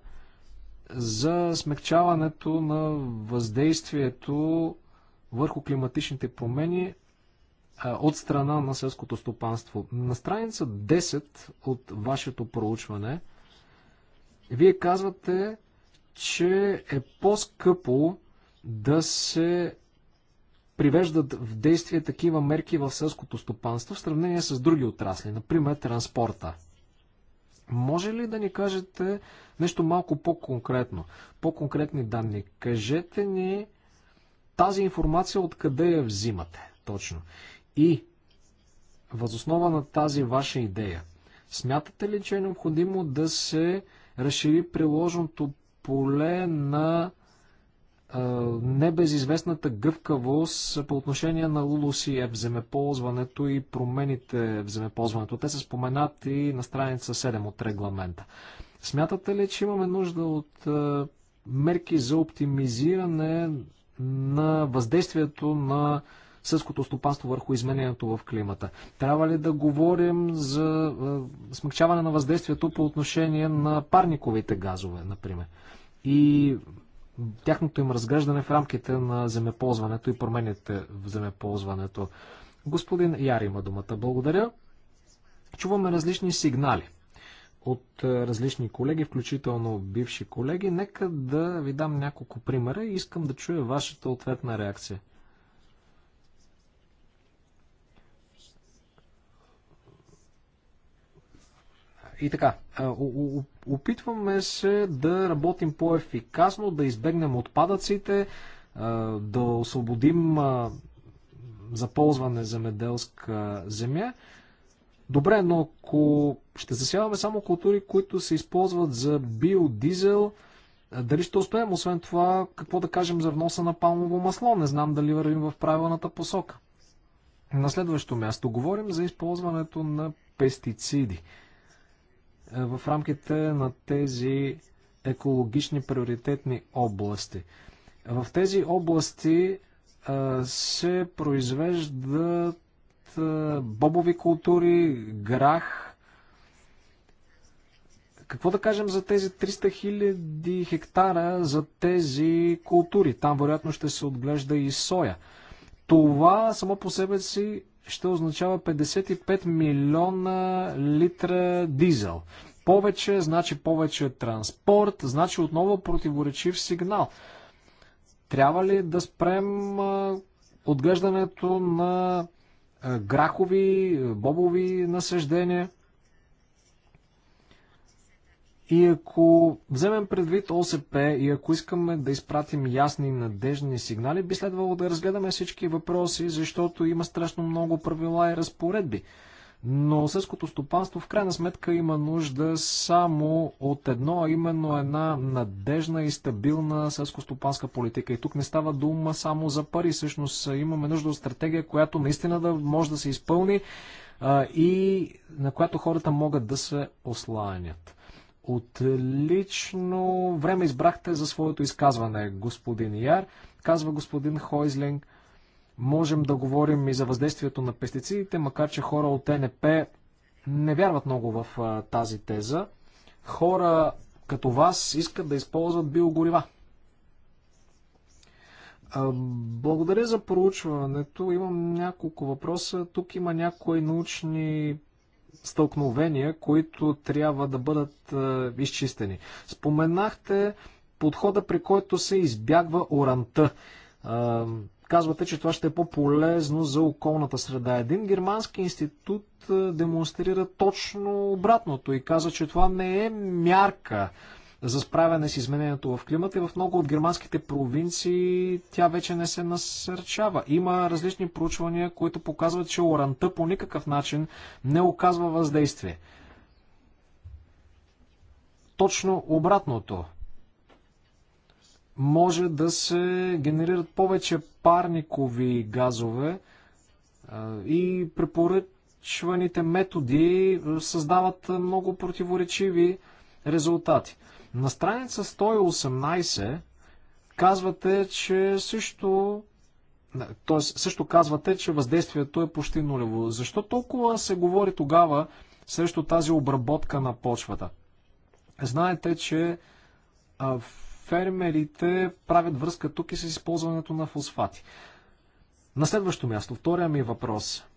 Speaker 2: за смягчаването на въздействието върху климатичните промени от страна на селското стопанство. На страница 10 от вашето проучване, вие казвате, че е по-скъпо да се привеждат в действие такива мерки в селското стопанство в сравнение с други отрасли, например транспорта. Може ли да ни кажете нещо малко по-конкретно, по-конкретни данни? Кажете ни тази информация откъде я взимате точно. И възоснова на тази ваша идея, смятате ли, че е необходимо да се разшири приложното поле на е, небезизвестната гъвкавост по отношение на LULUCF, вземеползването и промените в вземеползването? Те са споменати на страница 7 от регламента. Смятате ли, че имаме нужда от е, мерки за оптимизиране на въздействието на сълското стопанство върху изменението в климата. Трябва ли да говорим за смягчаване на въздействието по отношение на парниковите газове, например? И тяхното им разглеждане в рамките на земеползването и промените в земеползването. Господин Яр има думата. Благодаря. Чуваме различни сигнали от различни колеги, включително бивши колеги. Нека да ви дам няколко примера и искам да чуя вашата ответна реакция. И така, опитваме се да работим по-ефикасно, да избегнем отпадъците, да освободим за ползване земеделска земя. Добре, но ако ще засяваме само култури, които се използват за биодизел, дали ще успеем? Освен това, какво да кажем за вноса на палмово масло? Не знам дали вървим в правилната посока. На следващо място говорим за използването на пестициди в рамките на тези екологични приоритетни области. В тези области се произвеждат бобови култури, грах. Какво да кажем за тези 300 хиляди хектара за тези култури? Там вероятно ще се отглежда и соя. Това само по себе си ще означава 55 милиона литра дизел. Повече, значи повече транспорт, значи отново противоречив сигнал. Трябва ли да спрем отглеждането на грахови, бобови насъждения? И ако вземем предвид ОСП и ако искаме да изпратим ясни и надежни сигнали, би следвало да разгледаме всички въпроси, защото има страшно много правила и разпоредби. Но сърското стопанство в крайна сметка има нужда само от едно, а именно една надежна и стабилна сърскостопанска политика. И тук не става дума само за пари. Всъщност имаме нужда от стратегия, която наистина да може да се изпълни а, и на която хората могат да се осланят. Отлично време избрахте за своето изказване, господин Яр. Казва господин Хойзлинг, можем да говорим и за въздействието на пестицидите, макар че хора от НП не вярват много в тази теза. Хора като вас искат да използват биогорива. Благодаря за проучването. Имам няколко въпроса. Тук има някои научни стълкновения, които трябва да бъдат е, изчистени. Споменахте подхода, при който се избягва оранта. Е, казвате, че това ще е по-полезно за околната среда. Един германски институт е, демонстрира точно обратното и каза, че това не е мярка за справяне с изменението в климата и в много от германските провинции тя вече не се насърчава. Има различни проучвания, които показват, че оранта по никакъв начин не оказва въздействие. Точно обратното. Може да се генерират повече парникови газове и препоръчваните методи създават много противоречиви резултати. На страница 118 казвате, че също т.е. също казвате, че въздействието е почти нулево. Защо толкова се говори тогава срещу тази обработка на почвата? Знаете, че фермерите правят връзка тук и с използването на фосфати. На следващо място, втория ми въпрос –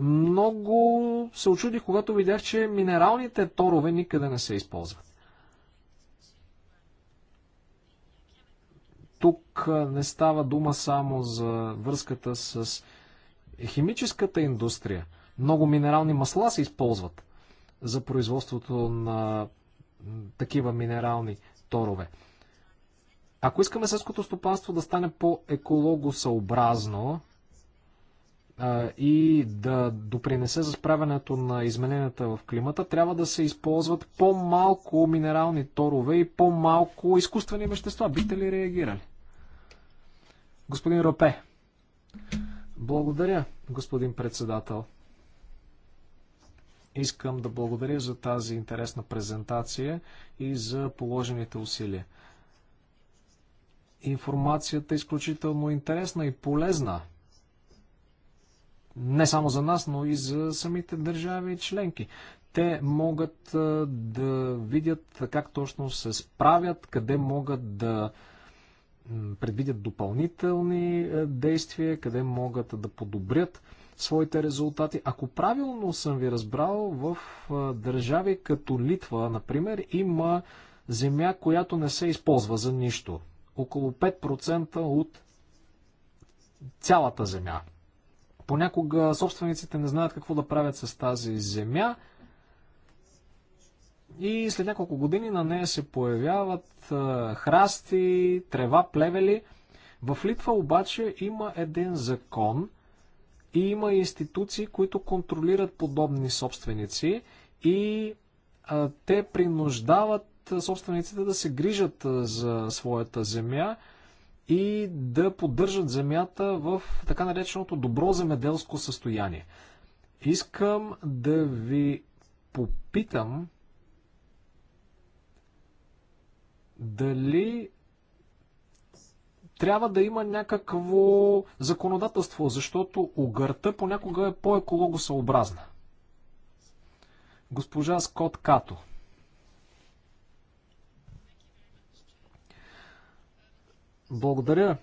Speaker 2: много се очудих, когато видях, че минералните торове никъде не се използват. Тук не става дума само за връзката с химическата индустрия. Много минерални масла се използват за производството на такива минерални торове. Ако искаме селското стопанство да стане по-екологосъобразно, и да допринесе за справянето на измененията в климата, трябва да се използват по-малко минерални торове и по-малко изкуствени вещества. Бихте ли реагирали? Господин Ропе. Благодаря, господин председател. Искам да благодаря за тази интересна презентация и за положените усилия. Информацията е изключително интересна и полезна не само за нас, но и за самите държави и членки. Те могат да видят как точно се справят, къде могат да предвидят допълнителни действия, къде могат да подобрят своите резултати. Ако правилно съм ви разбрал, в държави като Литва, например, има земя, която не се използва за нищо. Около 5% от цялата земя Понякога собствениците не знаят какво да правят с тази земя и след няколко години на нея се появяват храсти, трева, плевели. В Литва обаче има един закон и има институции, които контролират подобни собственици и те принуждават собствениците да се грижат за своята земя и да поддържат земята в така нареченото добро земеделско състояние. Искам да ви попитам дали трябва да има някакво законодателство, защото огърта понякога е по-екологосъобразна. Госпожа Скот Като – Благодаря,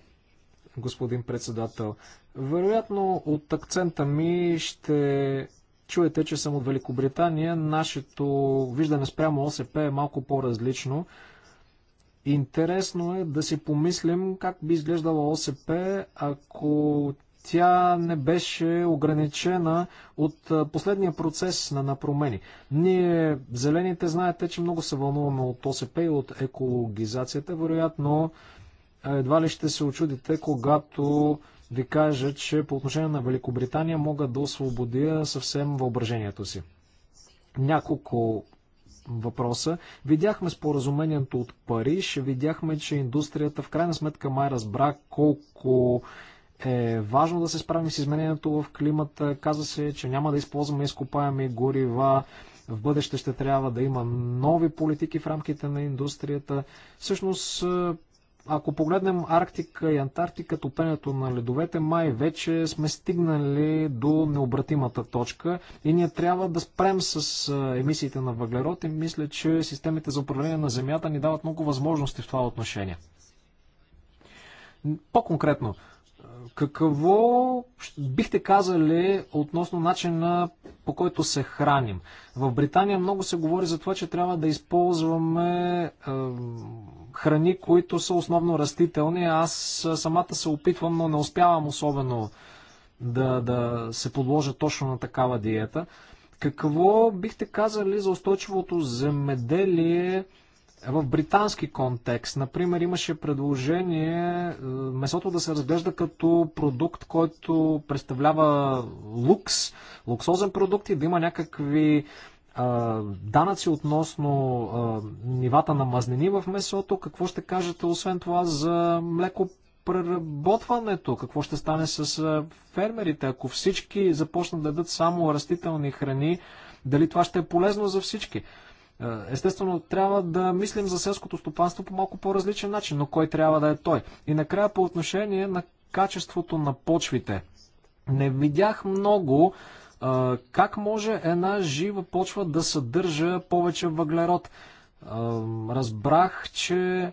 Speaker 2: господин председател. Вероятно от акцента ми ще чуете, че съм от Великобритания. Нашето виждане спрямо ОСП е малко по-различно. Интересно е да си помислим как би изглеждала ОСП, ако тя не беше ограничена от последния процес на, на промени. Ние, зелените, знаете, че много се вълнуваме от ОСП и от екологизацията. Вероятно, едва ли ще се очудите, когато ви кажа, че по отношение на Великобритания мога да освободя съвсем въображението си. Няколко въпроса. Видяхме споразумението от Париж, видяхме, че индустрията в крайна сметка май разбра колко е важно да се справим с изменението в климата. Каза се, че няма да използваме изкопаеми горива. В бъдеще ще трябва да има нови политики в рамките на индустрията. Всъщност, ако погледнем Арктика и Антарктика, топенето на ледовете, май вече сме стигнали до необратимата точка и ние трябва да спрем с емисиите на въглерод и мисля, че системите за управление на Земята ни дават много възможности в това отношение. По-конкретно, какво бихте казали относно начина по който се храним? В Британия много се говори за това, че трябва да използваме е, храни, които са основно растителни. Аз самата се опитвам, но не успявам особено да, да се подложа точно на такава диета. Какво бихте казали за устойчивото земеделие в британски контекст? Например, имаше предложение е, месото да се разглежда като продукт, който представлява лукс, луксозен продукт и да има някакви данъци относно нивата на мазнини в месото. Какво ще кажете освен това за млеко преработването? Какво ще стане с фермерите? Ако всички започнат да дадат само растителни храни, дали това ще е полезно за всички? Естествено, трябва да мислим за селското стопанство по малко по-различен начин, но кой трябва да е той? И накрая по отношение на качеството на почвите. Не видях много как може една жива почва да съдържа повече въглерод? Разбрах, че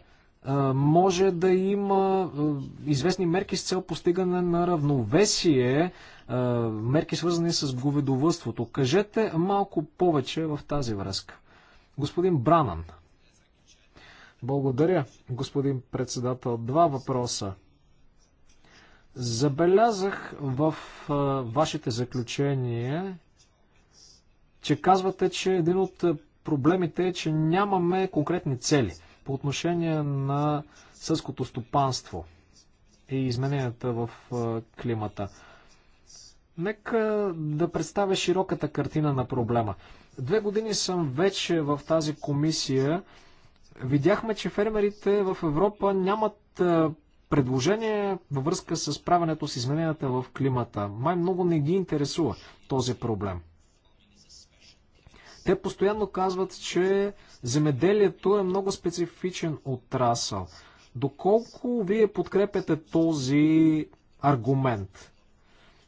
Speaker 2: може да има известни мерки с цел постигане на равновесие, мерки свързани с говедовътството. Кажете малко повече в тази връзка. Господин Бранан. Благодаря, господин председател. Два въпроса. Забелязах в вашите заключения, че казвате, че един от проблемите е, че нямаме конкретни цели по отношение на сълското стопанство и измененията в климата. Нека да представя широката картина на проблема. Две години съм вече в тази комисия. Видяхме, че фермерите в Европа нямат предложение във връзка с правенето с измененията в климата. Май много не ги интересува този проблем. Те постоянно казват, че земеделието е много специфичен отрасъл. Доколко вие подкрепяте този аргумент?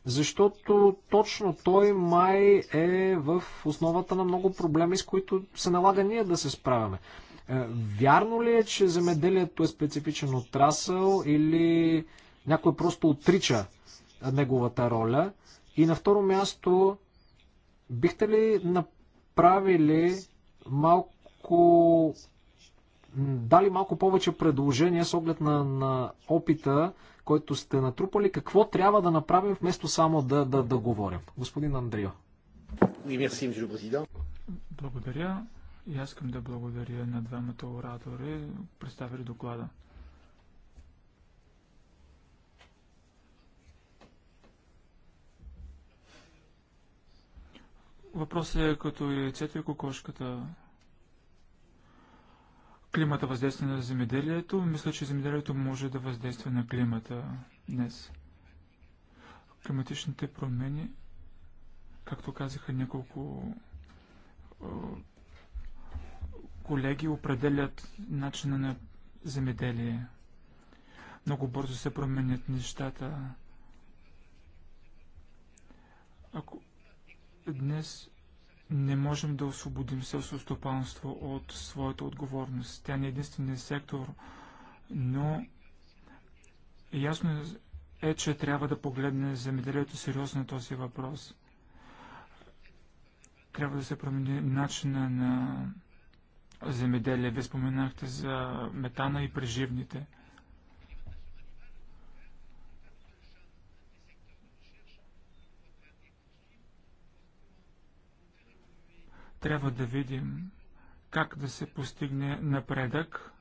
Speaker 2: Защото точно той май е в основата на много проблеми, с които се налага ние да се справяме. Е, вярно ли е, че земеделието е специфичен отрасъл или някой просто отрича неговата роля? И на второ място, бихте ли направили малко дали малко повече предложения с оглед на, на опита, който сте натрупали, какво трябва да направим вместо само да, да, да говорим. Господин Андрио.
Speaker 3: Благодаря. И аз искам да благодаря на двамата оратори, представили доклада. Въпросът е като яйцето и кокошката. Климата въздейства на земеделието. Мисля, че земеделието може да въздейства на климата днес. Климатичните промени, както казаха няколко колеги определят начина на земеделие. Много бързо се променят нещата. Ако днес не можем да освободим селско стопанство от своята отговорност. Тя не е единствения сектор, но ясно е, че трябва да погледне земеделието сериозно на този въпрос. Трябва да се промени начина на земеделие. Вие споменахте за метана и преживните. Трябва да видим как да се постигне напредък.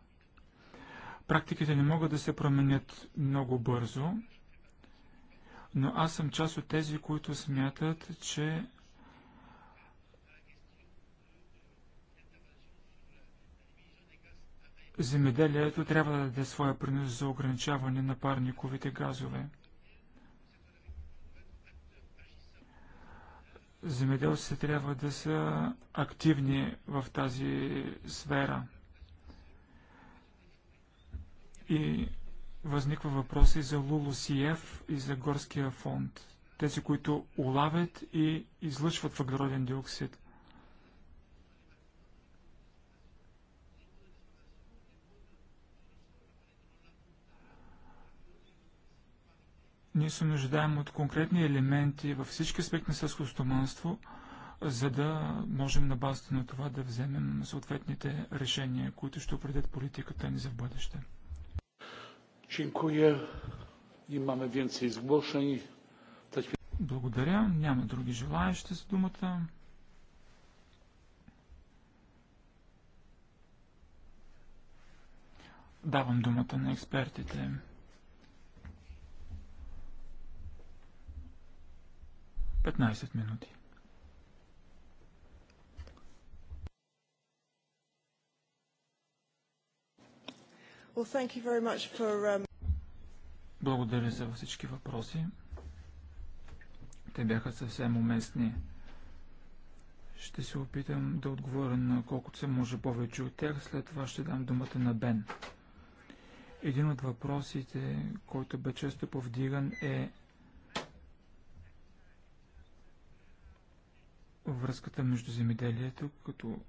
Speaker 3: Практиките не могат да се променят много бързо, но аз съм част от тези, които смятат, че земеделието трябва да даде своя принос за ограничаване на парниковите газове. Земеделците трябва да са активни в тази сфера. И възниква въпроси за Лулусиев и за горския фонд. Тези, които улавят и излъчват въглероден диоксид. Ние се нуждаем от конкретни елементи във всички аспекти на селското стоманство, за да можем на базата на това да вземем съответните решения, които ще определят политиката ни за в бъдеще. Благодаря. Няма други желаящи за думата. Давам думата на експертите. 15 минути.
Speaker 4: Um,
Speaker 3: Благодаря за всички въпроси. Те бяха съвсем уместни. Ще се опитам да отговоря на колкото се може повече от тях, след това ще дам думата на Бен. Един от въпросите, който бе често повдиган е връзката между земеделието като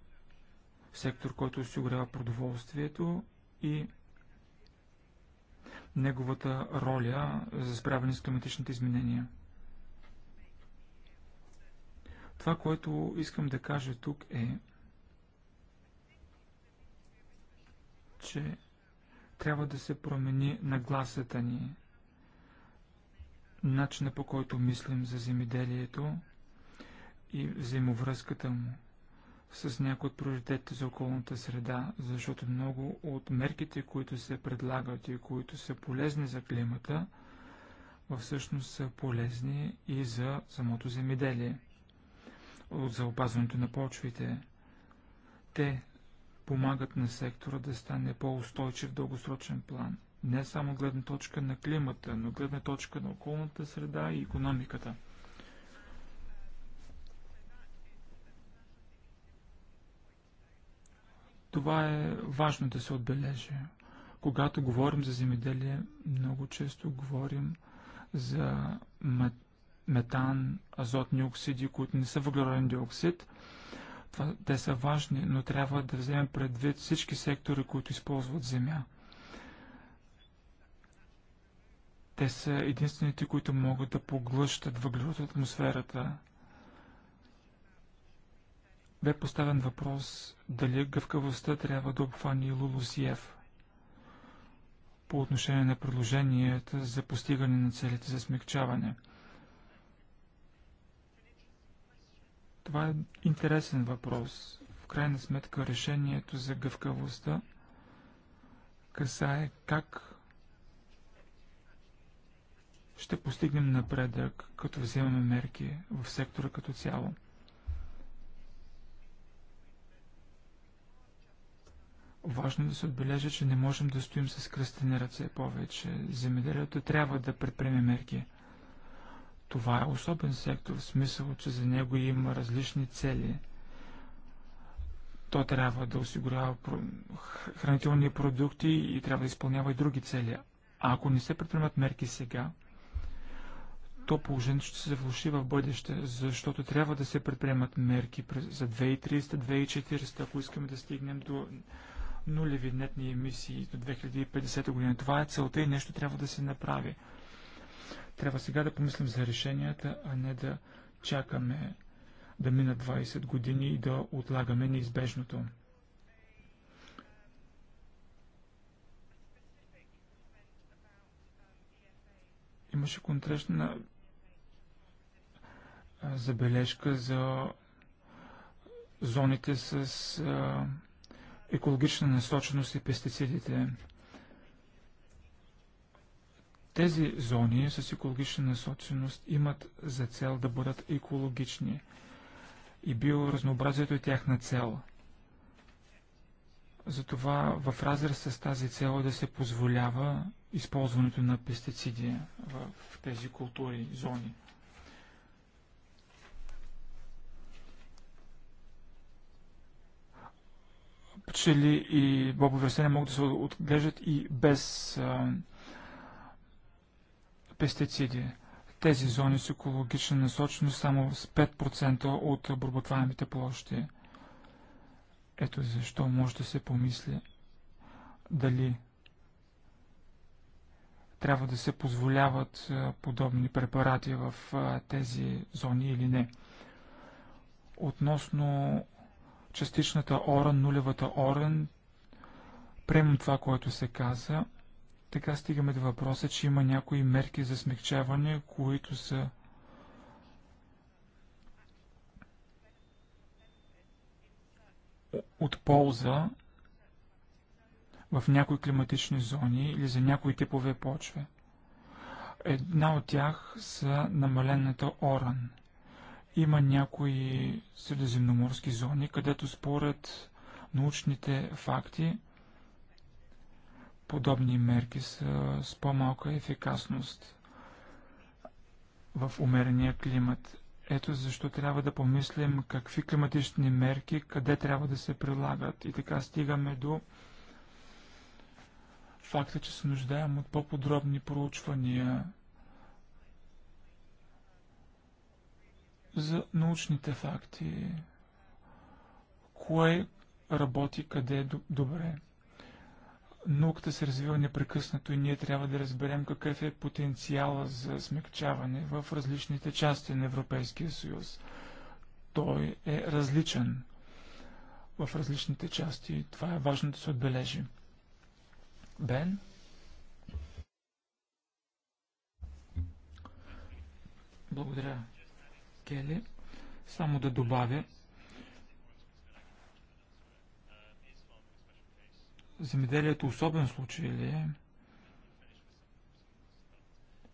Speaker 3: сектор, който осигурява продоволствието и неговата роля за справяне с климатичните изменения. Това, което искам да кажа тук е, че трябва да се промени нагласата ни, начина по който мислим за земеделието, и взаимовръзката му с някои от приоритетите за околната среда, защото много от мерките, които се предлагат и които са полезни за климата, всъщност са полезни и за самото земеделие, за опазването на почвите. Те помагат на сектора да стане по-устойчив в дългосрочен план. Не само гледна точка на климата, но гледна точка на околната среда и економиката – Това е важно да се отбележи. Когато говорим за земеделие, много често говорим за метан, азотни оксиди, които не са въглероден диоксид. Това, те са важни, но трябва да вземем предвид всички сектори, които използват земя. Те са единствените, които могат да поглъщат въглерод от атмосферата. Бе поставен въпрос дали гъвкавостта трябва да обхване Лулусиев по отношение на предложенията за постигане на целите за смягчаване. Това е интересен въпрос. В крайна сметка решението за гъвкавостта касае как ще постигнем напредък, като вземаме мерки в сектора като цяло. Важно е да се отбележи, че не можем да стоим с кръстени ръце повече. Земеделието трябва да предприеме мерки. Това е особен сектор, в смисъл, че за него има различни цели. То трябва да осигурява хранителни продукти и трябва да изпълнява и други цели. А ако не се предприемат мерки сега, то положението ще се влуши в бъдеще, защото трябва да се предприемат мерки за 2030-2040, ако искаме да стигнем до нулеви нетни емисии до 2050 година. Това е целта и нещо трябва да се направи. Трябва сега да помислим за решенията, а не да чакаме да минат 20 години и да отлагаме неизбежното. Имаше контрешна забележка за зоните с екологична насоченост и пестицидите. Тези зони с екологична насоченост имат за цел да бъдат екологични и биоразнообразието е тяхна цел. Затова в разрез с тази цел е да се позволява използването на пестициди в тези култури, зони. пчели и бобови растения могат да се отглеждат и без а, пестициди. Тези зони с екологична насоченост само с 5% от обработваемите площи. Ето защо може да се помисли дали трябва да се позволяват подобни препарати в тези зони или не. Относно частичната оран, нулевата оран. Приемам това, което се каза. Така стигаме до въпроса, че има някои мерки за смягчаване, които са от полза в някои климатични зони или за някои типове почве. Една от тях са намалената оран. Има някои средиземноморски зони, където според научните факти подобни мерки са с по-малка ефикасност в умерения климат. Ето защо трябва да помислим какви климатични мерки, къде трябва да се прилагат. И така стигаме до факта, че се нуждаем от по-подробни проучвания за научните факти. Кое работи къде е добре. Науката се развива непрекъснато и ние трябва да разберем какъв е потенциала за смягчаване в различните части на Европейския съюз. Той е различен в различните части. Това е важно да се отбележи. Бен? Благодаря. Кели. Само да добавя земеделието особен случай ли е?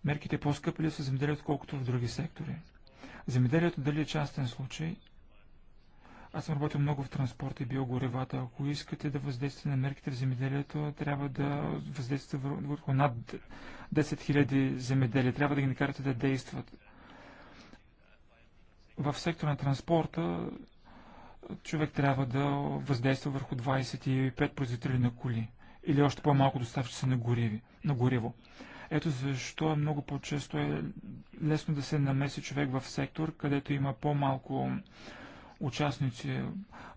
Speaker 3: Мерките по-скъпи ли са земеделието, колкото в други сектори? Земеделието дали е частен случай? Аз съм работил много в транспорта и биогоревата. Ако искате да въздействате на мерките в земеделието, трябва да въздействате върху над 10 000 земеделия. Трябва да ги накарате да действат в сектора на транспорта е, човек трябва да въздейства върху 25 производители на коли или още по-малко доставчици на, гориви, на гориво. Ето защо много по-често е лесно да се намеси човек в сектор, където има по-малко участници.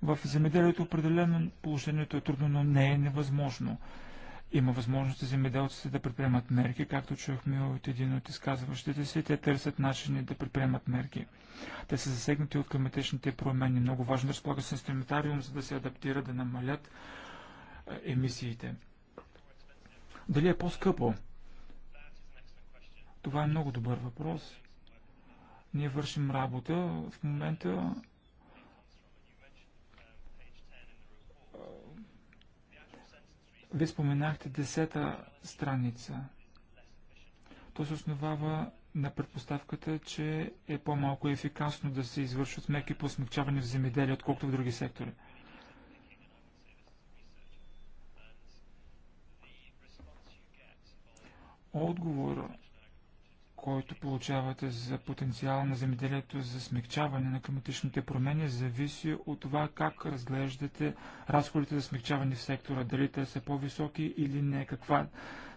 Speaker 3: В земеделието определено положението е трудно, но не е невъзможно. Има възможност земеделците да предприемат мерки, както чухме от един от изказващите си. Те търсят начини да предприемат мерки. Те са засегнати от климатичните промени. Много важно да разполагат с инструментариум, за да се адаптират, да намалят е, емисиите. Дали е по-скъпо? Това е много добър въпрос. Ние вършим работа в момента Вие споменахте десета страница. То се основава на предпоставката, че е по-малко ефикасно да се извършват меки по смягчаване в земеделие, отколкото в други сектори. Отговор който получавате за потенциал на земеделието за смягчаване на климатичните промени, зависи от това как разглеждате разходите за смягчаване в сектора, дали те са по-високи или не, каква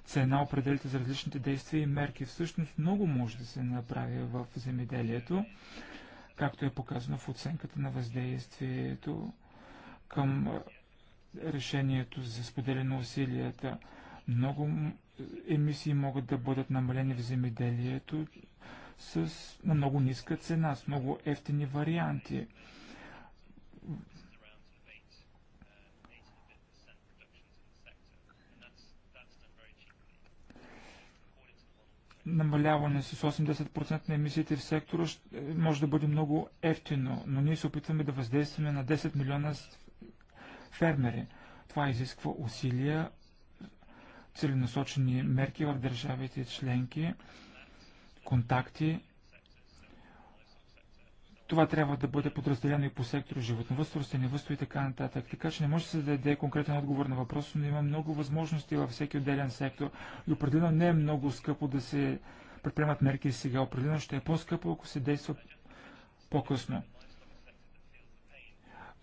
Speaker 3: цена определите за различните действия и мерки. Всъщност много може да се направи в земеделието, както е показано в оценката на въздействието към решението за споделено на усилията. Много емисии могат да бъдат намалени в земеделието с, на много ниска цена, с много ефтини варианти. намаляване с 80% на емисиите в сектора е, може да бъде много ефтино, но ние се опитваме да въздействаме на 10 милиона фермери. Това изисква усилия, целенасочени мерки в държавите членки, контакти. Това трябва да бъде подразделено и по сектор животновътство, растениевътство и така нататък. Така че не може да се даде конкретен отговор на въпроса, но има много възможности във всеки отделен сектор и определено не е много скъпо да се предприемат мерки сега. Определено ще е по-скъпо, ако се действа по-късно.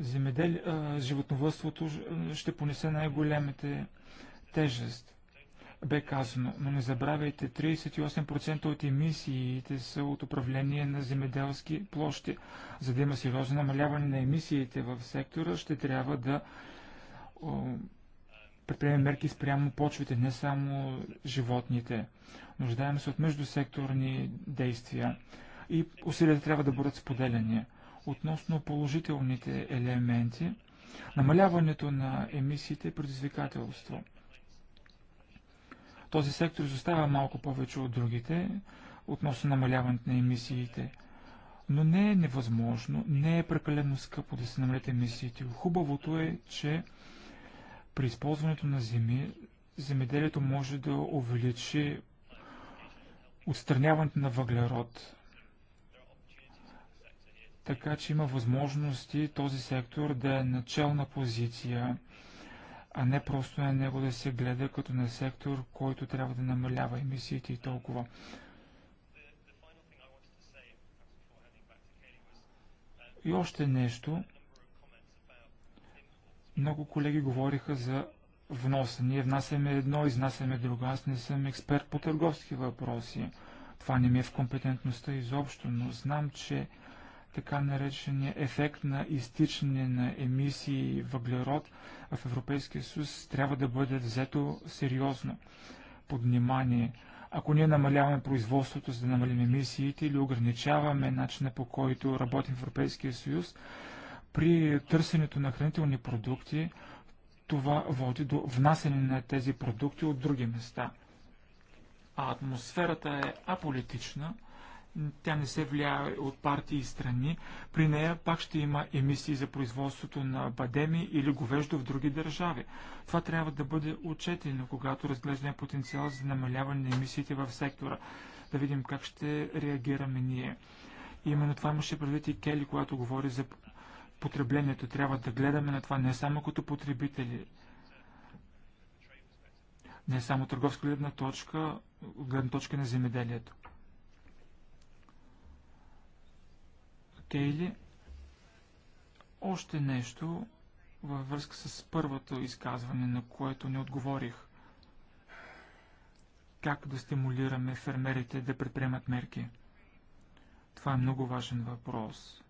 Speaker 3: Земедел... Животновътството ще понесе най-големите тежест бе казано, но не забравяйте, 38% от емисиите са от управление на земеделски площи. За да има сериозно намаляване на емисиите в сектора, ще трябва да предприемем мерки спрямо почвите, не само животните. Нуждаем се от междусекторни действия и усилията трябва да бъдат споделени. Относно положителните елементи, намаляването на емисиите е предизвикателство – този сектор изостава малко повече от другите относно намаляването на емисиите. Но не е невъзможно, не е прекалено скъпо да се намалят емисиите. Хубавото е, че при използването на земи, земеделието може да увеличи отстраняването на въглерод. Така че има възможности този сектор да е начална позиция а не просто на него да се гледа като на сектор, който трябва да намалява емисиите и толкова. И още нещо. Много колеги говориха за вноса. Ние внасяме едно, изнасяме друго. Аз не съм експерт по търговски въпроси. Това не ми е в компетентността изобщо, но знам, че така наречения ефект на изтичане на емисии въглерод – в Европейския съюз трябва да бъде взето сериозно под внимание. Ако ние намаляваме производството, за да намалим емисиите или ограничаваме начина по който работим в Европейския съюз, при търсенето на хранителни продукти, това води до внасене на тези продукти от други места. А атмосферата е аполитична – тя не се влияе от партии и страни. При нея пак ще има емисии за производството на бадеми или говеждо в други държави. Това трябва да бъде отчетено, когато разглеждаме потенциал за намаляване на емисиите в сектора. Да видим как ще реагираме ние. И именно това имаше предвид и Кели, когато говори за потреблението. Трябва да гледаме на това не само като потребители, не само търговска гледна точка, гледна точка на земеделието. коктейли. Още нещо във връзка с първото изказване, на което не отговорих. Как да стимулираме фермерите да предприемат мерки? Това е много важен въпрос.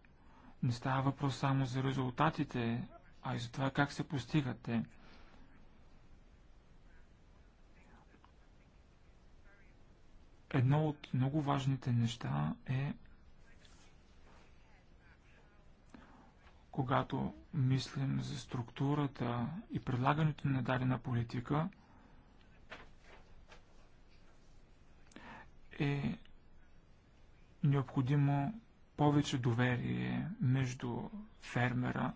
Speaker 3: Не става въпрос само за резултатите, а и за това как се постигате. Едно от много важните неща е когато мислим за структурата и предлагането на дадена политика, е необходимо повече доверие между фермера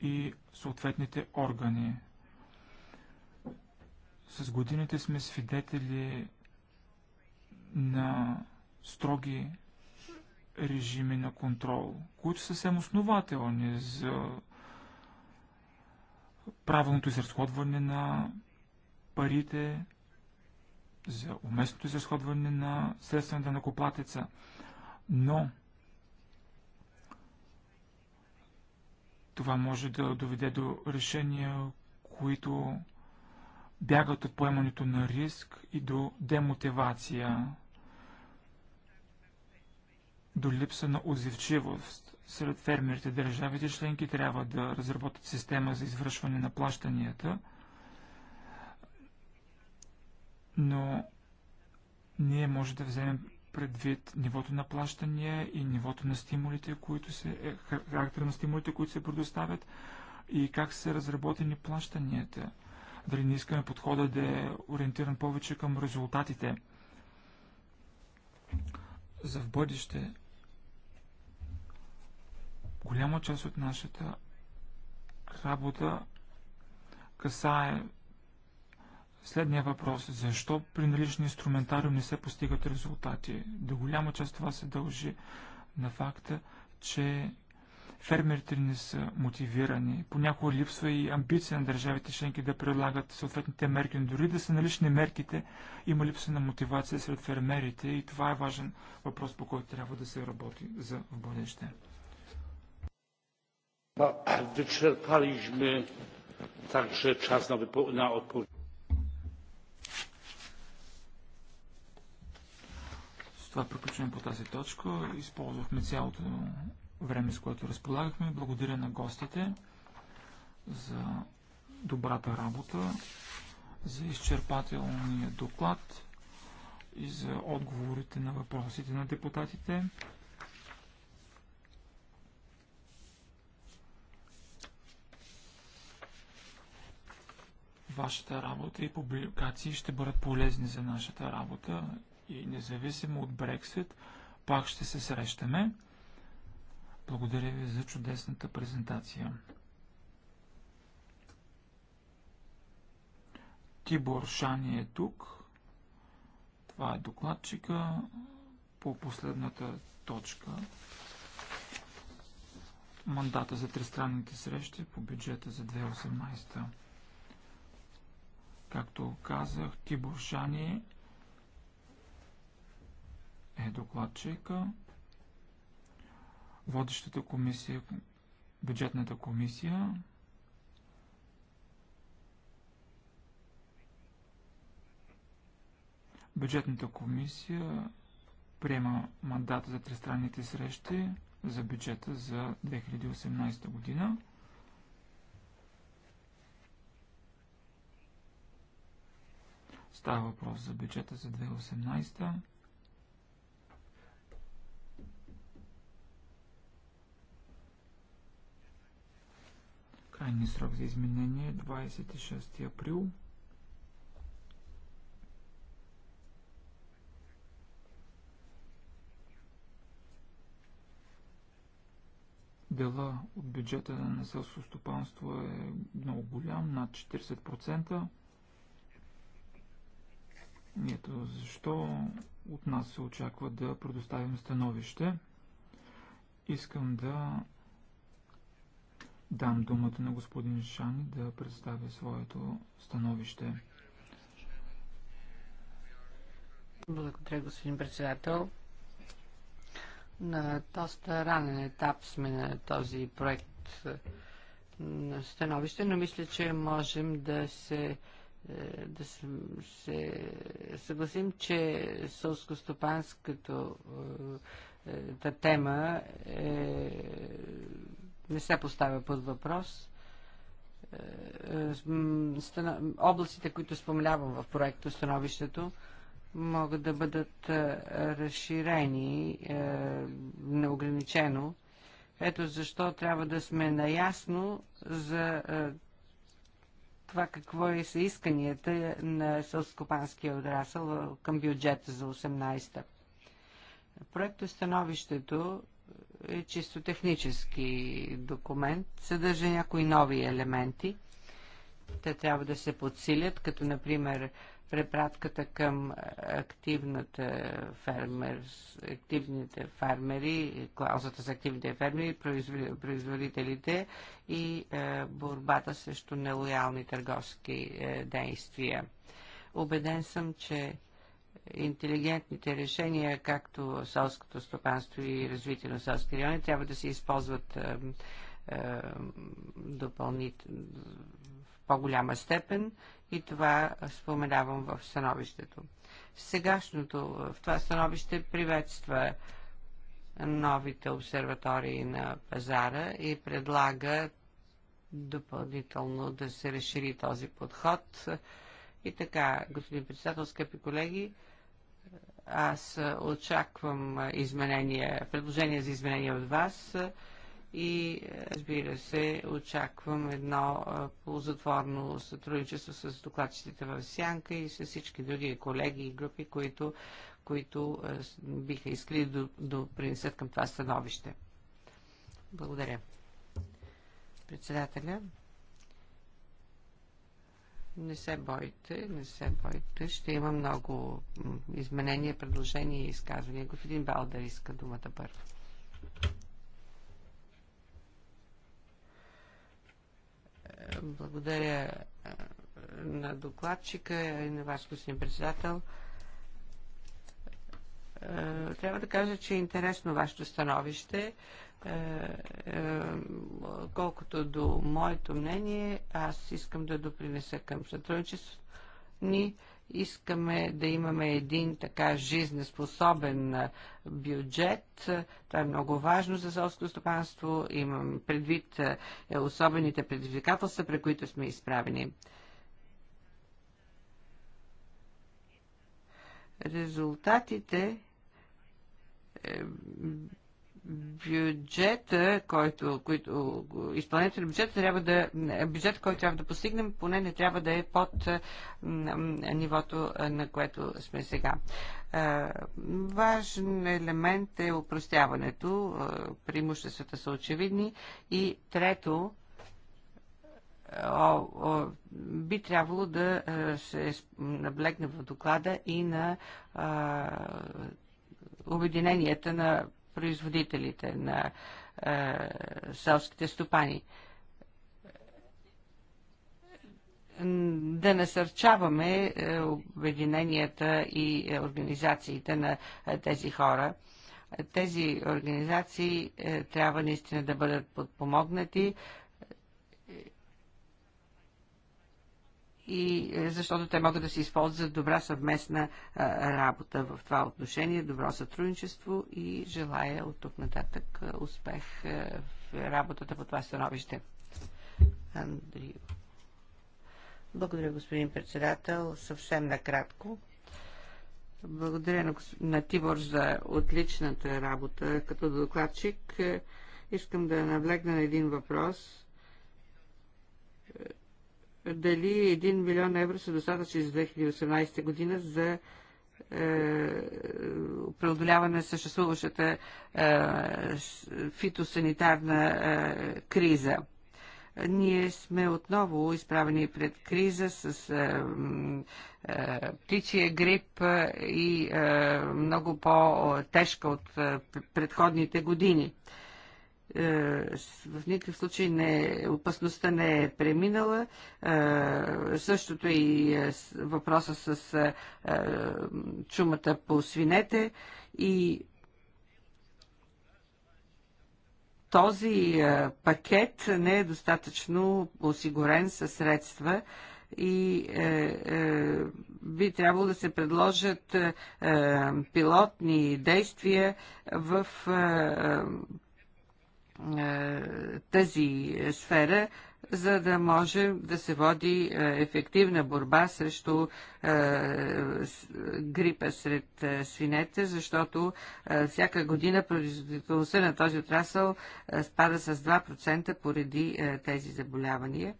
Speaker 3: и съответните органи. С годините сме свидетели на строги режими на контрол, които са съвсем основателни за правилното изразходване на парите, за уместното изразходване на средства на накоплатеца. Но това може да доведе до решения, които бягат от поемането на риск и до демотивация до липса на озивчивост. Сред фермерите държавите членки трябва да разработят система за извършване на плащанията, но ние може да вземем предвид нивото на плащания и нивото на стимулите, които се, е, характер на стимулите, които се предоставят и как са разработени плащанията. Дали не искаме подхода да е ориентиран повече към резултатите за в бъдеще. Голяма част от нашата работа касае следния въпрос. Защо при налични инструментариум не се постигат резултати? До голяма част това се дължи на факта, че фермерите не са мотивирани. Понякога липсва и амбиция на държавите членки да предлагат съответните мерки, но дори да са налични мерките, има липса на мотивация сред фермерите и това е важен въпрос, по който трябва да се работи за в бъдеще.
Speaker 1: <clears throat> Wyczerpaliśmy także czas na odpowiedź.
Speaker 3: това приключваме по тази точка. Използвахме цялото време, с което разполагахме. Благодаря на гостите за добрата работа, за изчерпателния доклад и за отговорите на въпросите на депутатите. Вашата работа и публикации ще бъдат полезни за нашата работа и независимо от Брексит, пак ще се срещаме. Благодаря ви за чудесната презентация. Тибор Шани е тук. Това е докладчика по последната точка. Мандата за тристранните срещи по бюджета за 2018. Както казах, Тибор Шани е докладчика. Водещата комисия, бюджетната комисия, Бюджетната комисия приема мандата за тристранните срещи за бюджета за 2018 година. Става въпрос за бюджета за 2018. Крайни срок за изменение 26 е април. Дела от бюджета на селско стопанство е много голям, над 40%. Ето защо от нас се очаква да предоставим становище. Искам да дам думата на господин Шани да представя своето становище.
Speaker 4: Благодаря, господин председател. На доста ранен етап сме на този проект на становище, но мисля, че можем да се е, да се съгласим, че сълско-стопанската е, е, тема е, не се поставя под въпрос. Областите, които споменавам в проекта становището, могат да бъдат разширени неограничено. Ето защо трябва да сме наясно за това какво е са исканията на селскопанския отрасъл към бюджета за 18-та. становището е чисто технически документ, съдържа някои нови елементи. Те трябва да се подсилят, като например препратката към е, активната фермер, активните фермери, клаузата за активните фермери, производителите и е, борбата срещу нелоялни търговски е, действия. Обеден съм, че интелигентните решения, както селското стопанство и развитие на селски райони, трябва да се използват допълнително в по-голяма степен и това споменавам в становището. Сегашното в това становище приветства новите обсерватории на пазара и предлага допълнително да се разшири този подход. И така, господин председател, скъпи колеги, аз очаквам изменения, предложения за изменения от вас и разбира се, очаквам едно ползотворно сътрудничество с докладчиците в Сянка и с всички други колеги и групи, които, които биха искали да, да принесат към това становище. Благодаря. Председателя, не се бойте, не се бойте. Ще има много изменения, предложения и изказвания. Господин Балдер иска думата първо. Благодаря е, на докладчика и на вас, господин председател. Е, трябва да кажа, че е интересно вашето становище. Е, колкото до моето мнение, аз искам да допринеса към сътрудничеството ни. Искаме да имаме един така жизнеспособен бюджет. Това е много важно за селското стопанство. Имам предвид е, особените предизвикателства, при които сме изправени. Резултатите е, бюджета, който, който изпълнението на бюджета трябва да, е бюджет, който трябва да постигнем, поне не трябва да е под нивото, на което сме сега. Важен елемент е упростяването, преимуществата са очевидни и трето, би трябвало да се наблегне в доклада и на обединенията на производителите, на е, селските стопани. Да насърчаваме е, обединенията и е, организациите на е, тези хора тези организации трябва наистина да бъдат подпомогнати, и е, защото те могат да се използват за добра съвместна е, работа в това отношение, добро сътрудничество и желая от тук нататък е, успех в работата по това становище. Андрио. Благодаря, господин председател. Съвсем накратко. Благодаря на, на Тибор за отличната работа като докладчик. Искам да навлегна на един въпрос дали 1 милион евро са достатъчни за 2018 година за е, преодоляване на съществуващата е, фитосанитарна е, криза. Ние сме отново изправени пред криза с птичия грип и много по-тежка от предходните години. Е, в никакъв случай не, опасността не е преминала. Е, същото и е, въпроса с чумата по свинете и този пакет не е достатъчно осигурен със средства и е, е, би трябвало да се предложат е, пилотни действия в е, е, тази сфера, за да може да се води е, ефективна борба срещу е, грипа сред свинете, защото всяка година производителността на този отрасъл спада с 2% поради тези заболявания.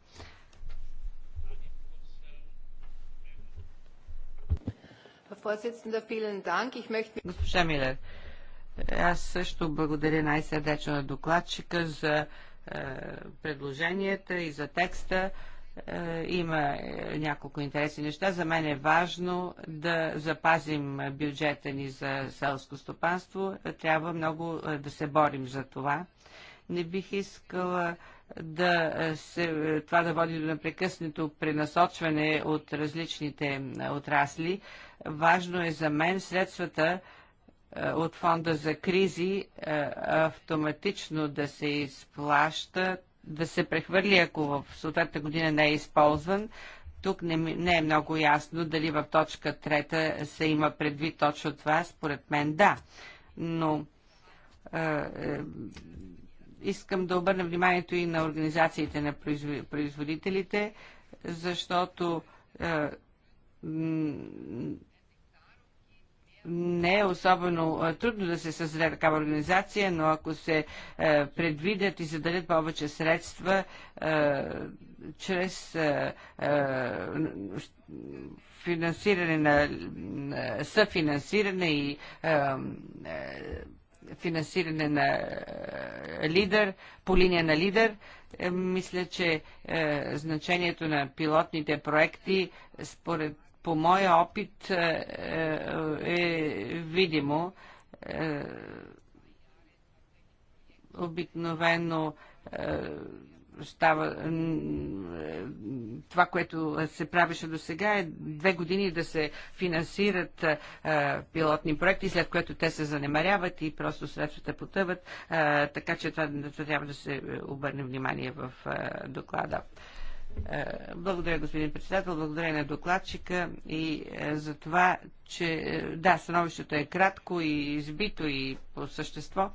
Speaker 4: Госпожа Милер, аз също благодаря най-сърдечно на докладчика за е, предложенията и за текста. Е, има е, няколко интересни неща. За мен е важно да запазим бюджета ни за селско стопанство. Трябва много да се борим за това. Не бих искала да се, това да води до непрекъснато пренасочване от различните отрасли. Важно е за мен средствата, е, от фонда за кризи е, автоматично да се изплаща, да се прехвърли, ако в съответната година не е използван. Тук не, не е много ясно дали в точка трета се има предвид точно това. Според мен да. Но е, искам да обърна вниманието и на организациите на производителите, защото е, не е особено трудно да се създаде такава организация, но ако се предвидят и заделят повече средства чрез финансиране на, на съфинансиране и финансиране на лидер, по линия на лидер, е, мисля, че е, значението на пилотните проекти според по моя опит е, е, е видимо. Е, обикновено е, става. Е, това, което се правеше до сега е две години да се финансират е, пилотни проекти, след което те се занемаряват и просто средствата потъват. Е, така че това, това трябва да се обърне внимание в е, доклада. Е, е, благодаря, господин председател. Благодаря на докладчика и е, за това, че е, да, становището е кратко и избито и по същество.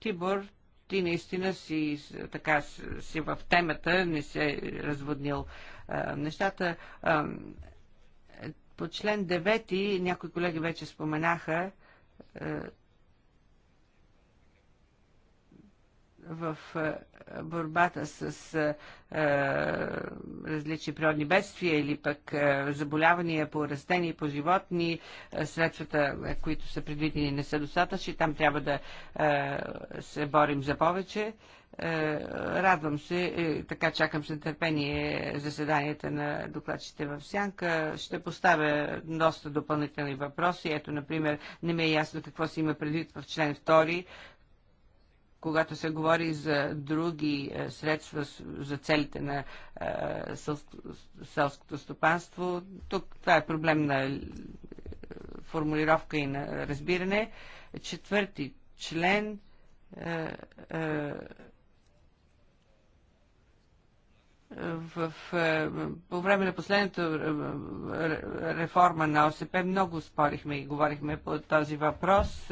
Speaker 4: Тибор, ти наистина си, така, си в темата, не се разводнил нещата. по член 9 някои колеги вече споменаха, в е, борбата с е, е, различни природни бедствия или пък заболявания по растения и по животни, средствата, които са предвидени, не са достатъчни. Там трябва да се борим за повече. Радвам се, така чакам с нетърпение заседанията на докладчите в Сянка. Ще поставя доста допълнителни въпроси. Ето, например, не ми е ясно какво се има предвид в член 2 когато се говори за други е, средства за целите на е, селското стопанство, тук това е проблем на е, формулировка и на разбиране. Четвърти член в, по време на последната реформа на ОСП много спорихме и говорихме по този въпрос.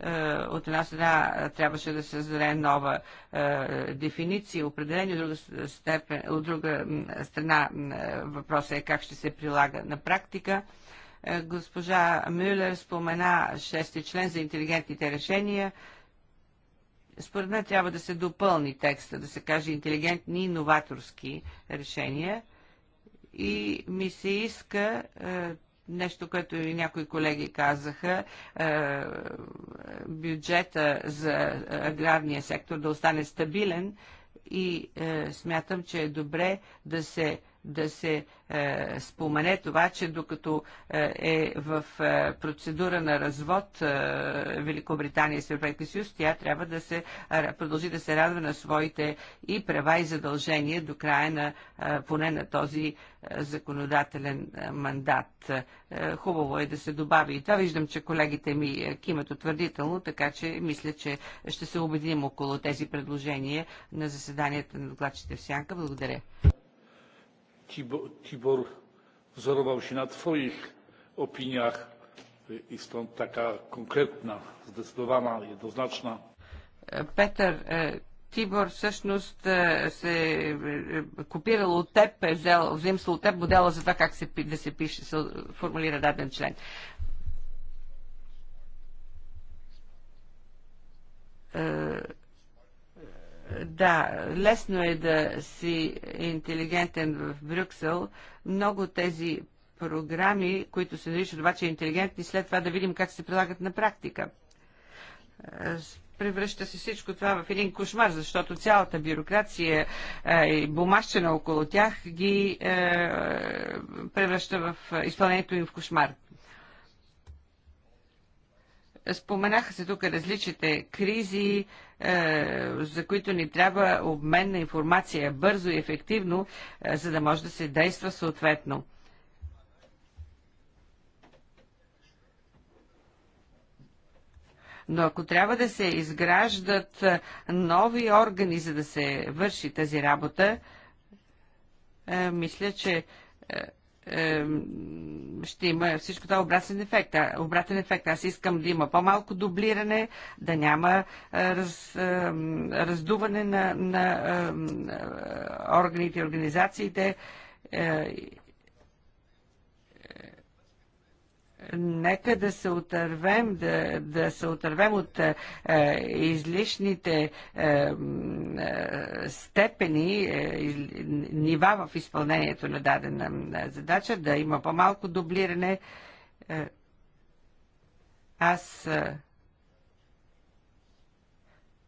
Speaker 4: Е, от една страна е, трябваше да се създаде нова е, дефиниция, определение, от друга, степен, от друга страна въпросът е как ще се прилага на практика. госпожа Мюлер спомена шести член за интелигентните решения. Според мен трябва да се допълни текста, да се каже интелигентни и новаторски решения. И ми се иска нещо, което и някои колеги казаха, е, бюджета за аграрния сектор да остане стабилен и е, смятам, че е добре да се да се е, спомене това, че докато е, е в е, процедура на развод е, Великобритания с Европейския съюз, тя трябва да се е, продължи да се радва на своите и права и задължения до края на е, поне на този законодателен мандат. Хубаво е да се добави и това. Виждам, че колегите ми кимат утвърдително, така че мисля, че ще се обединим около тези предложения на заседанията на докладчите в Сянка. Благодаря.
Speaker 1: Tibor wzorował się na Twoich opiniach i stąd taka konkretna, zdecydowana, jednoznaczna.
Speaker 4: Peter, Тибор e, всъщност е, се е копирал от теб, е взел, взимство от теб модела за това как се, да се пише, се формулира даден член. Е, да, лесно е да си интелигентен в Брюксел. Много тези програми, които се наричат обаче интелигентни, след това да видим как се прилагат на практика. Е, превръща се всичко това в един кошмар, защото цялата бюрокрация е, и бумажчина около тях ги е, превръща в изпълнението им в кошмар. Споменаха се тук различните кризи, е, за които ни трябва обмен на информация бързо и ефективно, е, за да може да се действа съответно. Но ако трябва да се изграждат е, нови органи, за да се върши тази работа, мисля, че ще има всичко това обратен ефект. А, обратен ефект. Аз искам да има по-малко дублиране, да няма е, раз, раздуване на, на е, органите и организациите е, нека да се отървем, да, да се отървем от е, излишните е, е степени, е, нива в изпълнението на дадена задача, да има по-малко дублиране. Е, аз е,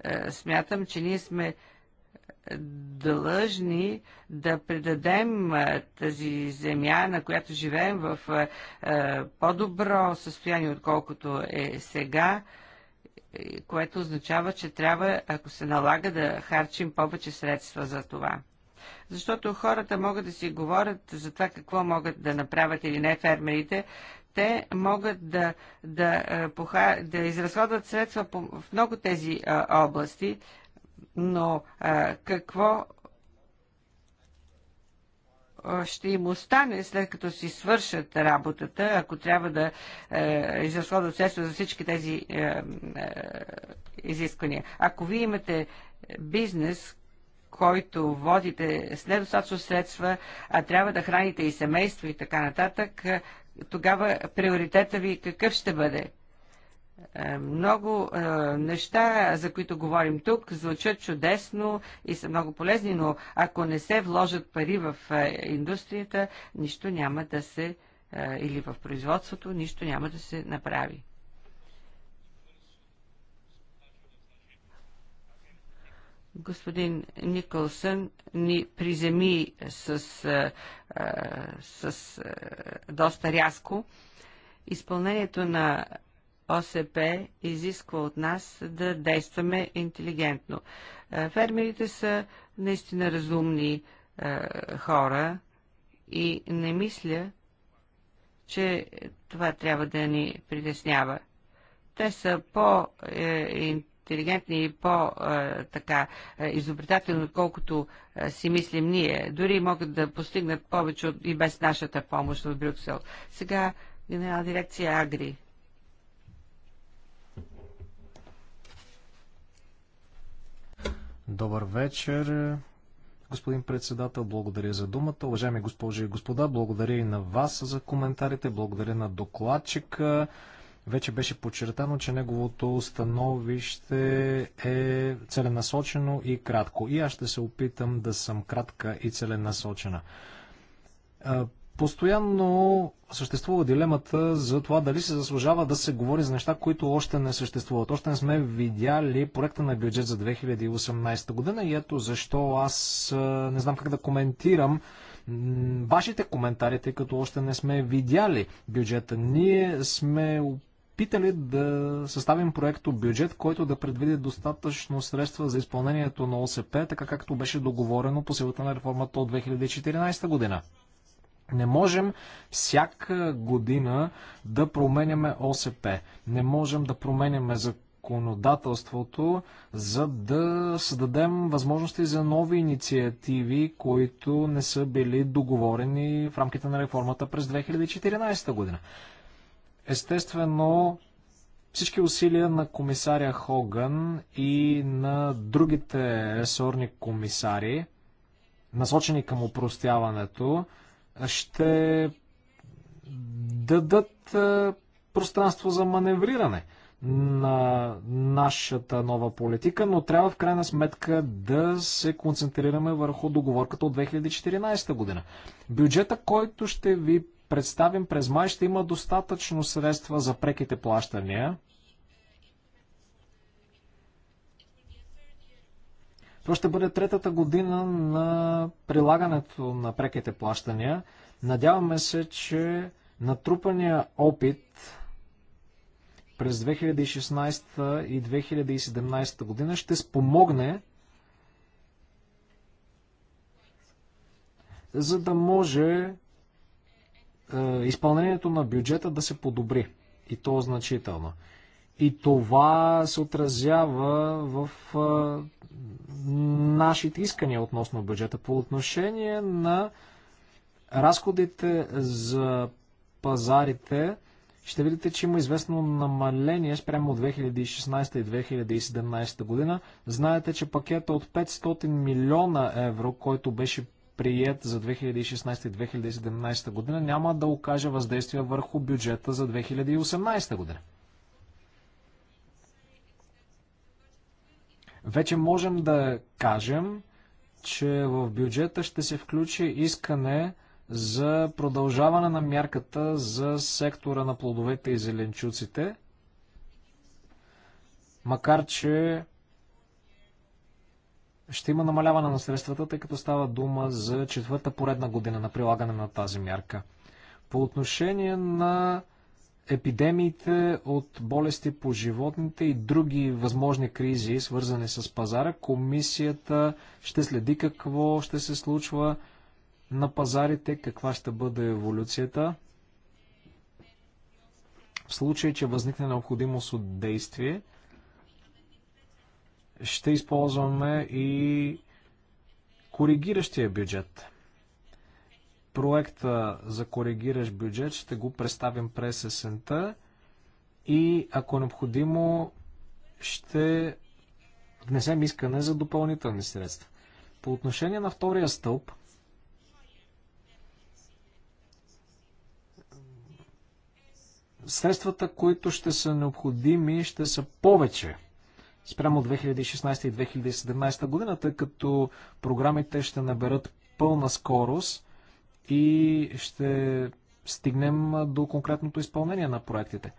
Speaker 4: е смятам, че ние сме е, длъжни да предадем тази земя, на която живеем в по-добро състояние, отколкото е сега, което означава, че трябва, ако се налага, да харчим повече средства за това защото хората могат да си говорят за това какво могат да направят или не фермерите. Те могат да, да, да, да изразходват средства в много тези области, но а, какво ще им остане след като си свършат работата, ако трябва да е, изразходват средства за всички тези е, е, изисквания. Ако вие имате бизнес, който водите с недостатъчно средства, а трябва да храните и семейство и така нататък, е, тогава приоритета ви какъв ще бъде? Е, много е, неща, за които говорим тук, звучат чудесно и са много полезни, но ако не се вложат пари в е, индустрията, нищо няма да се, е, или в производството, нищо няма да се направи. господин Николсън ни приземи с, е, е, с, с доста рязко. Изпълнението на ОСП изисква от нас да действаме интелигентно. Е, фермерите са наистина разумни е, хора и не мисля, че това трябва да ни притеснява. Те са по-интелигентни и по е, изобретателни, отколкото си мислим ние. Дори могат да постигнат повече и без нашата помощ в Брюксел. Сега генерал дирекция Агри.
Speaker 2: Добър вечер, господин председател. Благодаря за думата. Уважаеми госпожи и господа, благодаря и на вас за коментарите. Благодаря на докладчика. Вече беше подчертано, че неговото становище е целенасочено и кратко. И аз ще се опитам да съм кратка и целенасочена. Постоянно съществува дилемата за това дали се заслужава да се говори за неща, които още не съществуват. Още не сме видяли проекта на бюджет за 2018 година и ето защо аз не знам как да коментирам вашите коментари, тъй като още не сме видяли бюджета. Ние сме опитали да съставим проекто бюджет, който да предвиди достатъчно средства за изпълнението на ОСП, така както беше договорено по силата на реформата от 2014 година. Не можем всяка година да променяме ОСП. Не можем да променяме законодателството, за да създадем възможности за нови инициативи, които не са били договорени в рамките на реформата през 2014 година. Естествено, всички усилия на комисаря Хоган и на другите ресорни комисари, насочени към упростяването, ще дадат е, пространство за маневриране на нашата нова политика, но трябва в крайна сметка да се концентрираме върху договорката от 2014 година. Бюджета, който ще ви представим през май, ще има достатъчно средства за преките плащания. Това ще бъде третата година на прилагането на преките плащания. Надяваме се, че натрупания опит през 2016 и 2017 година ще спомогне за да може е, изпълнението на бюджета да се подобри. И то значително. И това се отразява в а, нашите искания относно бюджета. По отношение на разходите за пазарите, ще видите, че има известно намаление спрямо от 2016 и 2017 година. Знаете, че пакета от 500 милиона евро, който беше прият за 2016 и 2017 година, няма да окаже въздействие върху бюджета за 2018 година. Вече можем да кажем, че в бюджета ще се включи искане за продължаване на мярката за сектора на плодовете и зеленчуците, макар че ще има намаляване на средствата, тъй като става дума за четвърта поредна година на прилагане на тази мярка. По отношение на епидемиите от болести по животните и други възможни кризи, свързани с пазара, комисията ще следи какво ще се случва на пазарите, каква ще бъде еволюцията. В случай, че възникне необходимост от действие, ще използваме и коригиращия бюджет – проекта за коригиращ бюджет ще го представим през есента и ако е необходимо ще внесем искане за допълнителни средства. По отношение на втория стълб, средствата, които ще са необходими, ще са повече спрямо 2016 и 2017 година, тъй като програмите ще наберат пълна скорост и ще стигнем до конкретното изпълнение на проектите.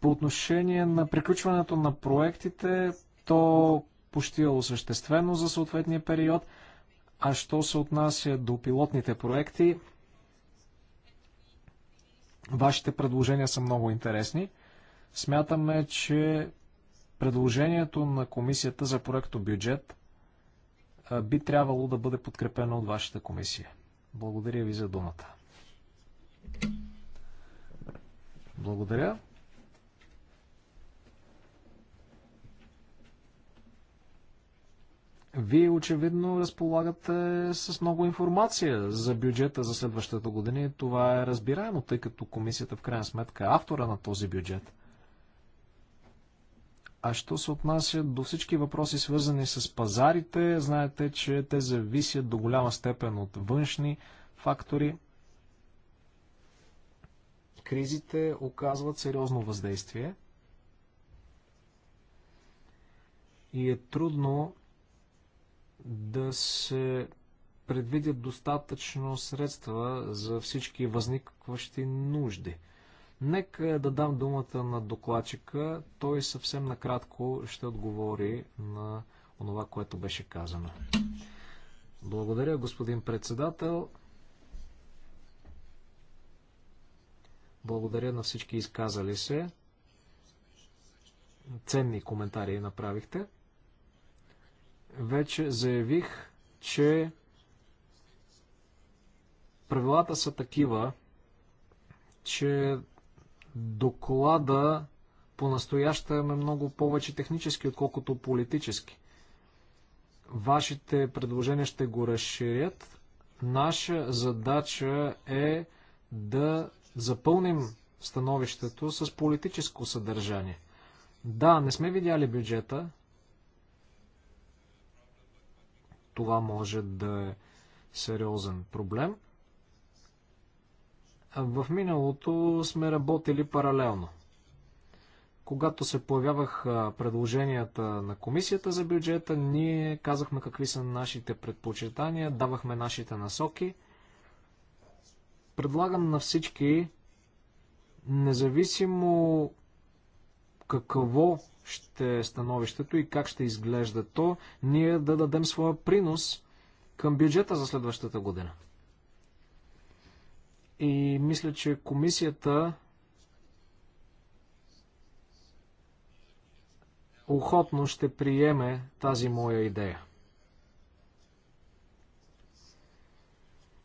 Speaker 2: По отношение на приключването на проектите, то почти е осъществено за съответния период, а що се отнася до пилотните проекти, вашите предложения са много интересни. Смятаме, че предложението на комисията за проекто бюджет – би трябвало да бъде подкрепено от вашата комисия. Благодаря ви за думата. Благодаря. Вие очевидно разполагате с много информация за бюджета за следващата година и това е разбираемо, тъй като комисията в крайна сметка е автора на този бюджет. А що се отнася до всички въпроси, свързани с пазарите, знаете, че те зависят до голяма степен от външни фактори. Кризите оказват сериозно въздействие и е трудно да се предвидят достатъчно средства за всички възникващи нужди – Нека да дам думата на докладчика. Той съвсем накратко ще отговори на онова, което беше казано. Благодаря, господин председател. Благодаря на всички изказали се. Ценни коментари направихте. Вече заявих, че правилата са такива, че Доклада по-настоящем е много повече технически, отколкото политически. Вашите предложения ще го разширят. Наша задача е да запълним становището с политическо съдържание. Да, не сме видяли бюджета. Това може да е сериозен проблем. В миналото сме работили паралелно. Когато се появяваха предложенията на комисията за бюджета, ние казахме какви са нашите предпочитания, давахме нашите насоки. Предлагам на всички, независимо какво ще е становището и как ще изглежда то, ние да дадем своя принос към бюджета за следващата година. И мисля, че комисията охотно ще приеме тази моя идея.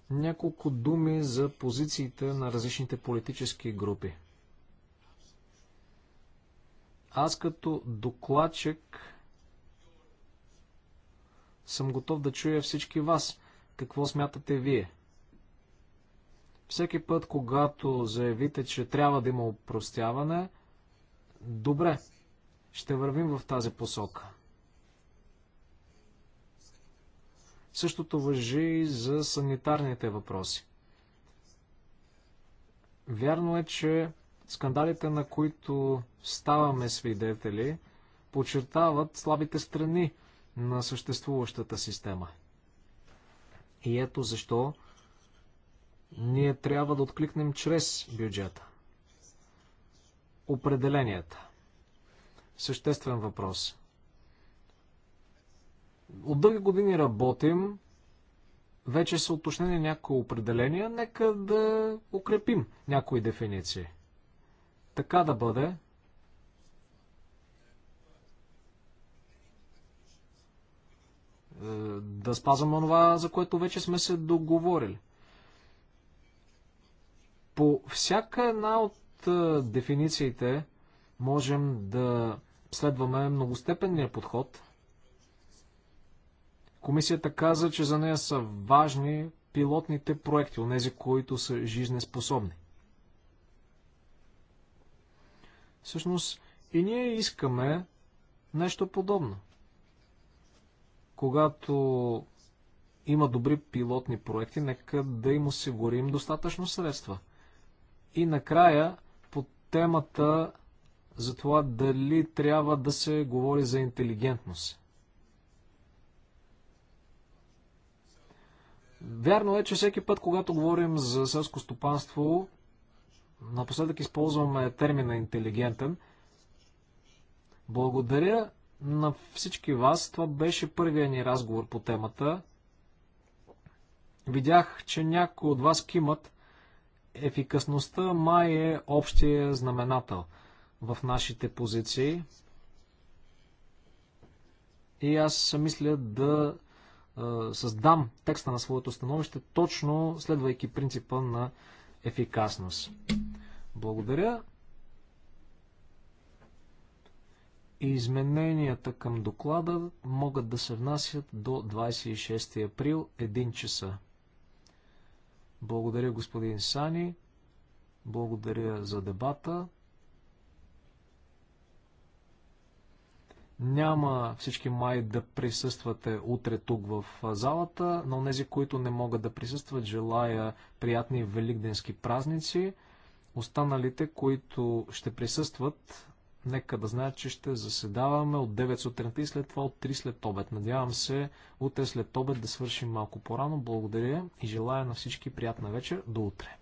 Speaker 2: Няколко думи за позициите на различните политически групи. Аз като докладчик съм готов да чуя всички вас. Какво смятате вие? Всеки път, когато заявите, че трябва да има упростяване, добре, ще вървим в тази посока. Същото въжи и за санитарните въпроси. Вярно е, че скандалите, на които ставаме свидетели, подчертават слабите страни на съществуващата система. И ето защо ние трябва да откликнем чрез бюджета. Определенията. Съществен въпрос. От дълги години работим, вече са уточнени някои определения, нека да укрепим някои дефиниции. Така да бъде. Е, да спазвам онова, за което вече сме се договорили. По всяка една от дефинициите можем да следваме многостепенния подход. Комисията каза, че за нея са важни пилотните проекти, онези, които са жизнеспособни. Всъщност и ние искаме нещо подобно. Когато има добри пилотни проекти, нека да им осигурим достатъчно средства – и накрая по темата за това дали трябва да се говори за интелигентност. Вярно е, че всеки път, когато говорим за селско стопанство, напоследък използваме термина интелигентен. Благодаря на всички вас. Това беше първия ни разговор по темата. Видях, че някои от вас кимат. Ефикасността май е общия знаменател в нашите позиции. И аз мисля да създам текста на своето становище, точно следвайки принципа на ефикасност. Благодаря. И измененията към доклада могат да се внасят до 26 април 1 часа. Благодаря, господин Сани. Благодаря за дебата. Няма всички май да присъствате утре тук в залата, но тези, които не могат да присъстват, желая приятни великденски празници. Останалите, които ще присъстват, Нека да знаят, че ще заседаваме от 9 сутринта и след това от 3 след обед. Надявам се утре след обед да свършим малко по-рано. Благодаря и желая на всички приятна вечер. До утре.